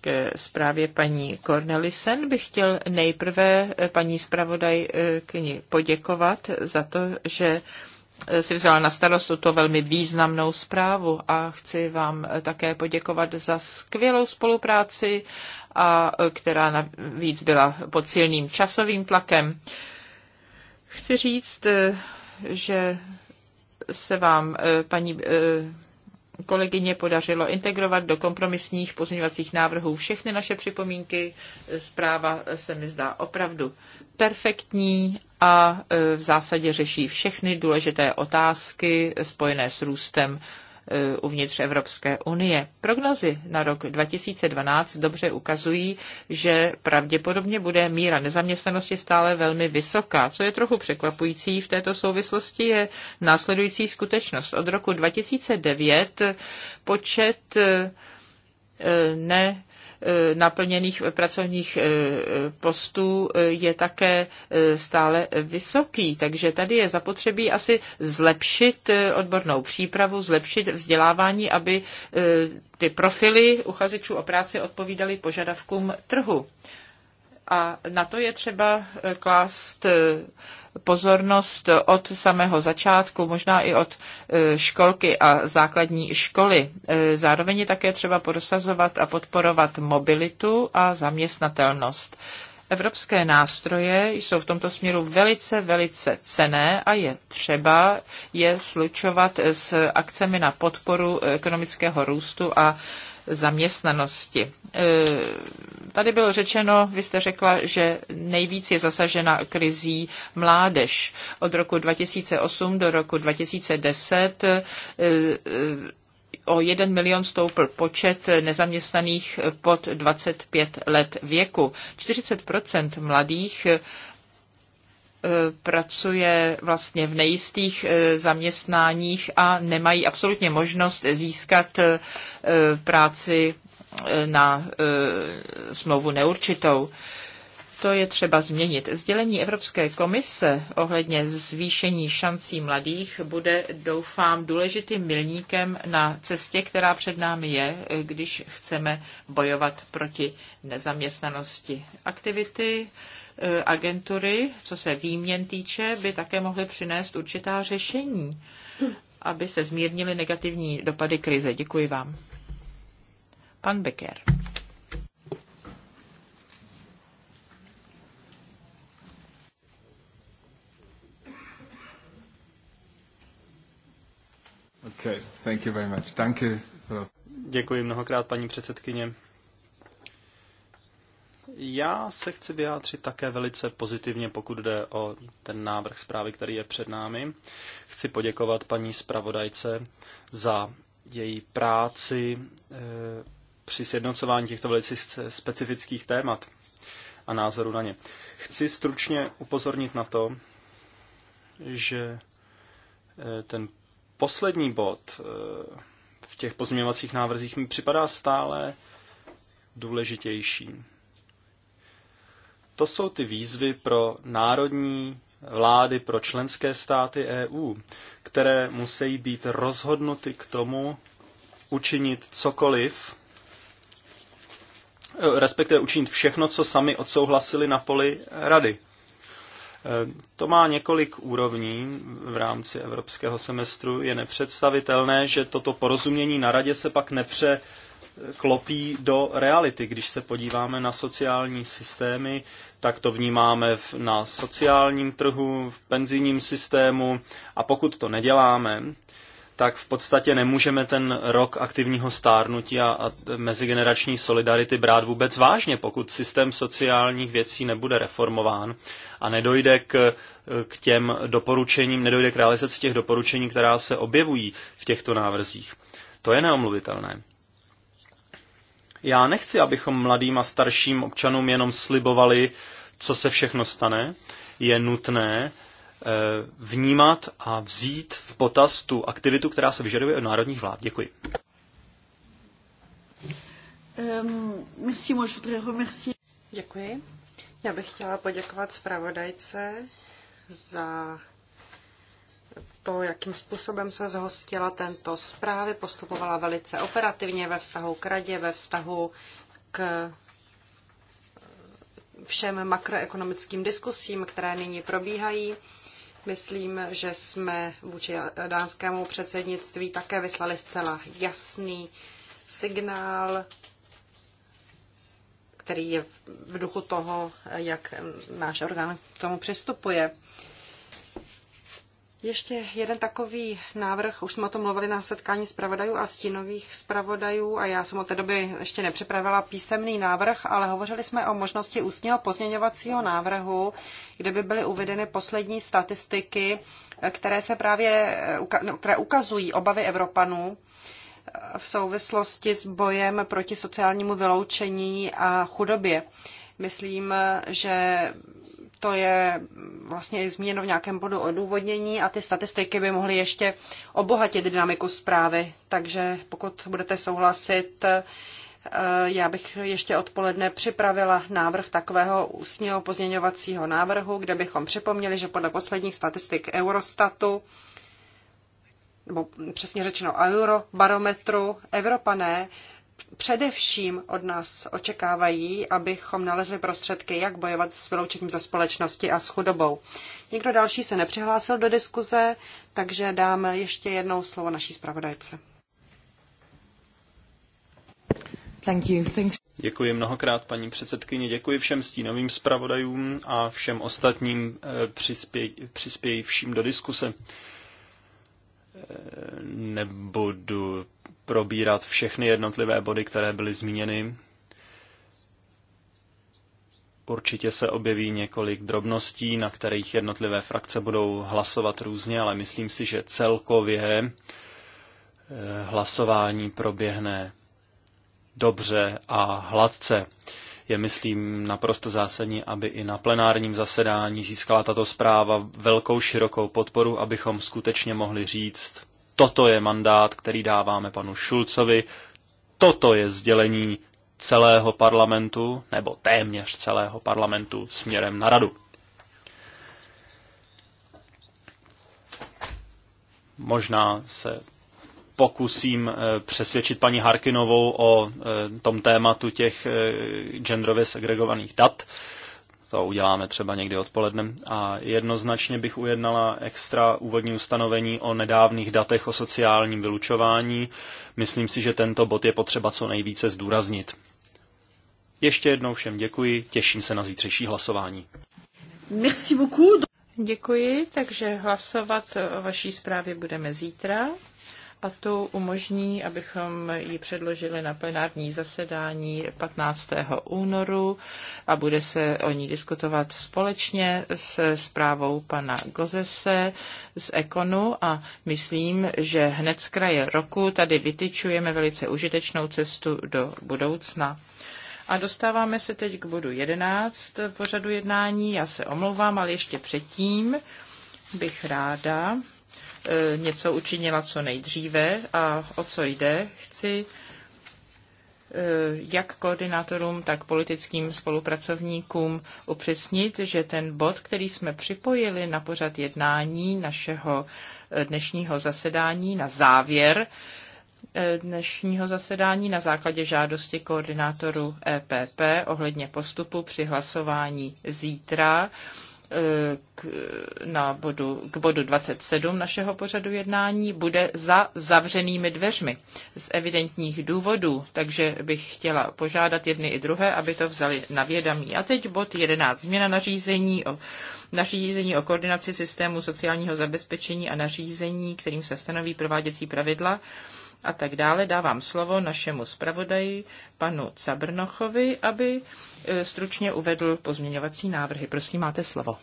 k zprávě paní Cornelisen bych chtěl nejprve paní ní poděkovat za to, že Eh, si vzala na starost tuto velmi významnou zprávu a chci vám eh, také poděkovat za skvělou spolupráci, a eh, která navíc byla pod silným časovým tlakem. Chci říct, že se vám, paní kolegyně podařilo integrovat do kompromisních pozměňovacích návrhů všechny naše připomínky. Zpráva se mi zdá opravdu perfektní a e, v zásadě řeší všechny důležité otázky spojené s růstem Eh, uvnitř Evropské unie. Prognozy na rok 2012 dobře ukazují, že pravděpodobně bude míra nezaměstnanosti stále velmi vysoká. Co je trochu překvapující v této souvislosti je následující skutečnost. Od roku 2009 počet eh, ne Eh, naplněných pracovních eh, postů eh, je také stále vysoký. Takže tady je zapotřebí asi zlepšit odbornou přípravu, zlepšit vzdělávání, aby ty profily uchazečů o práci odpovídaly požadavkům trhu. A na to je třeba klást pozornost od samého začátku, možná i od e, školky a základní školy. E, zároveň je také třeba prosazovat a podporovat mobilitu a zaměstnatelnost. Evropské nástroje jsou v tomto směru velice, velice cené a je třeba je slučovat s akcemi na podporu ekonomického růstu a zaměstnanosti. E, tady bylo řečeno, vy jste řekla, že nejvíc je zasažena krizí mládež. Od roku 2008 do roku 2010 e, o 1 milion stoupl počet nezaměstnaných pod 25 let věku. 40 mladých E, pracuje vlastně v nejistých e, zaměstnáních a nemají absolutně možnost získat e, práci na smlouvu neurčitou. To je třeba změnit. Sdělení Evropské komise ohledně zvýšení šancí mladých bude, doufám, důležitým milníkem na cestě, která před námi je, když chceme bojovat proti nezaměstnanosti. Aktivity Eh, agentury, co se výměn týče, by také mohly přinést určitá řešení, aby se zmírnily negativní dopady krize. Děkuji vám. Pan Becker. Okay, thank you very much. Danke. Děkuji mnohokrát, paní předsedkyně. Já se chci vyjádřit také velice pozitivně, pokud jde o ten návrh zprávy, který je před námi. Chci poděkovat paní zpravodajce za její práci eh, při sjednocování těchto velice specifických témat a názoru na ně. Chci stručně upozornit na to, že eh, ten poslední bod eh, v těch pozměňovacích návrzích mi připadá stále důležitější. To jsou ty výzvy pro národní vlády, pro členské státy EU, které musí být rozhodnuty k tomu učinit cokoliv, respektive učinit všechno, co sami odsouhlasili na poli rady. E, to má několik úrovní v rámci evropského semestru. Je nepředstavitelné, že toto porozumění na radě se pak nepře, klopí do reality. Když se podíváme na sociální systémy, tak to vnímáme v, na sociálním trhu, v penzijním systému a pokud to neděláme, tak v podstatě nemůžeme ten rok aktivního stárnutí a, a mezigenerační solidarity brát vůbec vážně, pokud systém sociálních věcí nebude reformován a nedojde k, k těm doporučením, nedojde k realizaci těch doporučení, která se objevují v těchto návrzích. To je neomluvitelné. Já nechci, abychom mladým a starším občanům jenom slibovali, co se všechno stane. Je nutné eh, vnímat a vzít v potaz tu aktivitu, která se vyžaduje od národních vlád. Děkuji. Ehm, Děkuji. Já bych chtěla poděkovat zpravodajce za to, jakým způsobem se zhostila tento zprávy, postupovala velice operativně ve vztahu k radě, ve vztahu k všem makroekonomickým diskusím, které nyní probíhají. Myslím, že jsme vůči dánskému předsednictví také vyslali zcela jasný signál, který je v duchu toho, jak náš orgán k tomu přistupuje. Ještě jeden takový návrh, už jsme o tom mluvili na setkání zpravodajů a stínových zpravodajů a já jsem od té doby ještě nepřipravila písemný návrh, ale hovořili jsme o možnosti ústního pozměňovacího návrhu, kde by byly uvedeny poslední statistiky, které se právě no, které ukazují obavy Evropanů eh, v souvislosti s bojem proti sociálnímu vyloučení a chudobě. Myslím, že to je vlastně změněno v nějakém bodu odůvodnění a ty statistiky by mohly ještě obohatit dynamiku zprávy. Takže pokud budete souhlasit, eh, já bych ještě odpoledne připravila návrh takového ústního pozměňovacího návrhu, kde bychom připomněli, že podle posledních statistik Eurostatu, nebo přesně řečeno Eurobarometru, Evropané ne, především od nás očekávají, abychom nalezli prostředky, jak bojovat s vyloučením ze společnosti a s chudobou. Nikdo další se nepřihlásil do diskuze, takže dám ještě jednou slovo naší zpravodajce. Thank you. Thanks. Děkuji mnohokrát, paní předsedkyně. Děkuji všem stínovým zpravodajům a všem ostatním eh, přispěj, vším do diskuse. Eh, nebudu probírat všechny jednotlivé body, které byly zmíněny. Určitě se objeví několik drobností, na kterých jednotlivé frakce budou hlasovat různě, ale myslím si, že celkově eh, hlasování proběhne dobře a hladce. Je, myslím, naprosto zásadní, aby i na plenárním zasedání získala tato zpráva velkou širokou podporu, abychom skutečně mohli říct, Toto je mandát, který dáváme panu Šulcovi. Toto je sdělení celého parlamentu, nebo téměř celého parlamentu směrem na radu. Možná se pokusím eh, přesvědčit paní Harkinovou o eh, tom tématu těch eh, genderově segregovaných dat. To uděláme třeba někdy odpoledne. A jednoznačně bych ujednala extra úvodní ustanovení o nedávných datech o sociálním vylučování. Myslím si, že tento bod je potřeba co nejvíce zdůraznit. Ještě jednou všem děkuji, těším se na zítřejší hlasování. Merci beaucoup. Děkuji, takže hlasovat o vaší zprávě budeme zítra a to umožní, abychom ji předložili na plenární zasedání 15. únoru a bude se o ní diskutovat společně se zprávou pana Gozese z Ekonu a myslím, že hned z kraje roku tady vytyčujeme velice užitečnou cestu do budoucna. A dostáváme se teď k bodu 11 pořadu jednání. Já se omlouvám, ale ještě předtím bych ráda E, něco učinila co nejdříve a o co jde, chci e, jak koordinátorům, tak politickým spolupracovníkům upřesnit, že ten bod, který jsme připojili na pořad jednání našeho e, dnešního zasedání na závěr, dnešního zasedání na základě žádosti koordinátoru EPP ohledně postupu při hlasování zítra Eh, k, na bodu, k bodu 27 našeho pořadu jednání bude za zavřenými dveřmi z evidentních důvodů, takže bych chtěla požádat jedny i druhé, aby to vzali na vědomí. A teď bod 11. Změna nařízení o, nařízení o koordinaci systému sociálního zabezpečení a nařízení, kterým se stanoví prováděcí pravidla a tak dále. Dávám slovo našemu zpravodaji, panu Cabrnochovi, aby Eh, stručně uvedl pozměňovací návrhy. Prosím, máte slovo.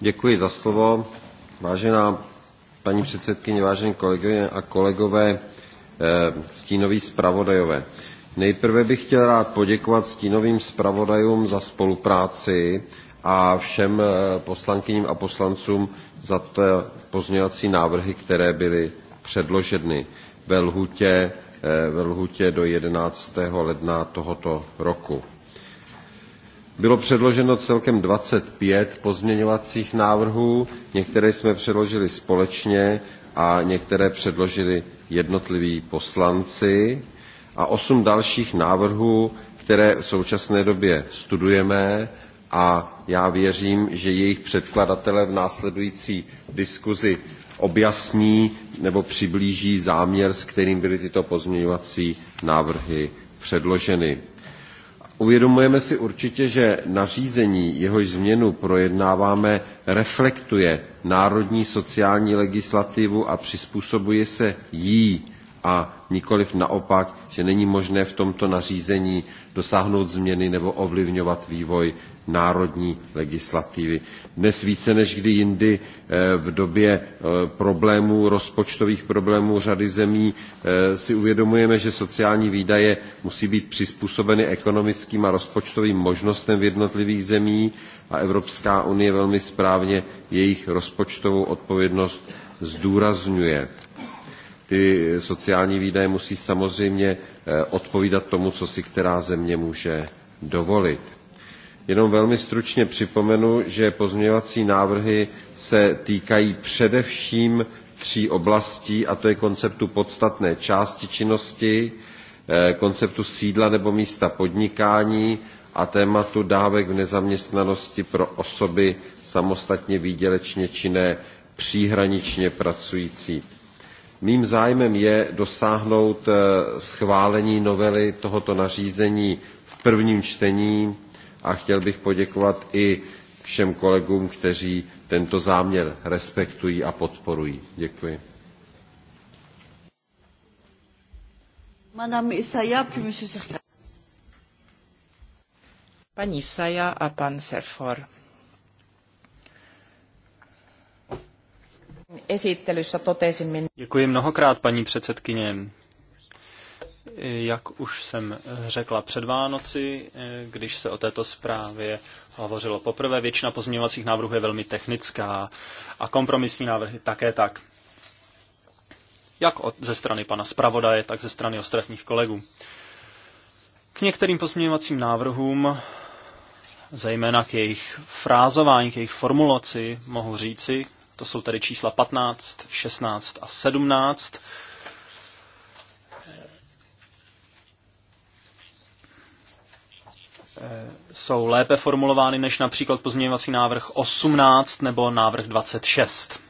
Děkuji za slovo. Vážená paní předsedkyně, vážení kolegové a kolegové, eh, stínoví zpravodajové. Nejprve bych chtěl rád poděkovat stínovým zpravodajům za spolupráci a všem eh, poslankyním a poslancům za pozměňovací návrhy, které byly předloženy ve lhutě Eh, ve lhutě do 11. ledna tohoto roku. Bylo předloženo celkem 25 pozměňovacích návrhů, některé jsme předložili společně a některé předložili jednotliví poslanci a osm dalších návrhů, které v současné době studujeme a já věřím, že jejich předkladatelé v následující diskuzi objasní nebo přiblíží záměr, s kterým byly tyto pozměňovací návrhy předloženy. Uvědomujeme si určitě, že nařízení, jehož změnu projednáváme, reflektuje národní sociální legislativu a přizpůsobuje se jí a nikoliv naopak, že není možné v tomto nařízení dosáhnout změny nebo ovlivňovat vývoj národní legislativy. Dnes více než kdy jindy eh, v době eh, problémů, rozpočtových problémů řady zemí eh, si uvědomujeme, že sociální výdaje musí být přizpůsobeny ekonomickým a rozpočtovým možnostem v jednotlivých zemí a Evropská unie velmi správně jejich rozpočtovou odpovědnost zdůrazňuje ty sociální výdaje musí samozřejmě eh, odpovídat tomu, co si která země může dovolit. Jenom velmi stručně připomenu, že pozměňovací návrhy se týkají především tří oblastí, a to je konceptu podstatné části činnosti, eh, konceptu sídla nebo místa podnikání a tématu dávek v nezaměstnanosti pro osoby samostatně výdělečně činné příhraničně pracující Mým zájmem je dosáhnout eh, schválení novely tohoto nařízení v prvním čtení a chtěl bych poděkovat i všem kolegům, kteří tento záměr respektují a podporují. Děkuji. Madame Paní Saja a pan Serfor. Děkuji mnohokrát, paní předsedkyně. Jak už jsem řekla před Vánoci, když se o této zprávě hovořilo poprvé, většina pozměňovacích návrhů je velmi technická a kompromisní návrhy také tak. Jak od, ze strany pana zpravodaje, tak ze strany ostatních kolegů. K některým pozměňovacím návrhům, zejména k jejich frázování, k jejich formulaci, mohu říci, to jsou tady čísla 15, 16 a 17. Eh, jsou lépe formulovány než například pozměňovací návrh 18 nebo návrh 26.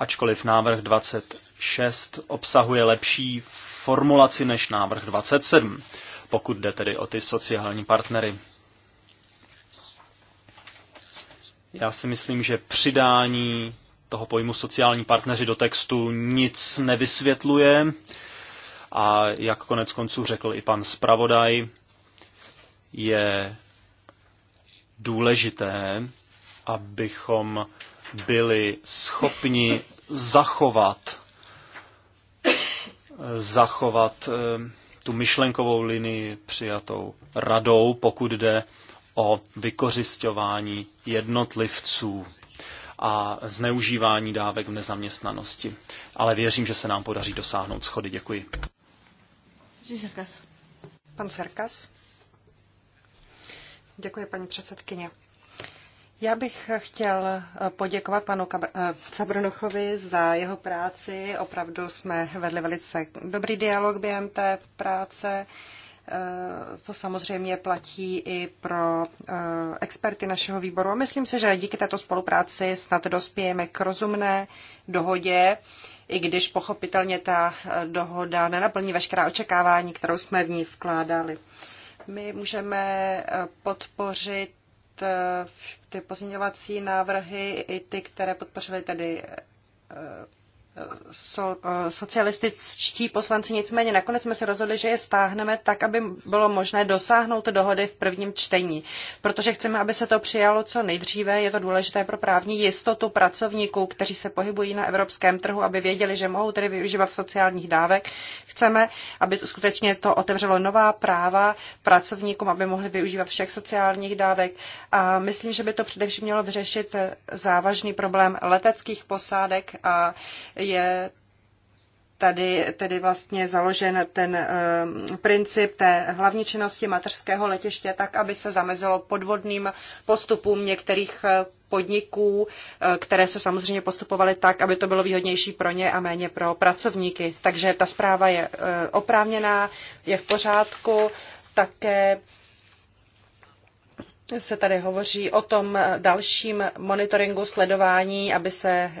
Ačkoliv návrh 26 obsahuje lepší formulaci než návrh 27, pokud jde tedy o ty sociální partnery. Já si myslím, že přidání toho pojmu sociální partneři do textu nic nevysvětluje. A jak konec konců řekl i pan zpravodaj, je důležité, abychom byli schopni zachovat zachovat eh, tu myšlenkovou linii přijatou radou, pokud jde o vykořišťování jednotlivců a zneužívání dávek v nezaměstnanosti. Ale věřím, že se nám podaří dosáhnout schody. Děkuji. Pan Serkas. Děkuji, paní předsedkyně. Já bych chtěl poděkovat panu eh, Cabrnochovi za jeho práci. Opravdu jsme vedli velice dobrý dialog během té práce. Eh, to samozřejmě platí i pro eh, experty našeho výboru. A myslím si, že díky této spolupráci snad dospějeme k rozumné dohodě, i když pochopitelně ta eh, dohoda nenaplní veškerá očekávání, kterou jsme v ní vkládali. My můžeme podpořit ty pozměňovací návrhy, i ty, které podpořili tedy so, eh, socialističtí poslanci, nicméně nakonec jsme se rozhodli, že je stáhneme tak, aby bylo možné dosáhnout dohody v prvním čtení, protože chceme, aby se to přijalo co nejdříve. Je to důležité pro právní jistotu pracovníků, kteří se pohybují na evropském trhu, aby věděli, že mohou tedy využívat sociálních dávek. Chceme, aby to skutečně to otevřelo nová práva pracovníkům, aby mohli využívat všech sociálních dávek. A myslím, že by to především mělo vyřešit závažný problém leteckých posádek a je tady tedy vlastně založen ten eh, princip té hlavní činnosti mateřského letiště tak, aby se zamezilo podvodným postupům některých eh, podniků, eh, které se samozřejmě postupovaly tak, aby to bylo výhodnější pro ně a méně pro pracovníky. Takže ta zpráva je oprávněná, je v pořádku. Také se tady hovoří o tom dalším monitoringu sledování, aby se e,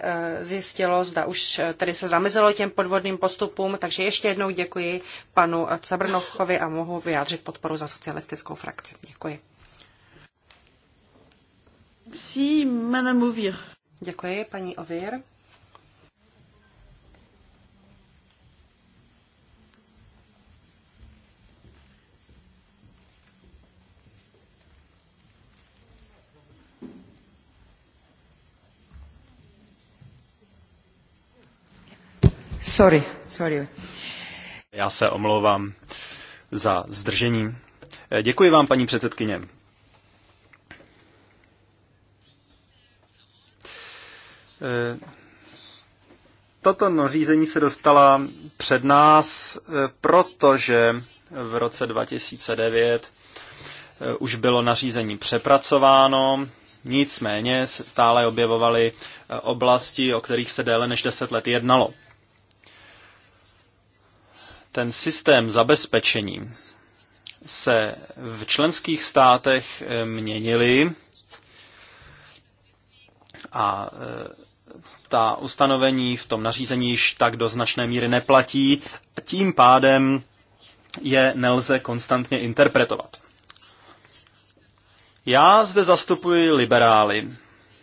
zjistilo, zda už e, tedy se zamizelo těm podvodným postupům. Takže ještě jednou děkuji panu Cabrnochovi a mohu vyjádřit podporu za socialistickou frakci. Děkuji. Děkuji, paní Ovir. Sorry, sorry. Já se omlouvám za zdržení. Eh, děkuji vám, paní předsedkyně. Eh, toto nařízení se dostala před nás, eh, protože v roce 2009 už bylo nařízení přepracováno, nicméně stále objevovaly oblasti, o kterých se déle než 10 let jednalo ten systém zabezpečení se v členských státech eh, měnily a eh, ta ustanovení v tom nařízení již tak do značné míry neplatí, tím pádem je nelze konstantně interpretovat. Já zde zastupuji liberály.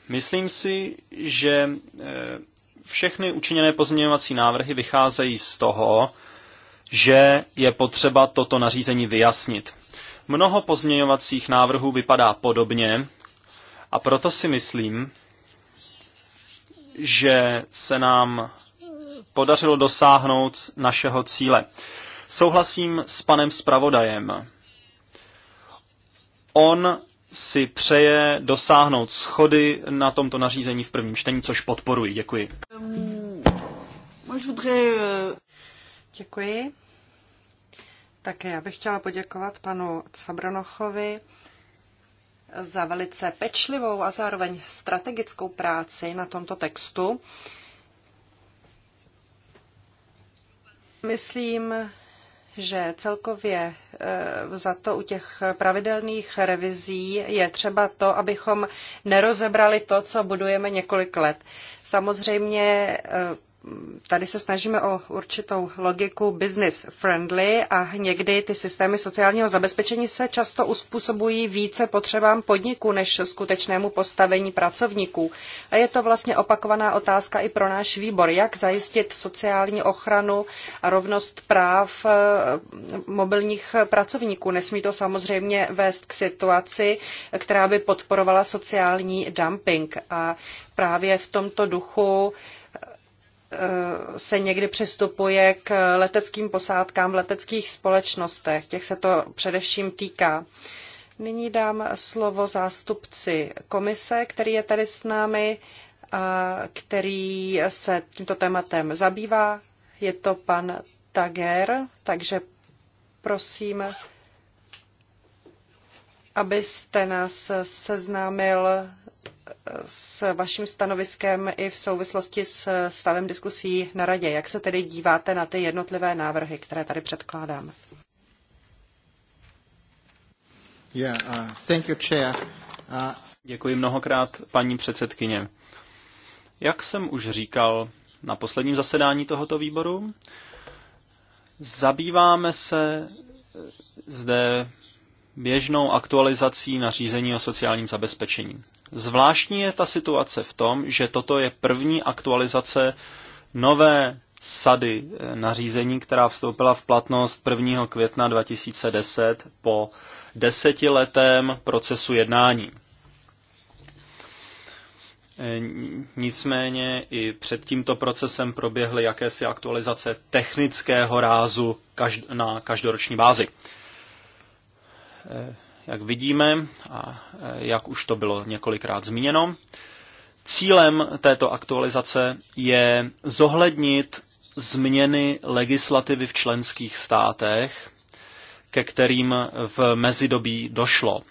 Myslím si, že eh, všechny učiněné pozměňovací návrhy vycházejí z toho, že je potřeba toto nařízení vyjasnit. Mnoho pozměňovacích návrhů vypadá podobně a proto si myslím, že se nám podařilo dosáhnout našeho cíle. Souhlasím s panem spravodajem. On si přeje dosáhnout schody na tomto nařízení v prvním čtení, což podporuji. Děkuji. Um, euh, Děkuji. Také já bych chtěla poděkovat panu Cabronochovi za velice pečlivou a zároveň strategickou práci na tomto textu. Myslím, že celkově e, za to u těch pravidelných revizí je třeba to, abychom nerozebrali to, co budujeme několik let. Samozřejmě e, tady se snažíme o určitou logiku business friendly a někdy ty systémy sociálního zabezpečení se často uspůsobují více potřebám podniku než skutečnému postavení pracovníků. A je to vlastně opakovaná otázka i pro náš výbor, jak zajistit sociální ochranu a rovnost práv eh, mobilních pracovníků. Nesmí to samozřejmě vést k situaci, která by podporovala sociální dumping. A právě v tomto duchu Eh, se někdy přistupuje k leteckým posádkám v leteckých společnostech. Těch se to především týká. Nyní dám slovo zástupci komise, který je tady s námi, a který se tímto tématem zabývá. Je to pan Tager, takže prosím, abyste nás seznámil s vaším stanoviskem i v souvislosti s stavem diskusí na radě. Jak se tedy díváte na ty jednotlivé návrhy, které tady předkládám? Yeah, uh, thank you, chair. Uh... Děkuji mnohokrát, paní předsedkyně. Jak jsem už říkal na posledním zasedání tohoto výboru, zabýváme se eh, zde běžnou aktualizací nařízení o sociálním zabezpečení. Zvláštní je ta situace v tom, že toto je první aktualizace nové sady eh, nařízení, která vstoupila v platnost 1. května 2010 po desetiletém procesu jednání. Eh, nicméně i před tímto procesem proběhly jakési aktualizace technického rázu na každoroční bázi. Eh, jak vidíme, a e, jak už to bylo několikrát zmíněno, cílem této aktualizace je zohlednit změny legislativy v členských státech, ke kterým v mezidobí došlo.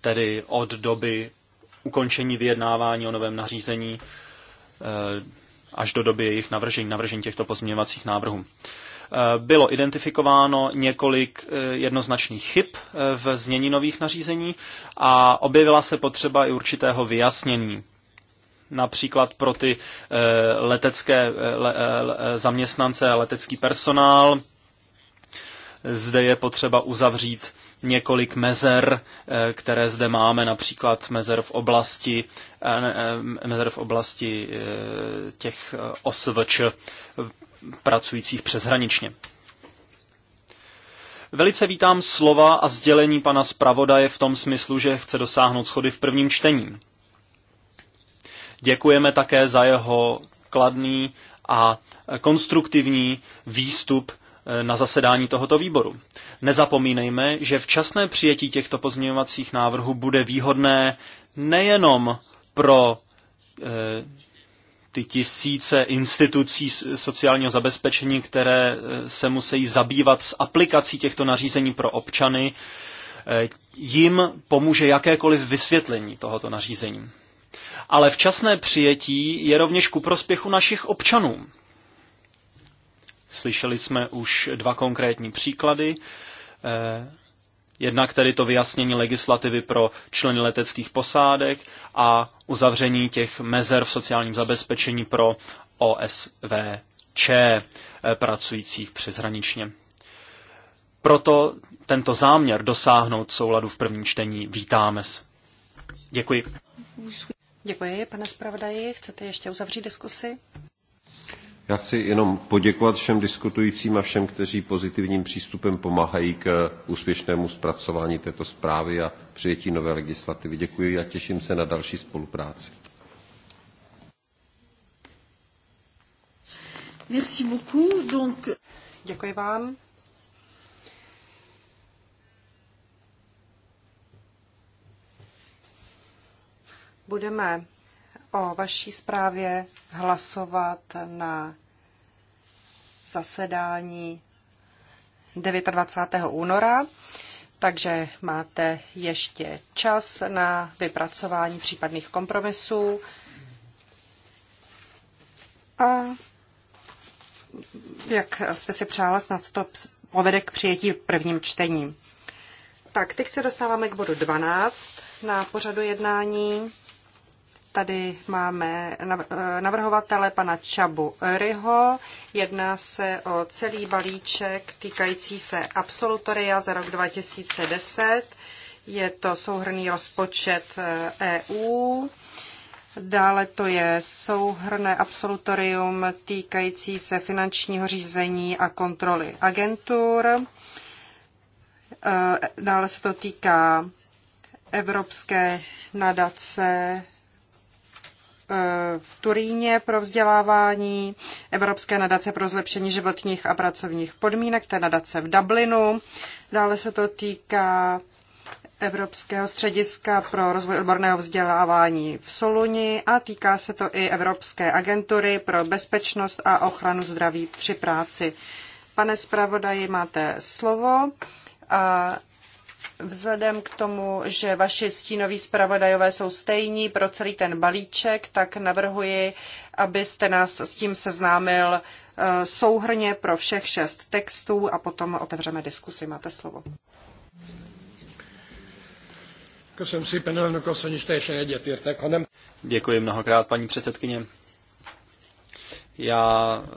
Tedy od doby ukončení vyjednávání o novém nařízení e, až do doby jejich navržení, navržení těchto pozměňovacích návrhů. Eh, bylo identifikováno několik eh, jednoznačných chyb eh, v znění nových nařízení a objevila se potřeba i určitého vyjasnění například pro ty letecké zaměstnance a letecký personál. Zde je potřeba uzavřít několik mezer, které zde máme, například mezer v oblasti, mezer v oblasti těch OSVČ pracujících přeshraničně. Velice vítám slova a sdělení pana zpravodaje v tom smyslu, že chce dosáhnout schody v prvním čtení. Děkujeme také za jeho kladný a konstruktivní výstup eh, na zasedání tohoto výboru. Nezapomínejme, že včasné přijetí těchto pozměňovacích návrhů bude výhodné nejenom pro eh, ty tisíce institucí sociálního zabezpečení, které e, se musí zabývat s aplikací těchto nařízení pro občany, e, jim pomůže jakékoliv vysvětlení tohoto nařízení. Ale včasné přijetí je rovněž ku prospěchu našich občanů. Slyšeli jsme už dva konkrétní příklady e, Jednak tedy to vyjasnění legislativy pro členy leteckých posádek a uzavření těch mezer v sociálním zabezpečení pro OSVČ eh, pracujících přeshraničně. Proto tento záměr dosáhnout souladu v prvním čtení vítáme. Děkuji. Děkuji, pane zpravodaji. Chcete ještě uzavřít diskusi? Já chci jenom poděkovat všem diskutujícím a všem, kteří pozitivním přístupem pomáhají k úspěšnému zpracování této zprávy a přijetí nové legislativy. Děkuji a těším se na další spolupráci. Merci beaucoup. Donc... Děkuji vám. Budeme o vaší zprávě hlasovat na zasedání 29. února, takže máte ještě čas na vypracování případných kompromisů. A jak jste si přála, snad to povede k přijetí prvním čtením. Tak, teď se dostáváme k bodu 12 na pořadu jednání. Tady máme eh, navrhovatele pana Čabu Ryho. Jedná se o celý balíček týkající se absolutoria za rok 2010. Je to souhrný rozpočet EU. Eh, e dále to je souhrné absolutorium týkající se finančního řízení a kontroly agentur. Eh, dále se to týká Evropské nadace v Turíně pro vzdělávání, Evropské nadace pro zlepšení životních a pracovních podmínek, té nadace v Dublinu. Dále se to týká Evropského střediska pro rozvoj odborného vzdělávání v Soluni a týká se to i Evropské agentury pro bezpečnost a ochranu zdraví při práci. Pane zpravodaji, máte slovo. A Vzhledem k tomu, že vaši stínoví zpravodajové jsou stejní pro celý ten balíček, tak navrhuji, abyste nás s tím seznámil eh, souhrně pro všech šest textů a potom otevřeme diskusi. Máte slovo. Děkuji mnohokrát, paní předsedkyně. Já eh,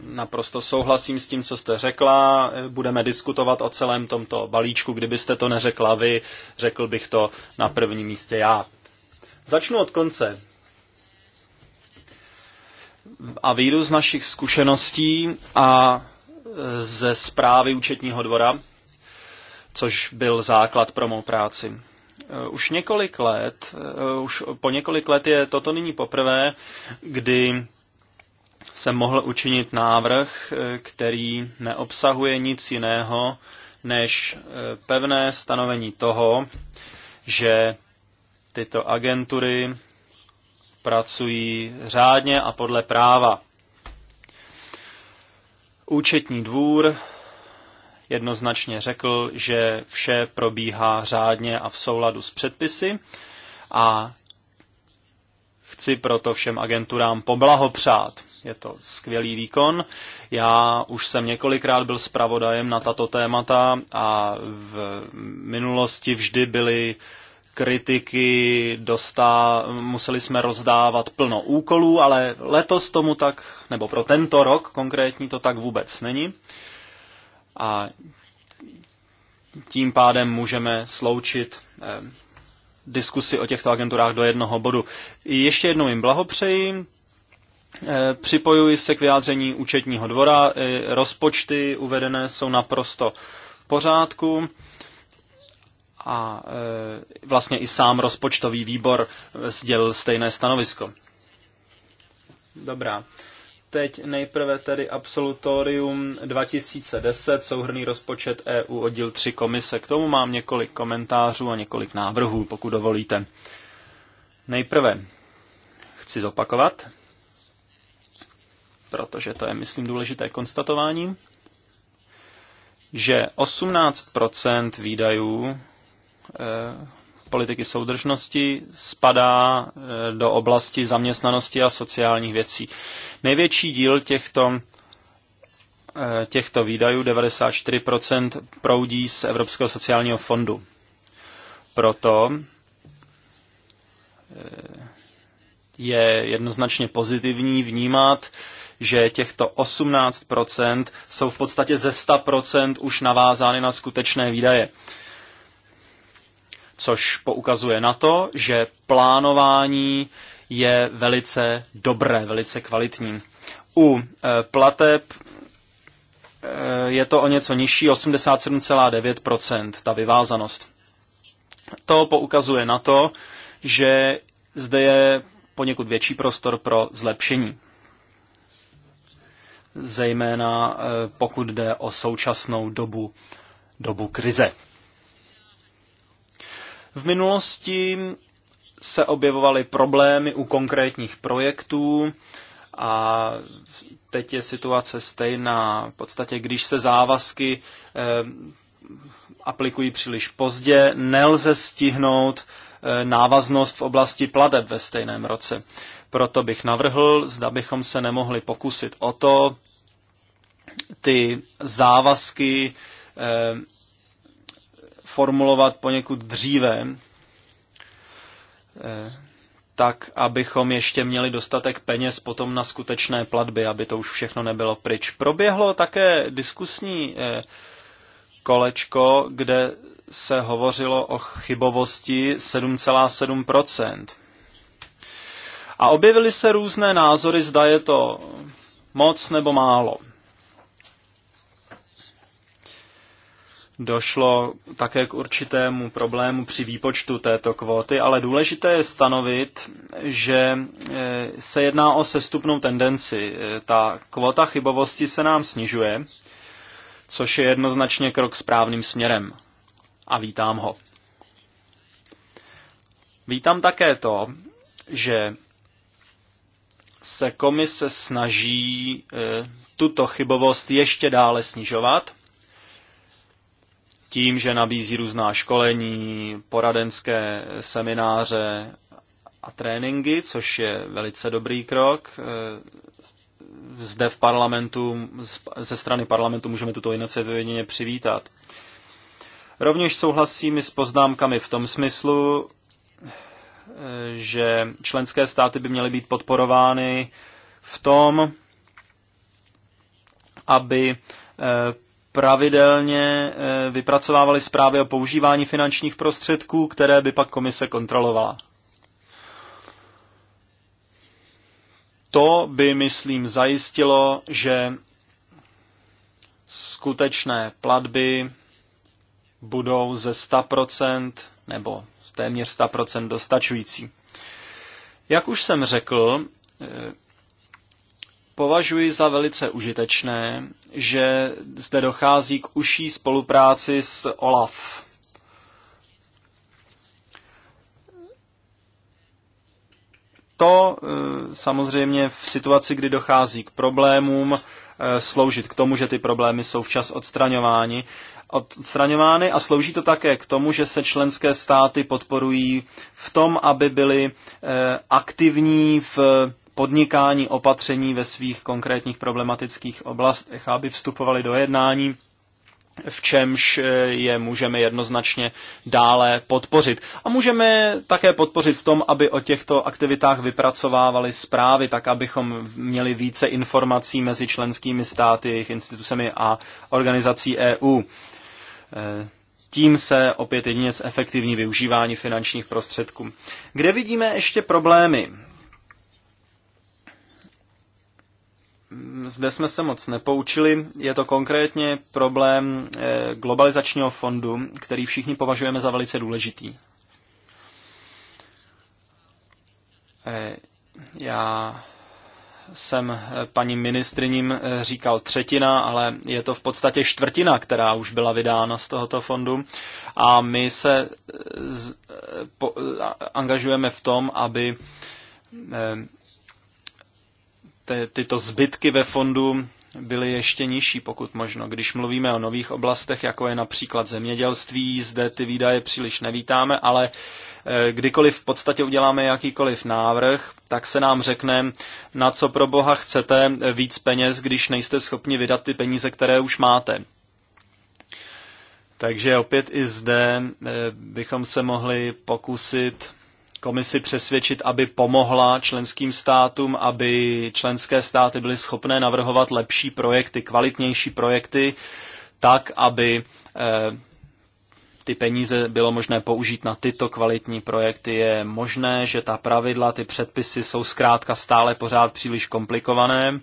naprosto souhlasím s tím, co jste řekla. Budeme diskutovat o celém tomto balíčku. Kdybyste to neřekla vy, řekl bych to na prvním místě já. Začnu od konce. A výjdu z našich zkušeností a eh, ze zprávy účetního dvora, což byl základ pro mou práci. Eh, už několik let, už po několik let je toto nyní poprvé, kdy jsem mohl učinit návrh, eh, který neobsahuje nic jiného než eh, pevné stanovení toho, že tyto agentury pracují řádně a podle práva. Účetní dvůr jednoznačně řekl, že vše probíhá řádně a v souladu s předpisy a chci proto všem agenturám poblahopřát. Je to skvělý výkon. Já už jsem několikrát byl zpravodajem na tato témata a v minulosti vždy byly kritiky, dostá, museli jsme rozdávat plno úkolů, ale letos tomu tak, nebo pro tento rok konkrétní to tak vůbec není. A tím pádem můžeme sloučit eh, diskusi o těchto agenturách do jednoho bodu. Ještě jednou jim blahopřeji, Eh, připojuji se k vyjádření účetního dvora. Eh, rozpočty uvedené jsou naprosto v pořádku a eh, vlastně i sám rozpočtový výbor sdělil stejné stanovisko. Dobrá. Teď nejprve tedy absolutorium 2010, souhrný rozpočet EU oddíl 3 komise. K tomu mám několik komentářů a několik návrhů, pokud dovolíte. Nejprve chci zopakovat, protože to je, myslím, důležité konstatování, že 18 výdajů eh, politiky soudržnosti spadá eh, do oblasti zaměstnanosti a sociálních věcí. Největší díl těchto, eh, těchto výdajů, 94%, proudí z Evropského sociálního fondu. Proto je jednoznačně pozitivní vnímat že těchto 18% jsou v podstatě ze 100% už navázány na skutečné výdaje. Což poukazuje na to, že plánování je velice dobré, velice kvalitní. U e, plateb e, je to o něco nižší, 87,9% ta vyvázanost. To poukazuje na to, že zde je poněkud větší prostor pro zlepšení zejména eh, pokud jde o současnou dobu, dobu krize. V minulosti se objevovaly problémy u konkrétních projektů a teď je situace stejná. V podstatě, když se závazky eh, aplikují příliš pozdě, nelze stihnout Eh, návaznost v oblasti pladeb ve stejném roce. Proto bych navrhl, zda bychom se nemohli pokusit o to, ty závazky eh, formulovat poněkud dříve, eh, tak, abychom ještě měli dostatek peněz potom na skutečné platby, aby to už všechno nebylo pryč. Proběhlo také diskusní kolečko, kde se hovořilo o chybovosti 7,7%. A objevily se různé názory, zda je to moc nebo málo. Došlo také k určitému problému při výpočtu této kvóty, ale důležité je stanovit, že e, se jedná o sestupnou tendenci. E, ta kvota chybovosti se nám snižuje což je jednoznačně krok správným směrem. A vítám ho. Vítám také to, že se komise snaží e, tuto chybovost ještě dále snižovat tím, že nabízí různá školení, poradenské semináře a tréninky, což je velice dobrý krok. E, zde v parlamentu, ze strany parlamentu můžeme tuto iniciativu jedině přivítat. Rovněž souhlasím s poznámkami v tom smyslu, eh, že členské státy by měly být podporovány v tom, aby eh, pravidelně eh, vypracovávali zprávy o používání finančních prostředků, které by pak komise kontrolovala. to by, myslím, zajistilo, že skutečné platby budou ze 100% nebo téměř 100% dostačující. Jak už jsem řekl, eh, považuji za velice užitečné, že zde dochází k užší spolupráci s OLAF. to eh, samozřejmě v situaci, kdy dochází k problémům, eh, sloužit k tomu, že ty problémy jsou včas odstraňovány, odstraňovány a slouží to také k tomu, že se členské státy podporují v tom, aby byly eh, aktivní v podnikání opatření ve svých konkrétních problematických oblastech, aby vstupovali do jednání v čemž eh, je můžeme jednoznačně dále podpořit. A můžeme také podpořit v tom, aby o těchto aktivitách vypracovávali zprávy, tak abychom měli více informací mezi členskými státy, jejich institucemi a organizací EU. Eh, tím se opět jedině z efektivní využívání finančních prostředků. Kde vidíme ještě problémy? zde jsme se moc nepoučili. Je to konkrétně problém eh, globalizačního fondu, který všichni považujeme za velice důležitý. Eh, já jsem eh, paní ministriním říkal třetina, ale je to v podstatě čtvrtina, která už byla vydána z tohoto fondu. A my se angažujeme v tom, aby te, tyto zbytky ve fondu byly ještě nižší, pokud možno. Když mluvíme o nových oblastech, jako je například zemědělství, zde ty výdaje příliš nevítáme, ale eh, kdykoliv v podstatě uděláme jakýkoliv návrh, tak se nám řekne, na co pro boha chcete víc peněz, když nejste schopni vydat ty peníze, které už máte. Takže opět i zde eh, bychom se mohli pokusit komisi přesvědčit, aby pomohla členským státům, aby členské státy byly schopné navrhovat lepší projekty, kvalitnější projekty, tak, aby eh, ty peníze bylo možné použít na tyto kvalitní projekty. Je možné, že ta pravidla, ty předpisy jsou zkrátka stále pořád příliš komplikované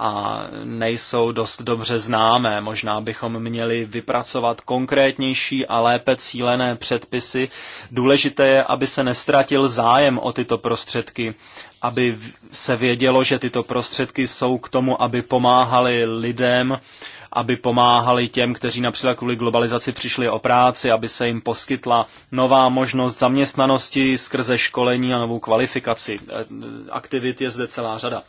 a nejsou dost dobře známé. Možná bychom měli vypracovat konkrétnější a lépe cílené předpisy. Důležité je, aby se nestratil zájem o tyto prostředky, aby se vědělo, že tyto prostředky jsou k tomu, aby pomáhali lidem, aby pomáhali těm, kteří například kvůli globalizaci přišli o práci, aby se jim poskytla nová možnost zaměstnanosti skrze školení a novou kvalifikaci. E, aktivit je zde celá řada.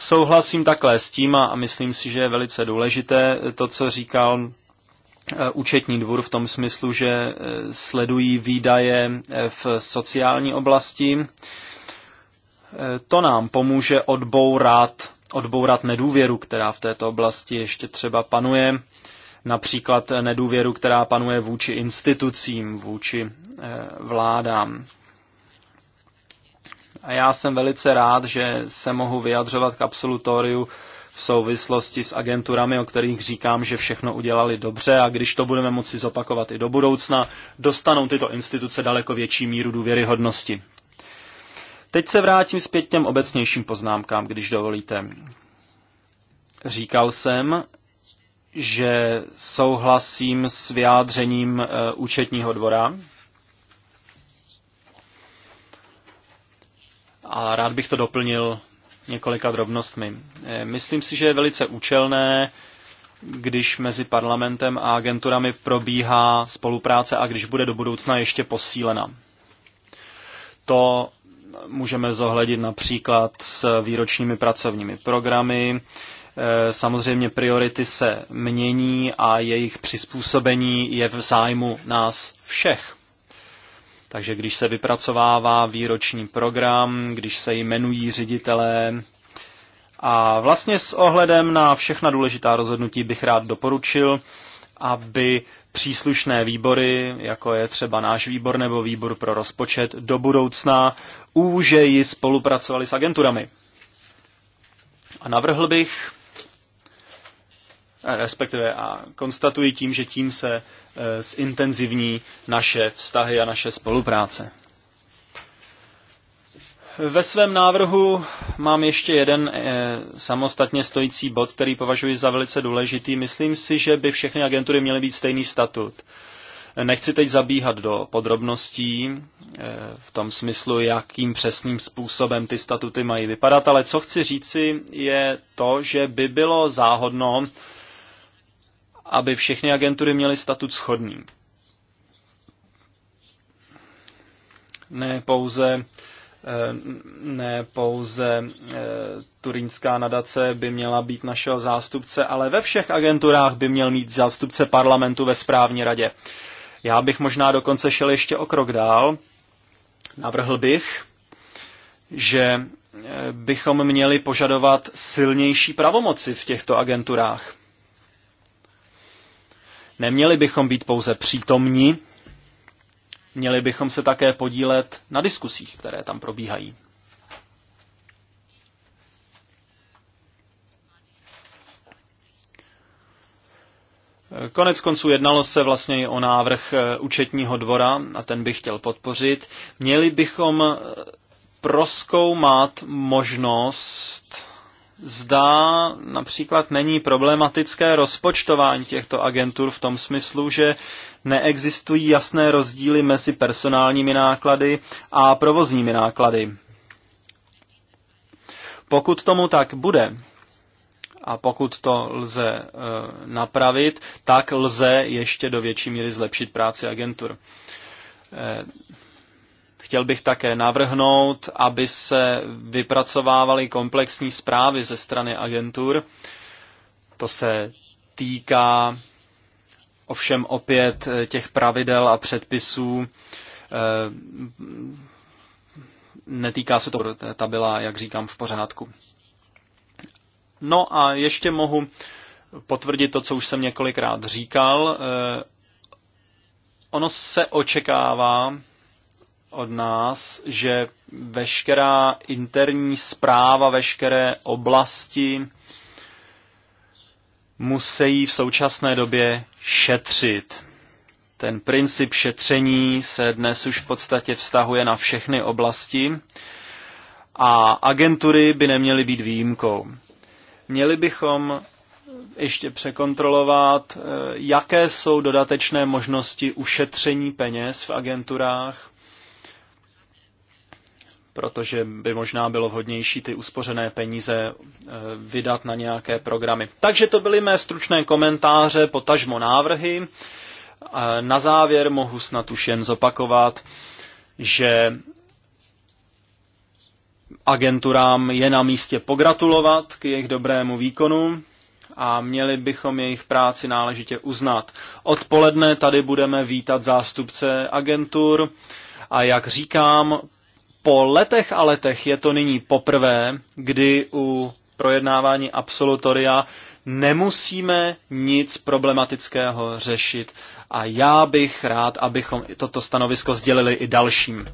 Souhlasím takhle s tím a myslím si, že je velice důležité to, co říkal e, účetní dvůr v tom smyslu, že e, sledují výdaje e, v sociální oblasti. To nám pomůže odbourat, odbourat nedůvěru, která v této oblasti ještě třeba panuje. Například nedůvěru, která panuje vůči institucím, vůči vládám. A já jsem velice rád, že se mohu vyjadřovat k absolutoriu v souvislosti s agenturami, o kterých říkám, že všechno udělali dobře a když to budeme moci zopakovat i do budoucna, dostanou tyto instituce daleko větší míru důvěryhodnosti. Teď se vrátím zpět těm obecnějším poznámkám, když dovolíte. Říkal jsem, že souhlasím s vyjádřením eh, účetního dvora, a rád bych to doplnil několika drobnostmi. E, myslím si, že je velice účelné, když mezi parlamentem a agenturami probíhá spolupráce a když bude do budoucna ještě posílena. To můžeme zohledit například s výročními pracovními programy. E, samozřejmě priority se mění a jejich přizpůsobení je v zájmu nás všech. Takže když se vypracovává výroční program, když se jmenují ředitelé, a vlastně s ohledem na všechna důležitá rozhodnutí bych rád doporučil, aby příslušné výbory, jako je třeba náš výbor nebo výbor pro rozpočet, do budoucna úžeji spolupracovali s agenturami. A navrhl bych, respektive a konstatuji tím, že tím se e, zintenzivní naše vztahy a naše spolupráce. Ve svém návrhu mám ještě jeden e, samostatně stojící bod, který považuji za velice důležitý. Myslím si, že by všechny agentury měly být stejný statut. Nechci teď zabíhat do podrobností e, v tom smyslu, jakým přesným způsobem ty statuty mají vypadat, ale co chci říci je to, že by bylo záhodno aby všechny agentury měly statut schodný. Ne pouze, eh, ne pouze eh, turínská nadace by měla být našeho zástupce, ale ve všech agenturách by měl mít zástupce parlamentu ve správní radě. Já bych možná dokonce šel ještě o krok dál. Navrhl bych, že eh, bychom měli požadovat silnější pravomoci v těchto agenturách. Neměli bychom být pouze přítomní, měli bychom se také podílet na diskusích, které tam probíhají. Konec konců jednalo se vlastně i o návrh eh, účetního dvora a ten bych chtěl podpořit. Měli bychom eh, proskoumat možnost zda například není problematické rozpočtování těchto agentur v tom smyslu, že neexistují jasné rozdíly mezi personálními náklady a provozními náklady. Pokud tomu tak bude, a pokud to lze e, napravit, tak lze ještě do větší míry zlepšit práci agentur. E, Chtěl bych také navrhnout, aby se vypracovávaly komplexní zprávy ze strany agentur. To se týká ovšem opět eh, těch pravidel a předpisů. Eh, netýká se to, ta byla, jak říkám, v pořádku. No a ještě mohu potvrdit to, co už jsem několikrát říkal. Eh, ono se očekává, od nás, že veškerá interní zpráva, veškeré oblasti musí v současné době šetřit. Ten princip šetření se dnes už v podstatě vztahuje na všechny oblasti a agentury by neměly být výjimkou. Měli bychom ještě překontrolovat, eh, jaké jsou dodatečné možnosti ušetření peněz v agenturách protože by možná bylo vhodnější ty uspořené peníze eh, vydat na nějaké programy. Takže to byly mé stručné komentáře, potažmo návrhy. Na závěr mohu snad už jen zopakovat, že agenturám je na místě pogratulovat k jejich dobrému výkonu a měli bychom jejich práci náležitě uznat. Odpoledne tady budeme vítat zástupce agentur a jak říkám, po letech a letech je to nyní poprvé, kdy u projednávání absolutoria nemusíme nic problematického řešit. A já bych rád, abychom toto stanovisko sdělili i dalším.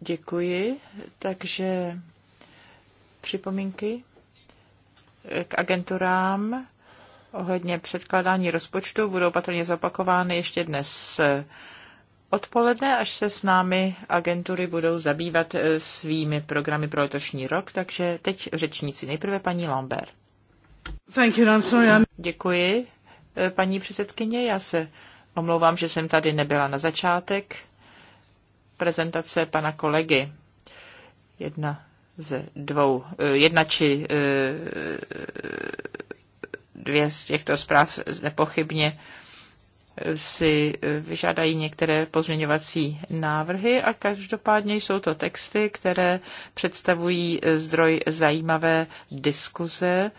Děkuji. Takže připomínky k agenturám ohledně předkládání rozpočtu budou patrně zapakovány ještě dnes. Eh, odpoledne, až se s námi agentury budou zabývat eh, svými programy pro letošní rok, takže teď řečníci. Nejprve paní Lambert. Thank you, I'm... Děkuji, eh, paní předsedkyně. Já se omlouvám, že jsem tady nebyla na začátek prezentace pana kolegy. Jedna ze dvou, eh, jedna či dvě z těchto zpráv nepochybně si eh, vyžádají některé pozměňovací návrhy a každopádně jsou to texty, které představují eh, zdroj zajímavé diskuze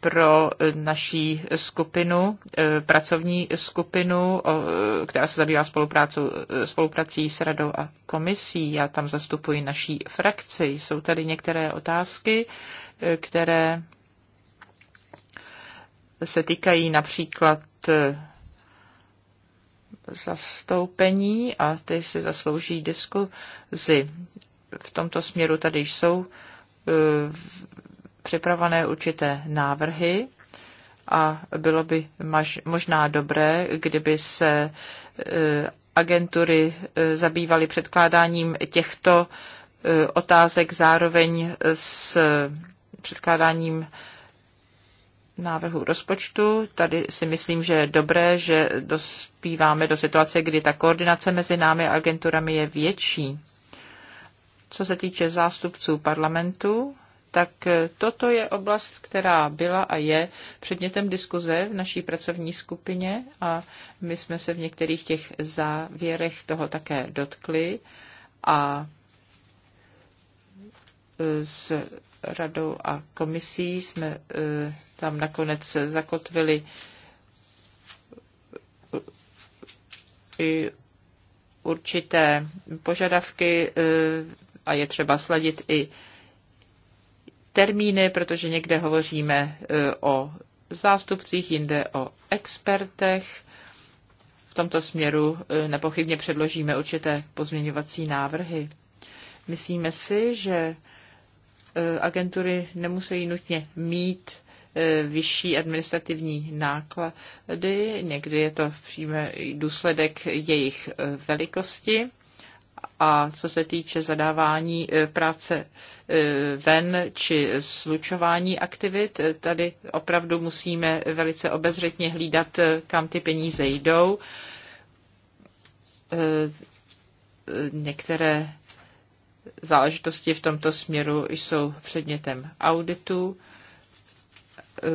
pro eh, naší skupinu, pracovní skupinu, která se zabývá spoluprací s radou a komisí. Já tam zastupuji naší frakci. Jsou tady některé otázky, které se týkají například zastoupení a ty si zaslouží diskuzi. V tomto směru tady jsou e, připravené určité návrhy a bylo by možná dobré, kdyby se e, agentury e, zabývaly předkládáním těchto otázek zároveň s předkládáním návrhu rozpočtu. Tady si myslím, že je dobré, že dospíváme do situace, kdy ta koordinace mezi námi a agenturami je větší. Co se týče zástupců parlamentu, tak toto je oblast, která byla a je předmětem diskuze v naší pracovní skupině a my jsme se v některých těch závěrech toho také dotkli a z radou a komisí jsme eh, tam nakonec zakotvili eh, i určité požadavky eh, a je třeba sladit i termíny, protože někde hovoříme o zástupcích, jinde o expertech. V tomto směru nepochybně předložíme určité pozměňovací návrhy. Myslíme si, že E, agentury nemusí nutně mít e, vyšší administrativní náklady, někdy je to přímo důsledek jejich e, velikosti. A co se týče zadávání práce ven či slučování aktivit, tady opravdu musíme velice obezřetně hlídat, kam ty peníze jdou. Některé záležitosti v tomto směru jsou předmětem auditu.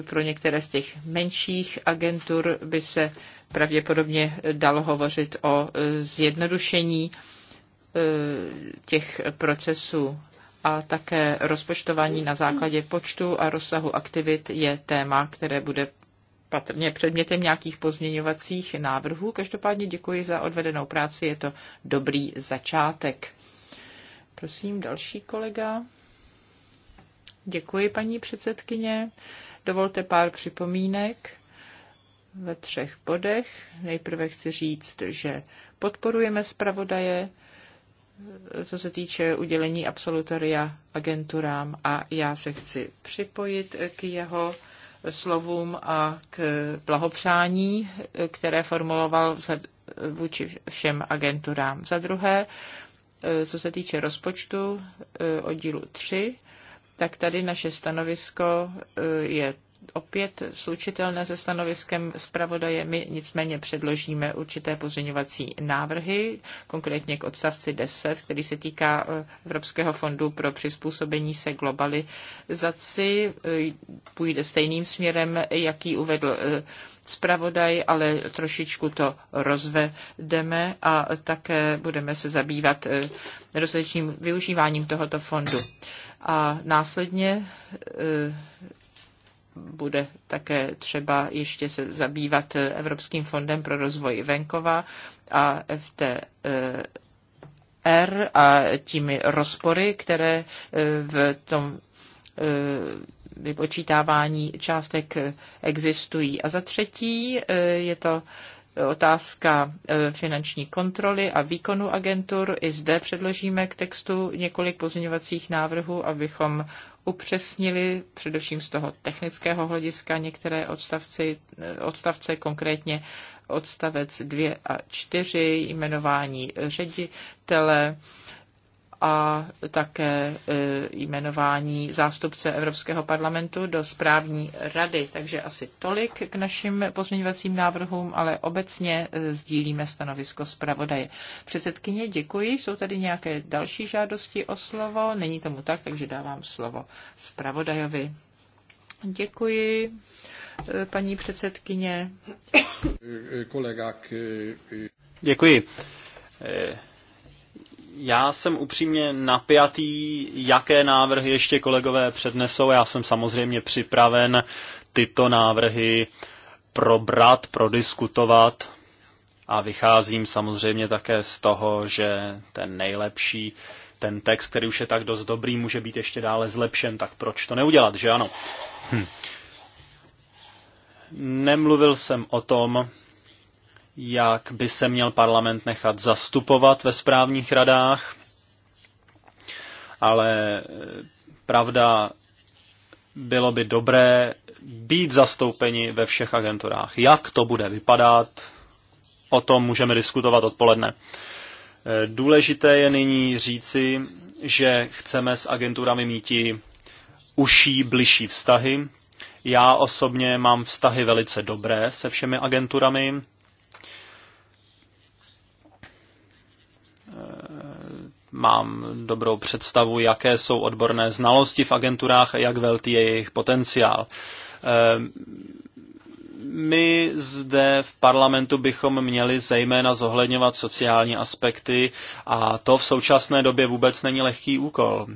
Pro některé z těch menších agentur by se pravděpodobně dalo hovořit o zjednodušení eh, těch procesů a také rozpočtování na základě počtu a rozsahu aktivit je téma, které bude patrně předmětem nějakých pozměňovacích návrhů. Každopádně děkuji za odvedenou práci, je to dobrý začátek. Prosím, další kolega. Děkuji, paní předsedkyně. Dovolte pár připomínek ve třech bodech. Nejprve chci říct, že podporujeme zpravodaje, co se týče udělení absolutoria agenturám a já se chci připojit k jeho slovům a k blahopřání, které formuloval vůči všem agenturám. Za druhé, Eh, co se týče rozpočtu eh, oddílu 3, tak tady naše stanovisko eh, je opět slučitelné se stanoviskem zpravodaje. My nicméně předložíme určité pozměňovací návrhy, konkrétně k odstavci 10, který se týká e, Evropského fondu pro přizpůsobení se globalizaci. E, půjde stejným směrem, jaký uvedl e, zpravodaj, ale trošičku to rozvedeme a také budeme se zabývat rozličným využíváním tohoto fondu. A následně bude také třeba ještě se zabývat Evropským fondem pro rozvoj venkova a FTR a těmi rozpory, které e, v tom e, vypočítávání částek existují. A za třetí e, je to otázka finanční kontroly a výkonu agentur. I zde předložíme k textu několik pozměňovacích návrhů, abychom upřesnili, především z toho technického hlediska, některé odstavci, odstavce, konkrétně odstavec 2 a 4, jmenování ředitele, a také e, jmenování zástupce Evropského parlamentu do správní rady. Takže asi tolik k našim pozměňovacím návrhům, ale obecně e, sdílíme stanovisko zpravodaje. Předsedkyně, děkuji. Jsou tady nějaké další žádosti o slovo? Není tomu tak, takže dávám slovo zpravodajovi. Děkuji, e, paní předsedkyně. Kolega. Děkuji. Já jsem upřímně napjatý, jaké návrhy ještě kolegové přednesou. Já jsem samozřejmě připraven tyto návrhy probrat, prodiskutovat a vycházím samozřejmě také z toho, že ten nejlepší, ten text, který už je tak dost dobrý, může být ještě dále zlepšen, tak proč to neudělat, že ano? Hm. Nemluvil jsem o tom, jak by se měl parlament nechat zastupovat ve správních radách, ale e, pravda, bylo by dobré být zastoupeni ve všech agenturách. Jak to bude vypadat, o tom můžeme diskutovat odpoledne. E, důležité je nyní říci, že chceme s agenturami mít uší, bližší vztahy. Já osobně mám vztahy velice dobré se všemi agenturami, Mám dobrou představu, jaké jsou odborné znalosti v agenturách a jak velký je jejich potenciál. Ehm, my zde v parlamentu bychom měli zejména zohledňovat sociální aspekty a to v současné době vůbec není lehký úkol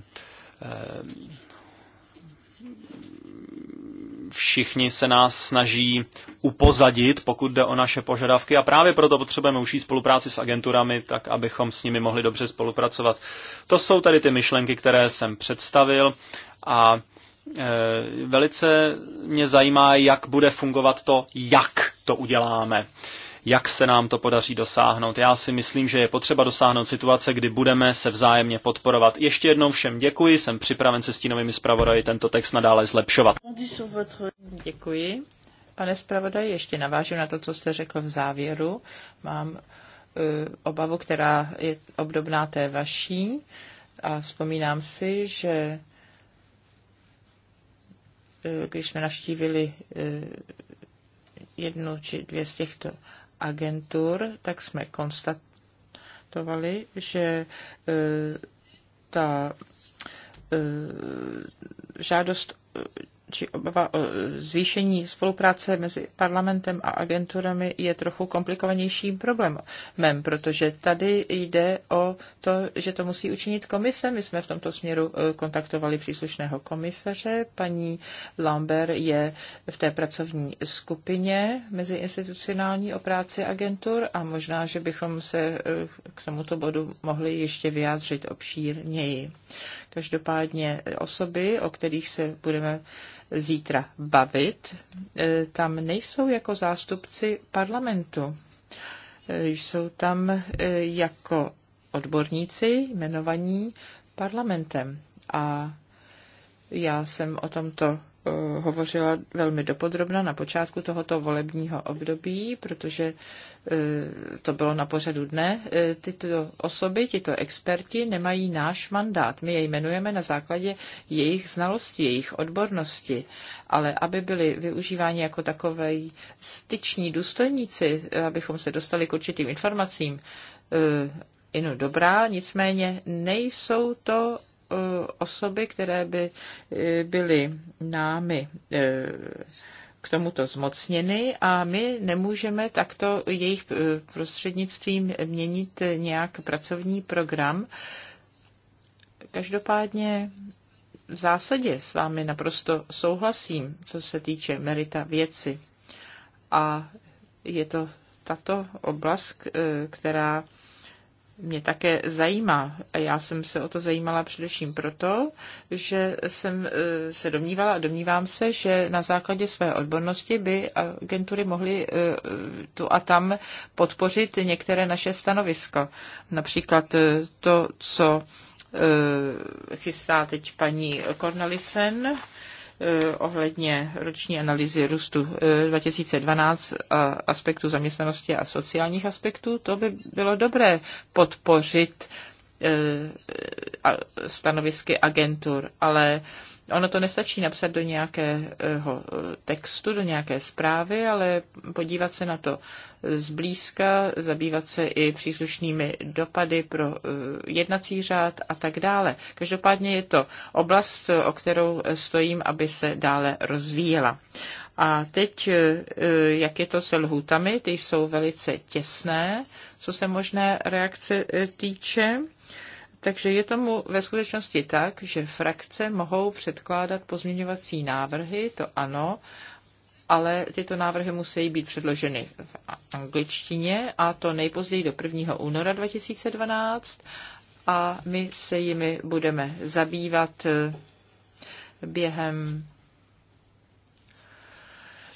ehm, všichni se nás snaží upozadit, pokud jde o naše požadavky a právě proto potřebujeme užší spolupráci s agenturami, tak abychom s nimi mohli dobře spolupracovat. To jsou tady ty myšlenky, které jsem představil a e, velice mě zajímá, jak bude fungovat to, jak to uděláme jak se nám to podaří dosáhnout. Já si myslím, že je potřeba dosáhnout situace, kdy budeme se vzájemně podporovat. Ještě jednou všem děkuji, jsem připraven se stínovými zpravodaji tento text nadále zlepšovat. Děkuji. Pane zpravodaj, ještě navážu na to, co jste řekl v závěru. Mám e, obavu, která je obdobná té vaší. A vzpomínám si, že e, když jsme navštívili e, jednu či dvě z těchto agentur, tak jsme konstatovali, že e, ta e, žádost či obava o eh, zvýšení spolupráce mezi parlamentem a agenturami je trochu komplikovanějším problémem, protože tady jde o to, že to musí učinit komise. My jsme v tomto směru eh, kontaktovali příslušného komisaře. Paní Lambert je v té pracovní skupině institucionální o práci agentur a možná, že bychom se eh, k tomuto bodu mohli ještě vyjádřit obšírněji. Každopádně osoby, o kterých se budeme zítra bavit, eh, tam nejsou jako zástupci parlamentu. Eh, jsou tam eh, jako odborníci jmenovaní parlamentem. A já jsem o tomto Eh, hovořila velmi dopodrobna na počátku tohoto volebního období, protože eh, to bylo na pořadu dne. Eh, tyto osoby, tyto experti nemají náš mandát. My je jmenujeme na základě jejich znalosti, jejich odbornosti, ale aby byli využíváni jako takové styční důstojníci, abychom se dostali k určitým informacím, inu dobrá, nicméně nejsou to Eh, osoby, které by eh, byly námi eh, k tomuto zmocněny a my nemůžeme takto jejich prostřednictvím měnit nějak pracovní program. Každopádně v zásadě s vámi naprosto souhlasím, co se týče merita věci. A je to tato oblast, která mě také zajímá. A já jsem se o to zajímala především proto, že jsem e, se domnívala a domnívám se, že na základě své odbornosti by agentury mohly e, tu a tam podpořit některé naše stanovisko. Například e, to, co chystá teď paní Cornelisen, Eh, ohledně roční analýzy růstu 2012 eh, a aspektu zaměstnanosti a sociálních aspektů, to by bylo dobré podpořit eh, stanovisky agentur, ale Ono to nestačí napsat do nějakého eh, textu, do nějaké zprávy, ale podívat se na to zblízka, zabývat se i příslušnými dopady pro eh, jednací řád a tak dále. Každopádně je to oblast, o kterou stojím, aby se dále rozvíjela. A teď, eh, jak je to se lhůtami, ty jsou velice těsné, co se možné reakce týče. Takže je tomu ve skutečnosti tak, že frakce mohou předkládat pozměňovací návrhy, to ano, ale tyto návrhy musí být předloženy v angličtině a to nejpozději do 1. února 2012 a my se jimi budeme zabývat eh, během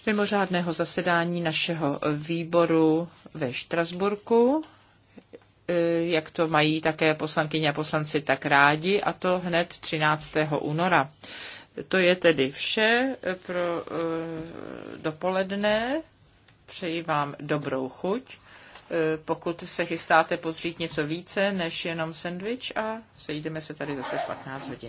mimořádného zasedání našeho výboru ve Štrasburku Eh, jak to mají také poslankyně a poslanci tak rádi, a to hned 13. února. To je tedy vše eh, pro eh, dopoledne. Přeji vám dobrou chuť. Pokud se chystáte pozřít něco více než jenom sendvič a sejdeme se tady zase v 15 hodin.